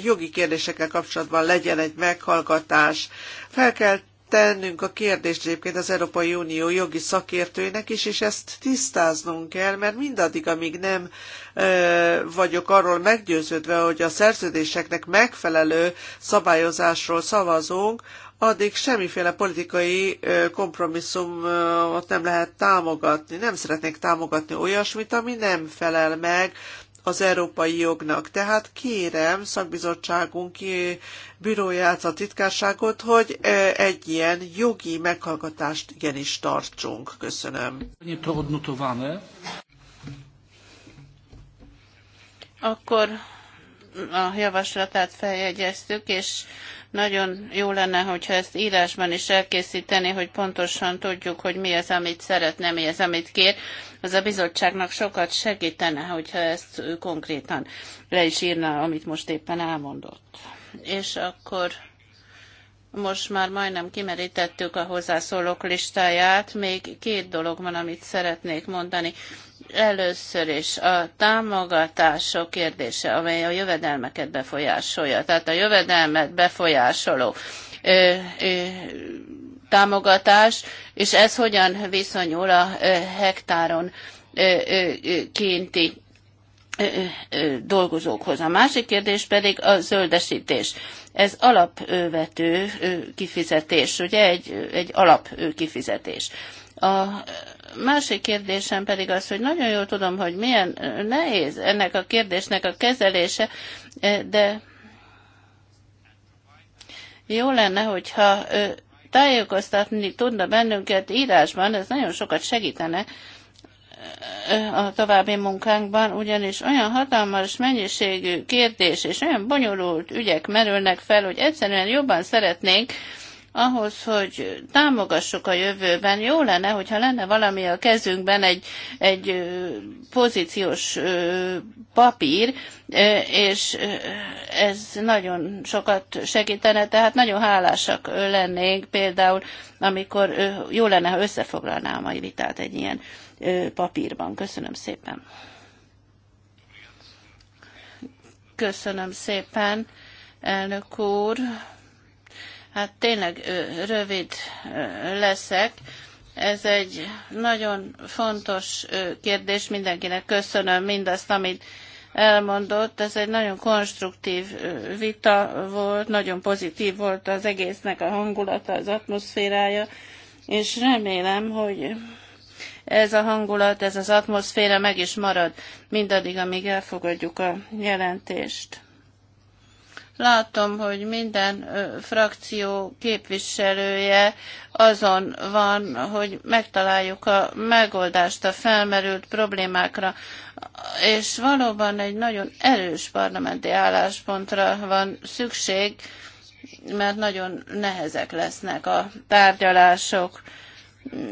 jogi kérdésekkel kapcsolatban legyen egy meghallgatás. Fel kell tennünk a kérdést egyébként az Európai Unió jogi szakértőinek is, és ezt tisztáznunk kell, mert mindaddig, amíg nem ö, vagyok arról meggyőződve, hogy a szerződéseknek megfelelő szabályozásról szavazunk, addig semmiféle politikai kompromisszumot nem lehet támogatni. Nem szeretnék támogatni olyasmit, ami nem felel meg az európai jognak. Tehát kérem szakbizottságunk eh, büróját, a titkárságot, hogy eh, egy ilyen jogi meghallgatást igenis tartsunk. Köszönöm. Akkor a javaslatát feljegyeztük, és nagyon jó lenne, hogyha ezt írásban is elkészíteni, hogy pontosan tudjuk, hogy mi az, amit szeretne, mi az, amit kér. Az a bizottságnak sokat segítene, hogyha ezt ő konkrétan le is írná, amit most éppen elmondott. És akkor most már majdnem kimerítettük a hozzászólók listáját. Még két dolog van, amit szeretnék mondani. Először is a támogatások kérdése, amely a jövedelmeket befolyásolja. Tehát a jövedelmet befolyásoló ö, ö, támogatás, és ez hogyan viszonyul a hektáron kinti dolgozókhoz. A másik kérdés pedig a zöldesítés. Ez alapvető kifizetés, ugye egy, egy alapkifizetés. A, másik kérdésem pedig az, hogy nagyon jól tudom, hogy milyen nehéz ennek a kérdésnek a kezelése, e, de jó lenne, hogyha e, tájékoztatni tudna bennünket írásban, ez nagyon sokat segítene e, a további munkánkban, ugyanis olyan hatalmas mennyiségű kérdés és olyan bonyolult ügyek merülnek fel, hogy egyszerűen jobban szeretnénk, ahhoz, hogy támogassuk a jövőben, jó lenne, hogyha lenne valami a kezünkben egy, egy pozíciós papír, és ez nagyon sokat segítene, tehát nagyon hálásak lennénk például, amikor jó lenne, ha összefoglalná a mai vitát egy ilyen papírban. Köszönöm szépen. Köszönöm szépen, elnök úr. Hát tényleg rövid leszek. Ez egy nagyon fontos kérdés. Mindenkinek köszönöm mindazt, amit elmondott. Ez egy nagyon konstruktív vita volt, nagyon pozitív volt az egésznek a hangulata, az atmoszférája, és remélem, hogy ez a hangulat, ez az atmoszféra meg is marad mindaddig, amíg elfogadjuk a jelentést. Látom, hogy minden frakció képviselője azon van, hogy megtaláljuk a megoldást a felmerült problémákra, és valóban egy nagyon erős parlamenti álláspontra van szükség, mert nagyon nehezek lesznek a tárgyalások.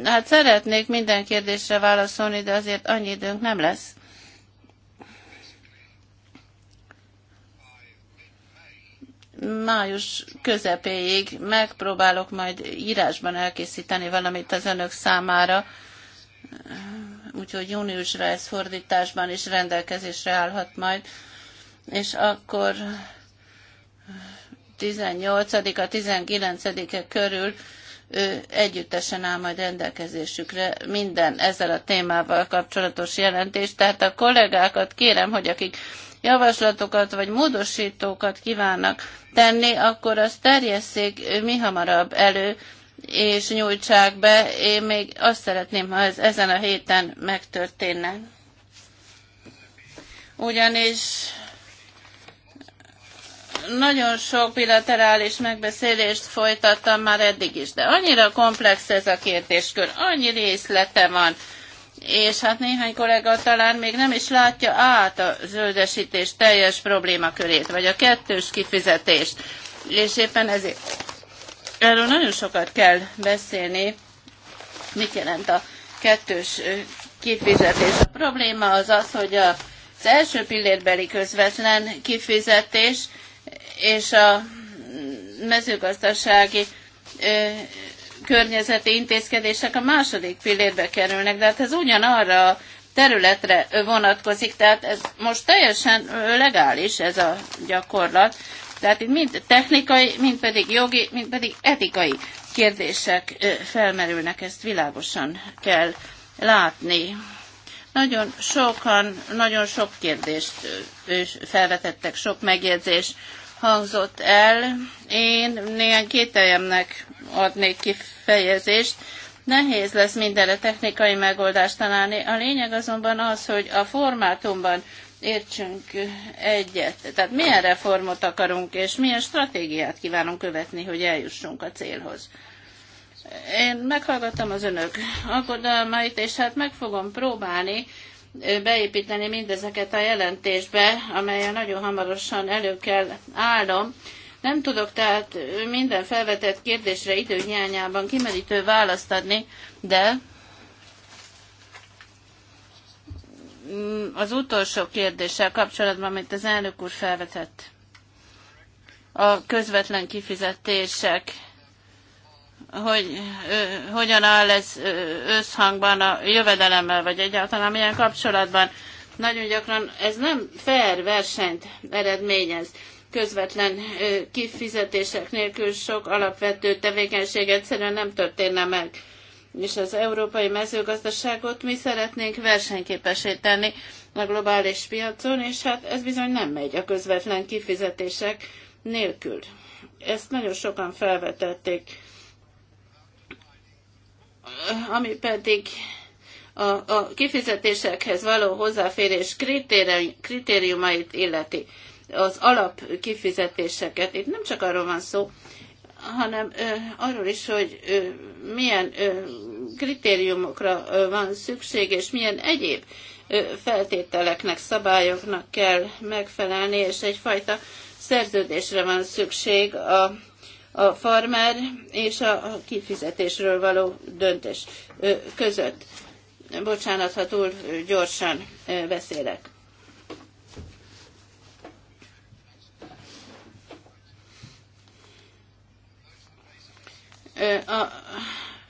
Hát szeretnék minden kérdésre válaszolni, de azért annyi időnk nem lesz. május közepéig megpróbálok majd írásban elkészíteni valamit az önök számára, úgyhogy júniusra ez fordításban is rendelkezésre állhat majd, és akkor 18-a, 19-e körül ő együttesen áll majd rendelkezésükre minden ezzel a témával kapcsolatos jelentést, Tehát a kollégákat kérem, hogy akik javaslatokat vagy módosítókat kívánnak tenni, akkor azt terjesszék mi hamarabb elő, és nyújtsák be. Én még azt szeretném, ha ez ezen a héten megtörténne. Ugyanis nagyon sok bilaterális megbeszélést folytattam már eddig is, de annyira komplex ez a kérdéskör, annyi részlete van, és hát néhány kollega talán még nem is látja át a zöldesítés teljes problémakörét, vagy a kettős kifizetést. És éppen ezért erről nagyon sokat kell beszélni, mit jelent a kettős kifizetés. A probléma az az, hogy az első pillérbeli közvetlen kifizetés és a mezőgazdasági környezeti intézkedések a második pillérbe kerülnek, de hát ez ugyanarra a területre vonatkozik, tehát ez most teljesen legális ez a gyakorlat. Tehát itt mind technikai, mind pedig jogi, mind pedig etikai kérdések felmerülnek, ezt világosan kell látni. Nagyon sokan, nagyon sok kérdést felvetettek, sok megjegyzést hangzott el. Én néhány kételjemnek adnék kifejezést. Nehéz lesz mindenre technikai megoldást találni. A lényeg azonban az, hogy a formátumban értsünk egyet. Tehát milyen reformot akarunk, és milyen stratégiát kívánunk követni, hogy eljussunk a célhoz. Én meghallgattam az önök aggodalmait, és hát meg fogom próbálni beépíteni mindezeket a jelentésbe, amelyen nagyon hamarosan elő kell állnom. Nem tudok tehát minden felvetett kérdésre időhiányában kimerítő választ adni, de mm, az utolsó kérdéssel kapcsolatban, amit az elnök úr felvetett, a közvetlen kifizetések hogy ö, hogyan áll ez összhangban a jövedelemmel, vagy egyáltalán milyen kapcsolatban. Nagyon gyakran ez nem fair versenyt eredményez. Közvetlen ö, kifizetések nélkül sok alapvető tevékenység egyszerűen nem történne meg. És az európai mezőgazdaságot mi szeretnénk versenyképesé tenni a globális piacon, és hát ez bizony nem megy a közvetlen kifizetések nélkül. Ezt nagyon sokan felvetették ami pedig a, a kifizetésekhez való hozzáférés kritériumait illeti, az alap kifizetéseket. Itt nem csak arról van szó, hanem ö, arról is, hogy ö, milyen ö, kritériumokra ö, van szükség, és milyen egyéb ö, feltételeknek, szabályoknak kell megfelelni, és egyfajta szerződésre van szükség a a farmer és a kifizetésről való döntés között. Bocsánat, ha túl gyorsan beszélek. A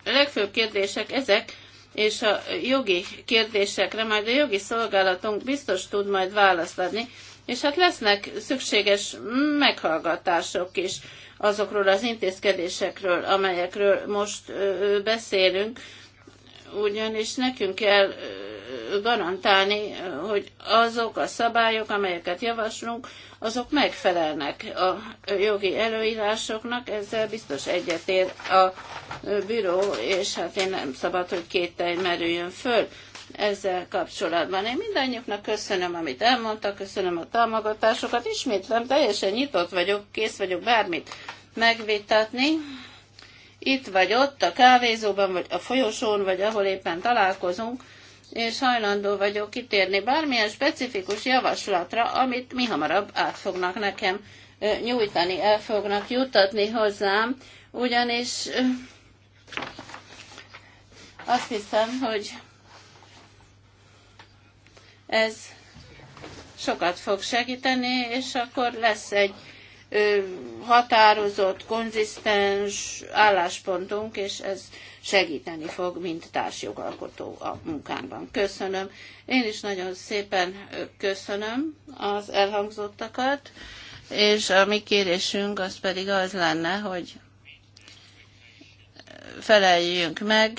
legfőbb kérdések ezek, és a jogi kérdésekre majd a jogi szolgálatunk biztos tud majd választ adni, és hát lesznek szükséges meghallgatások is azokról az intézkedésekről, amelyekről most beszélünk, ugyanis nekünk kell garantálni, hogy azok a szabályok, amelyeket javaslunk, azok megfelelnek a jogi előírásoknak, ezzel biztos egyetér a büró, és hát én nem szabad, hogy kételj merüljön föl ezzel kapcsolatban. Én mindannyiuknak köszönöm, amit elmondtak, köszönöm a támogatásokat, ismétlem, teljesen nyitott vagyok, kész vagyok bármit megvitatni. Itt vagy ott, a kávézóban, vagy a folyosón, vagy ahol éppen találkozunk, és hajlandó vagyok kitérni bármilyen specifikus javaslatra, amit mi hamarabb át fognak nekem nyújtani, el fognak jutatni hozzám, ugyanis azt hiszem, hogy ez sokat fog segíteni, és akkor lesz egy határozott, konzisztens álláspontunk, és ez segíteni fog, mint társjogalkotó a munkánkban. Köszönöm. Én is nagyon szépen köszönöm az elhangzottakat, és a mi kérésünk az pedig az lenne, hogy feleljünk meg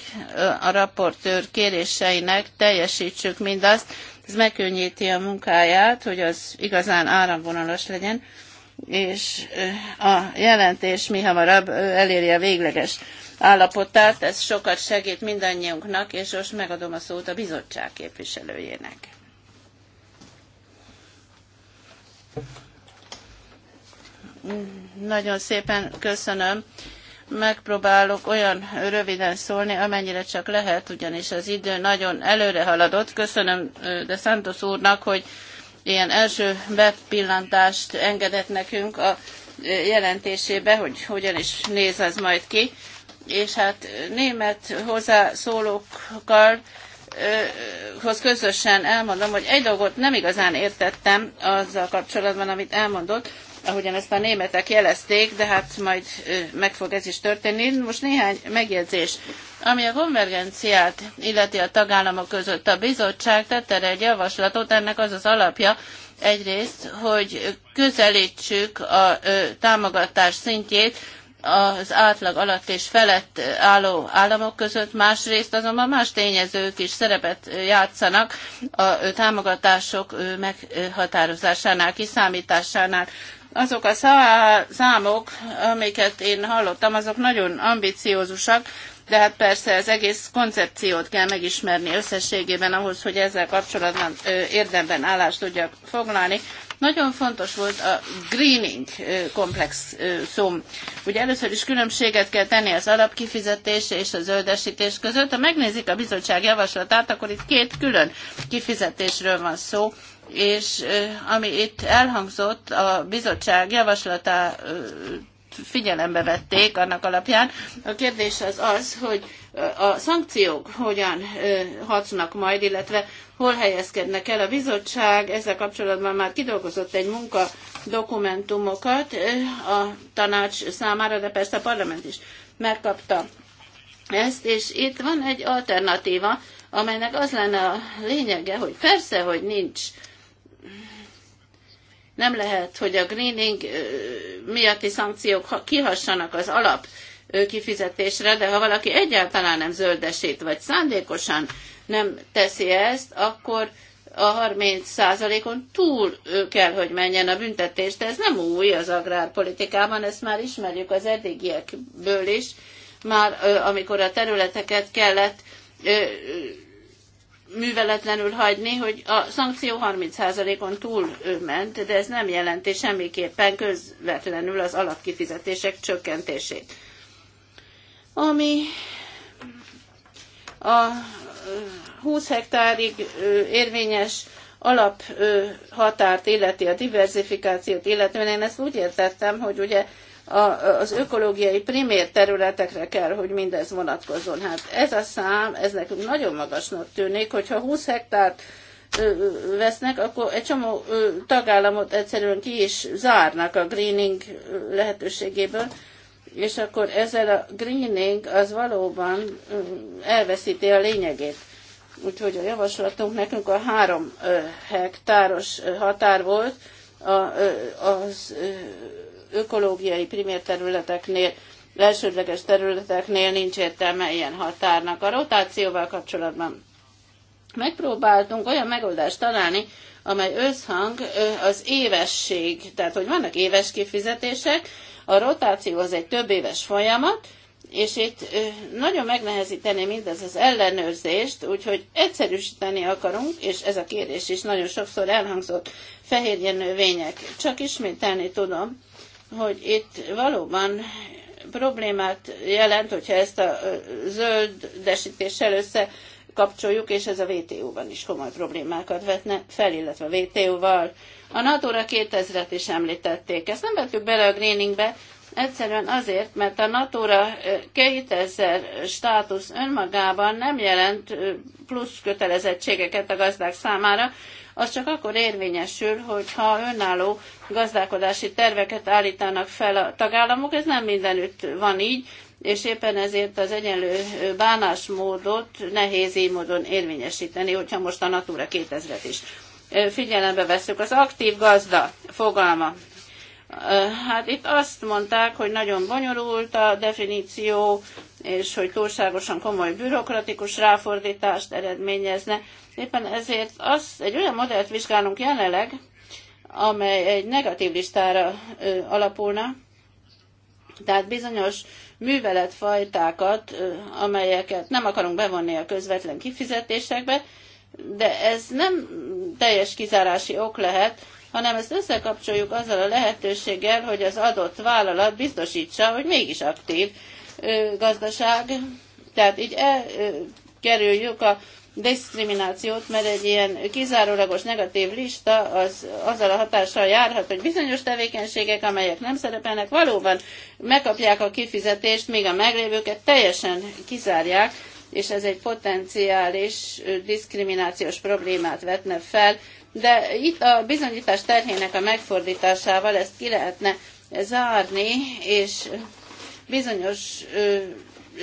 a raportőr kéréseinek, teljesítsük mindazt, ez megkönnyíti a munkáját, hogy az igazán áramvonalas legyen, és eh, a jelentés mi hamarabb eh, eléri a végleges állapotát. Ez sokat segít mindannyiunknak, és most megadom a szót a bizottság képviselőjének. Nagyon szépen köszönöm megpróbálok olyan röviden szólni, amennyire csak lehet, ugyanis az idő nagyon előre haladott. Köszönöm de Santos úrnak, hogy ilyen első bepillantást engedett nekünk a jelentésébe, hogy hogyan is néz ez majd ki. És hát német hozzászólókkal hoz közösen elmondom, hogy egy dolgot nem igazán értettem azzal kapcsolatban, amit elmondott, ahogyan ezt a németek jelezték, de hát majd meg fog ez is történni. Most néhány megjegyzés. Ami a konvergenciát illeti a tagállamok között, a bizottság tette erre egy javaslatot, ennek az az alapja, egyrészt, hogy közelítsük a támogatás szintjét az átlag alatt és felett álló államok között, másrészt azonban más tényezők is szerepet játszanak a támogatások meghatározásánál, kiszámításánál azok a számok, amiket én hallottam, azok nagyon ambiciózusak, de hát persze az egész koncepciót kell megismerni összességében ahhoz, hogy ezzel kapcsolatban érdemben állást tudjak foglalni. Nagyon fontos volt a greening komplex szó. Ugye először is különbséget kell tenni az alapkifizetés és a zöldesítés között. Ha megnézik a bizottság javaslatát, akkor itt két külön kifizetésről van szó és ami itt elhangzott, a bizottság javaslatá figyelembe vették annak alapján. A kérdés az az, hogy a szankciók hogyan hatnak majd, illetve hol helyezkednek el a bizottság. Ezzel kapcsolatban már kidolgozott egy munka dokumentumokat a tanács számára, de persze a parlament is megkapta ezt, és itt van egy alternatíva, amelynek az lenne a lényege, hogy persze, hogy nincs nem lehet, hogy a greening miatti szankciók kihassanak az alap kifizetésre, de ha valaki egyáltalán nem zöldesít, vagy szándékosan nem teszi ezt, akkor a 30%-on túl kell, hogy menjen a büntetés, de ez nem új az agrárpolitikában, ezt már ismerjük az eddigiekből is, már amikor a területeket kellett műveletlenül hagyni, hogy a szankció 30%-on túl ment, de ez nem jelenti semmiképpen közvetlenül az alapkifizetések csökkentését. Ami a 20 hektárig érvényes alaphatárt illeti, a diversifikációt illetően, én ezt úgy értettem, hogy ugye az ökológiai primér területekre kell, hogy mindez vonatkozzon. Hát ez a szám, ez nekünk nagyon magasnak tűnik, hogyha 20 hektárt vesznek, akkor egy csomó tagállamot egyszerűen ki is zárnak a greening lehetőségéből, és akkor ezzel a greening az valóban elveszíti a lényegét. Úgyhogy a javaslatunk nekünk a három hektáros határ volt, az ökológiai primér területeknél, elsődleges területeknél nincs értelme ilyen határnak. A rotációval kapcsolatban megpróbáltunk olyan megoldást találni, amely összhang az évesség, tehát hogy vannak éves kifizetések, a rotáció az egy több éves folyamat, és itt nagyon megnehezíteni mindez az ellenőrzést, úgyhogy egyszerűsíteni akarunk, és ez a kérés is nagyon sokszor elhangzott fehérje növények. Csak ismételni tudom, hogy itt valóban problémát jelent, hogyha ezt a zöld desítéssel kapcsoljuk, és ez a WTO-ban is komoly problémákat vetne fel, illetve a WTO-val. A Natura 2000-et is említették. Ezt nem vettük bele a greeningbe, Egyszerűen azért, mert a Natura 2000 eh, státusz önmagában nem jelent eh, plusz kötelezettségeket a gazdák számára, az csak akkor érvényesül, hogyha önálló gazdálkodási terveket állítanak fel a tagállamok. Ez nem mindenütt van így, és éppen ezért az egyenlő eh, bánásmódot nehéz így módon érvényesíteni, hogyha most a Natura 2000-et is figyelembe veszük. Az aktív gazda fogalma Hát itt azt mondták, hogy nagyon bonyolult a definíció, és hogy túlságosan komoly bürokratikus ráfordítást eredményezne. Éppen ezért az, egy olyan modellt vizsgálunk jelenleg, amely egy negatív listára ö, alapulna, tehát bizonyos műveletfajtákat, ö, amelyeket nem akarunk bevonni a közvetlen kifizetésekbe, de ez nem teljes kizárási ok lehet, hanem ezt összekapcsoljuk azzal a lehetőséggel, hogy az adott vállalat biztosítsa, hogy mégis aktív gazdaság. Tehát így elkerüljük a diszkriminációt, mert egy ilyen kizárólagos negatív lista az azzal a hatással járhat, hogy bizonyos tevékenységek, amelyek nem szerepelnek, valóban megkapják a kifizetést, míg a meglévőket teljesen kizárják, és ez egy potenciális diszkriminációs problémát vetne fel, de itt a bizonyítás terhének a megfordításával ezt ki lehetne zárni, és bizonyos ö,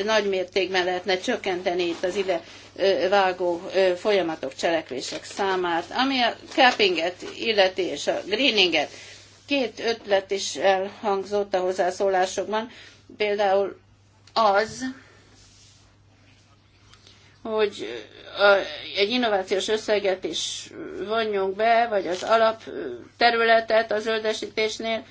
nagy mértékben lehetne csökkenteni itt az ide ö, vágó ö, folyamatok, cselekvések számát. Ami a cappinget illeti és a greeninget, két ötlet is elhangzott a hozzászólásokban, például az, hogy a, egy innovációs összeget is vonjunk be, vagy az alapterületet a zöldesítésnél.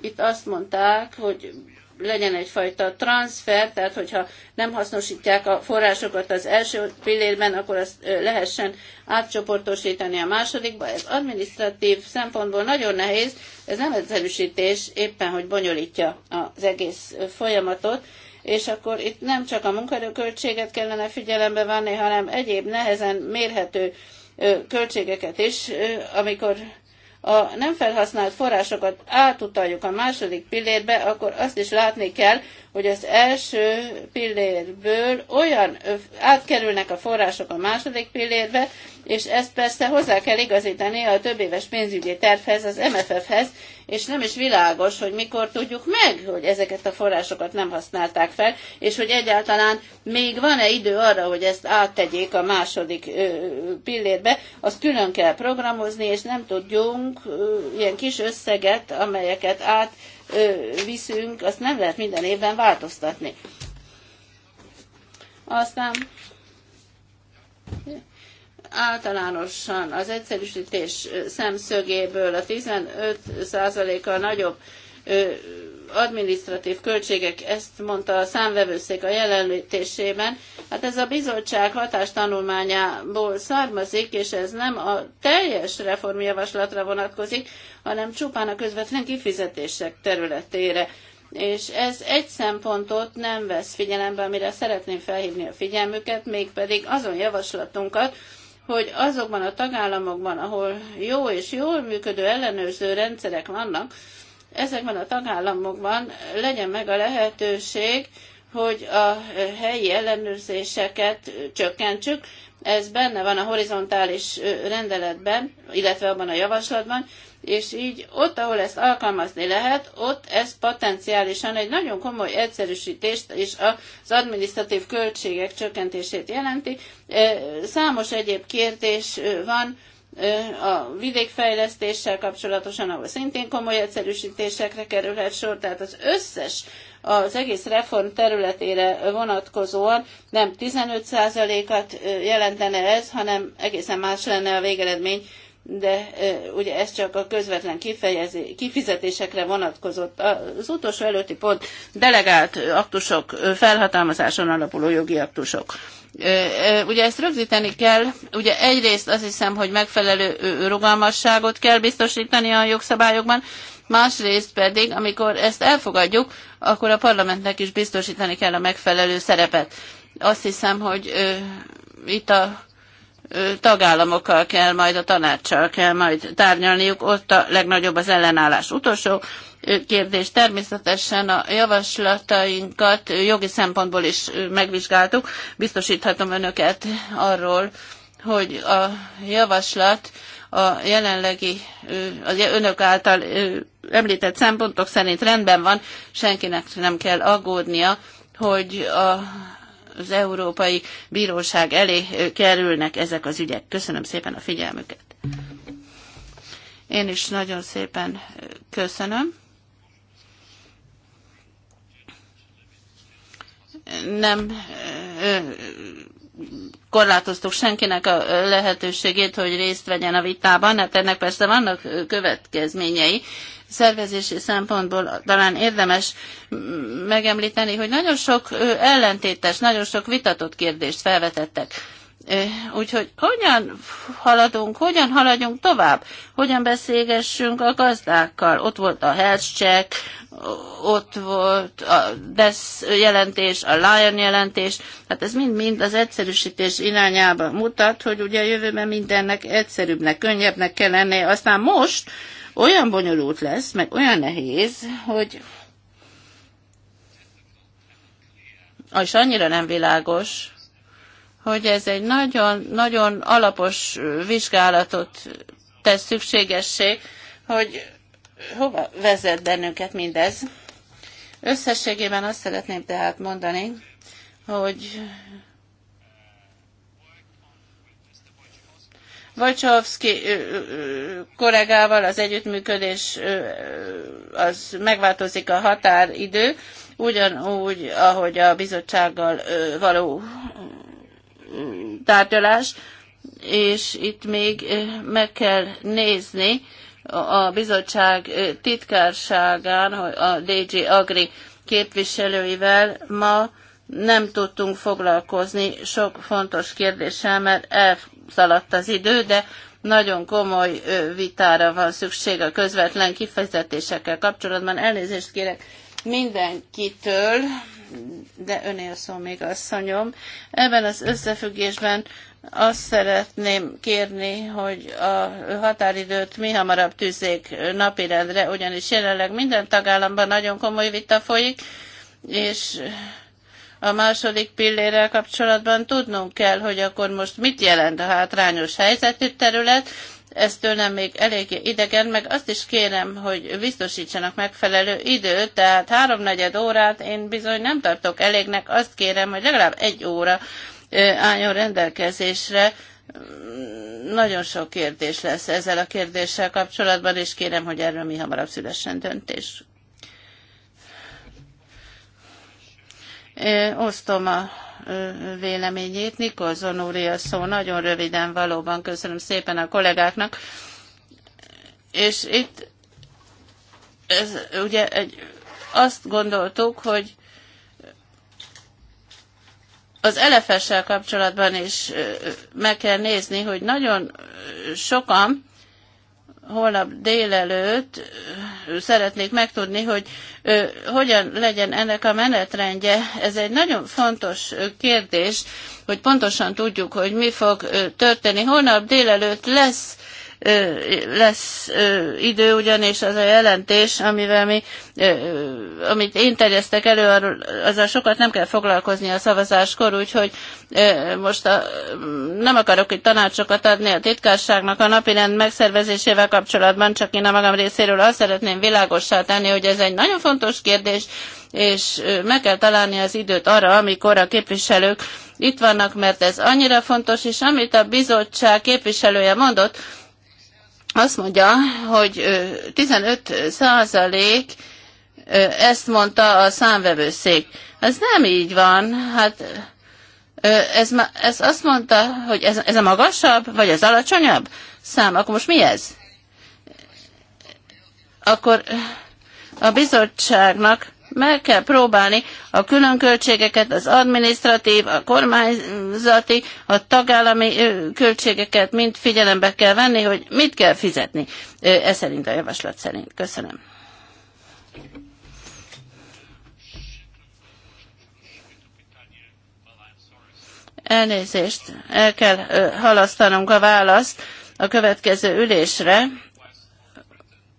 Itt azt mondták, hogy legyen egyfajta transfer, tehát hogyha nem hasznosítják a forrásokat az első pillérben, akkor azt lehessen átcsoportosítani a másodikba. Ez administratív szempontból nagyon nehéz, ez nem egyszerűsítés, éppen hogy bonyolítja az egész folyamatot, és akkor itt nem csak a munkaerőköltséget kellene figyelembe venni, hanem egyéb nehezen mérhető költségeket is, amikor a nem felhasznált forrásokat átutaljuk a második pillérbe, akkor azt is látni kell, hogy az első pillérből olyan átkerülnek a források a második pillérbe, és ezt persze hozzá kell igazítani a több éves pénzügyi tervhez, az MFF-hez, és nem is világos, hogy mikor tudjuk meg, hogy ezeket a forrásokat nem használták fel, és hogy egyáltalán még van-e idő arra, hogy ezt áttegyék a második pillérbe, azt külön kell programozni, és nem tudjunk ilyen kis összeget, amelyeket át azt nem lehet minden évben változtatni. Aztán általánosan az egyszerűsítés szemszögéből a 15%-a nagyobb adminisztratív költségek, ezt mondta a számvevőszék a jelenlétésében. Hát ez a bizottság hatástanulmányából származik, és ez nem a teljes reformjavaslatra vonatkozik, hanem csupán a közvetlen kifizetések területére. És ez egy szempontot nem vesz figyelembe, amire szeretném felhívni a figyelmüket, mégpedig azon javaslatunkat, hogy azokban a tagállamokban, ahol jó és jól működő ellenőrző rendszerek vannak, ezekben a tagállamokban legyen meg a lehetőség, hogy a helyi ellenőrzéseket csökkentsük. Ez benne van a horizontális rendeletben, illetve abban a javaslatban, és így ott, ahol ezt alkalmazni lehet, ott ez potenciálisan egy nagyon komoly egyszerűsítést és az administratív költségek csökkentését jelenti. Számos egyéb kérdés van, a vidékfejlesztéssel kapcsolatosan, ahol szintén komoly egyszerűsítésekre kerülhet sor, tehát az összes az egész reform területére vonatkozóan nem 15%-at jelentene ez, hanem egészen más lenne a végeredmény, de ugye ez csak a közvetlen kifizetésekre vonatkozott. Az utolsó előtti pont delegált aktusok, felhatalmazáson alapuló jogi aktusok. Ugye ezt rögzíteni kell, ugye egyrészt azt hiszem, hogy megfelelő rugalmasságot kell biztosítani a jogszabályokban, másrészt pedig, amikor ezt elfogadjuk, akkor a parlamentnek is biztosítani kell a megfelelő szerepet. Azt hiszem, hogy itt a tagállamokkal kell, majd a tanácssal kell majd tárgyalniuk, ott a legnagyobb az ellenállás. Utolsó kérdés. Természetesen a javaslatainkat jogi szempontból is megvizsgáltuk. Biztosíthatom önöket arról, hogy a javaslat a jelenlegi, az önök által említett szempontok szerint rendben van, senkinek nem kell aggódnia, hogy a, az Európai Bíróság elé kerülnek ezek az ügyek. Köszönöm szépen a figyelmüket. Én is nagyon szépen köszönöm. nem korlátoztuk senkinek a lehetőségét, hogy részt vegyen a vitában, hát ennek persze vannak következményei. Szervezési szempontból talán érdemes megemlíteni, hogy nagyon sok ellentétes, nagyon sok vitatott kérdést felvetettek Eh, úgyhogy hogyan haladunk, hogyan haladjunk tovább, hogyan beszélgessünk a gazdákkal. Ott volt a health check, ott volt a DESZ jelentés, a Lion jelentés, hát ez mind-mind az egyszerűsítés irányába mutat, hogy ugye a jövőben mindennek egyszerűbbnek, könnyebbnek kell lennie. Aztán most olyan bonyolult lesz, meg olyan nehéz, hogy és annyira nem világos, hogy ez egy nagyon-nagyon alapos vizsgálatot tesz szükségessé, hogy hova vezet bennünket mindez. Összességében azt szeretném tehát mondani, hogy Vajcsovszki kollégával az együttműködés az megváltozik a határidő, ugyanúgy, ahogy a bizottsággal való tárgyalás, és itt még eh, meg kell nézni a bizottság eh, titkárságán, a DG Agri képviselőivel ma nem tudtunk foglalkozni sok fontos kérdéssel, mert elszaladt az idő, de nagyon komoly vitára van szükség a közvetlen kifejezetésekkel kapcsolatban. Elnézést kérek mindenkitől, de önél szó még asszonyom. Ebben az összefüggésben azt szeretném kérni, hogy a határidőt mi hamarabb tűzzék napirendre, ugyanis jelenleg minden tagállamban nagyon komoly vita folyik, és a második pillérrel kapcsolatban tudnunk kell, hogy akkor most mit jelent a hátrányos helyzetű terület, ez tőlem még elég idegen, meg azt is kérem, hogy biztosítsanak megfelelő időt, tehát háromnegyed órát én bizony nem tartok elégnek, azt kérem, hogy legalább egy óra álljon rendelkezésre, mm, nagyon sok kérdés lesz ezzel a kérdéssel kapcsolatban, és kérem, hogy erről mi hamarabb szülessen döntés. Én osztom a véleményét. Nikolzon úr a szó, nagyon röviden valóban köszönöm szépen a kollégáknak. És itt ez, ugye egy, azt gondoltuk, hogy az elefessel kapcsolatban is meg kell nézni, hogy nagyon sokan holnap délelőtt szeretnék megtudni, hogy hogyan legyen ennek a menetrendje. Ez egy nagyon fontos kérdés, hogy pontosan tudjuk, hogy mi fog történni. Holnap délelőtt lesz lesz idő, ugyanis az a jelentés, amivel mi, amit én terjesztek elő, azzal sokat nem kell foglalkozni a szavazáskor, úgyhogy most a, nem akarok itt tanácsokat adni a titkárságnak a napirend megszervezésével kapcsolatban, csak én a magam részéről azt szeretném világossá tenni, hogy ez egy nagyon fontos kérdés, és meg kell találni az időt arra, amikor a képviselők itt vannak, mert ez annyira fontos, és amit a bizottság képviselője mondott, azt mondja, hogy 15 százalék, ezt mondta a számvevőszék. Ez nem így van, hát ez, ez azt mondta, hogy ez, ez a magasabb, vagy az alacsonyabb szám, akkor most mi ez? Akkor a bizottságnak meg kell próbálni a külön költségeket, az administratív, a kormányzati, a tagállami költségeket mind figyelembe kell venni, hogy mit kell fizetni. Ez szerint a javaslat szerint. Köszönöm. Elnézést, el kell halasztanunk a választ a következő ülésre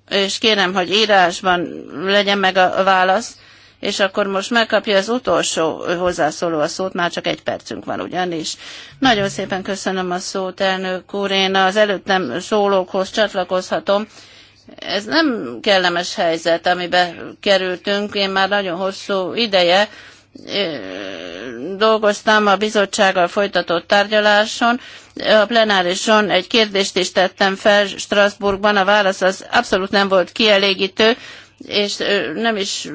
és kérem, hogy írásban legyen meg a válasz, és akkor most megkapja az utolsó hozzászóló a szót, már csak egy percünk van ugyanis. Nagyon szépen köszönöm a szót, elnök úr, én az előttem szólókhoz csatlakozhatom. Ez nem kellemes helyzet, amibe kerültünk, én már nagyon hosszú ideje, dolgoztam a bizottsággal folytatott tárgyaláson. A plenárison egy kérdést is tettem fel Strasbourgban, a válasz az abszolút nem volt kielégítő, és nem is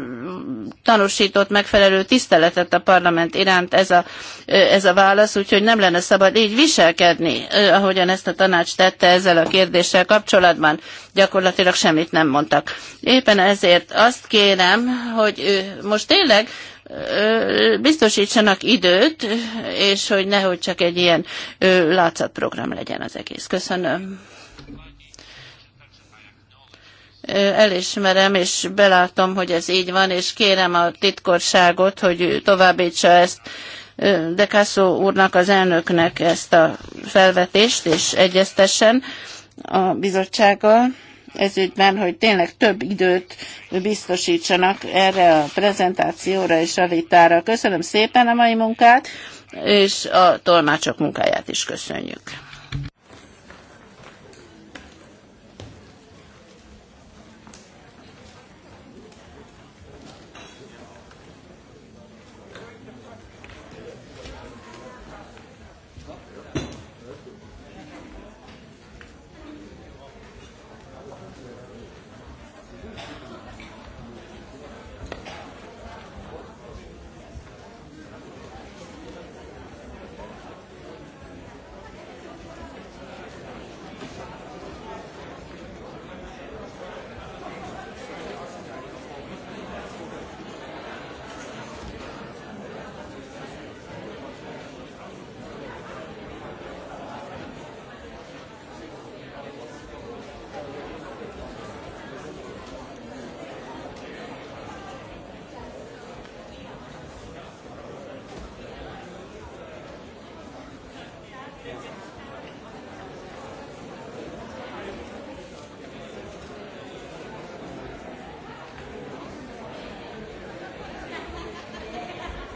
tanúsított megfelelő tiszteletet a parlament iránt ez a, ez a válasz, úgyhogy nem lenne szabad így viselkedni, ahogyan ezt a tanács tette ezzel a kérdéssel kapcsolatban. Gyakorlatilag semmit nem mondtak. Éppen ezért azt kérem, hogy most tényleg biztosítsanak időt, és hogy nehogy csak egy ilyen látszatprogram legyen az egész. Köszönöm. Elismerem, és belátom, hogy ez így van, és kérem a titkorságot, hogy továbbítsa ezt De Kasszó úrnak, az elnöknek ezt a felvetést, és egyeztessen a bizottsággal ezügyben, hogy tényleg több időt biztosítsanak erre a prezentációra és a vitára. Köszönöm szépen a mai munkát, és a tolmácsok munkáját is köszönjük.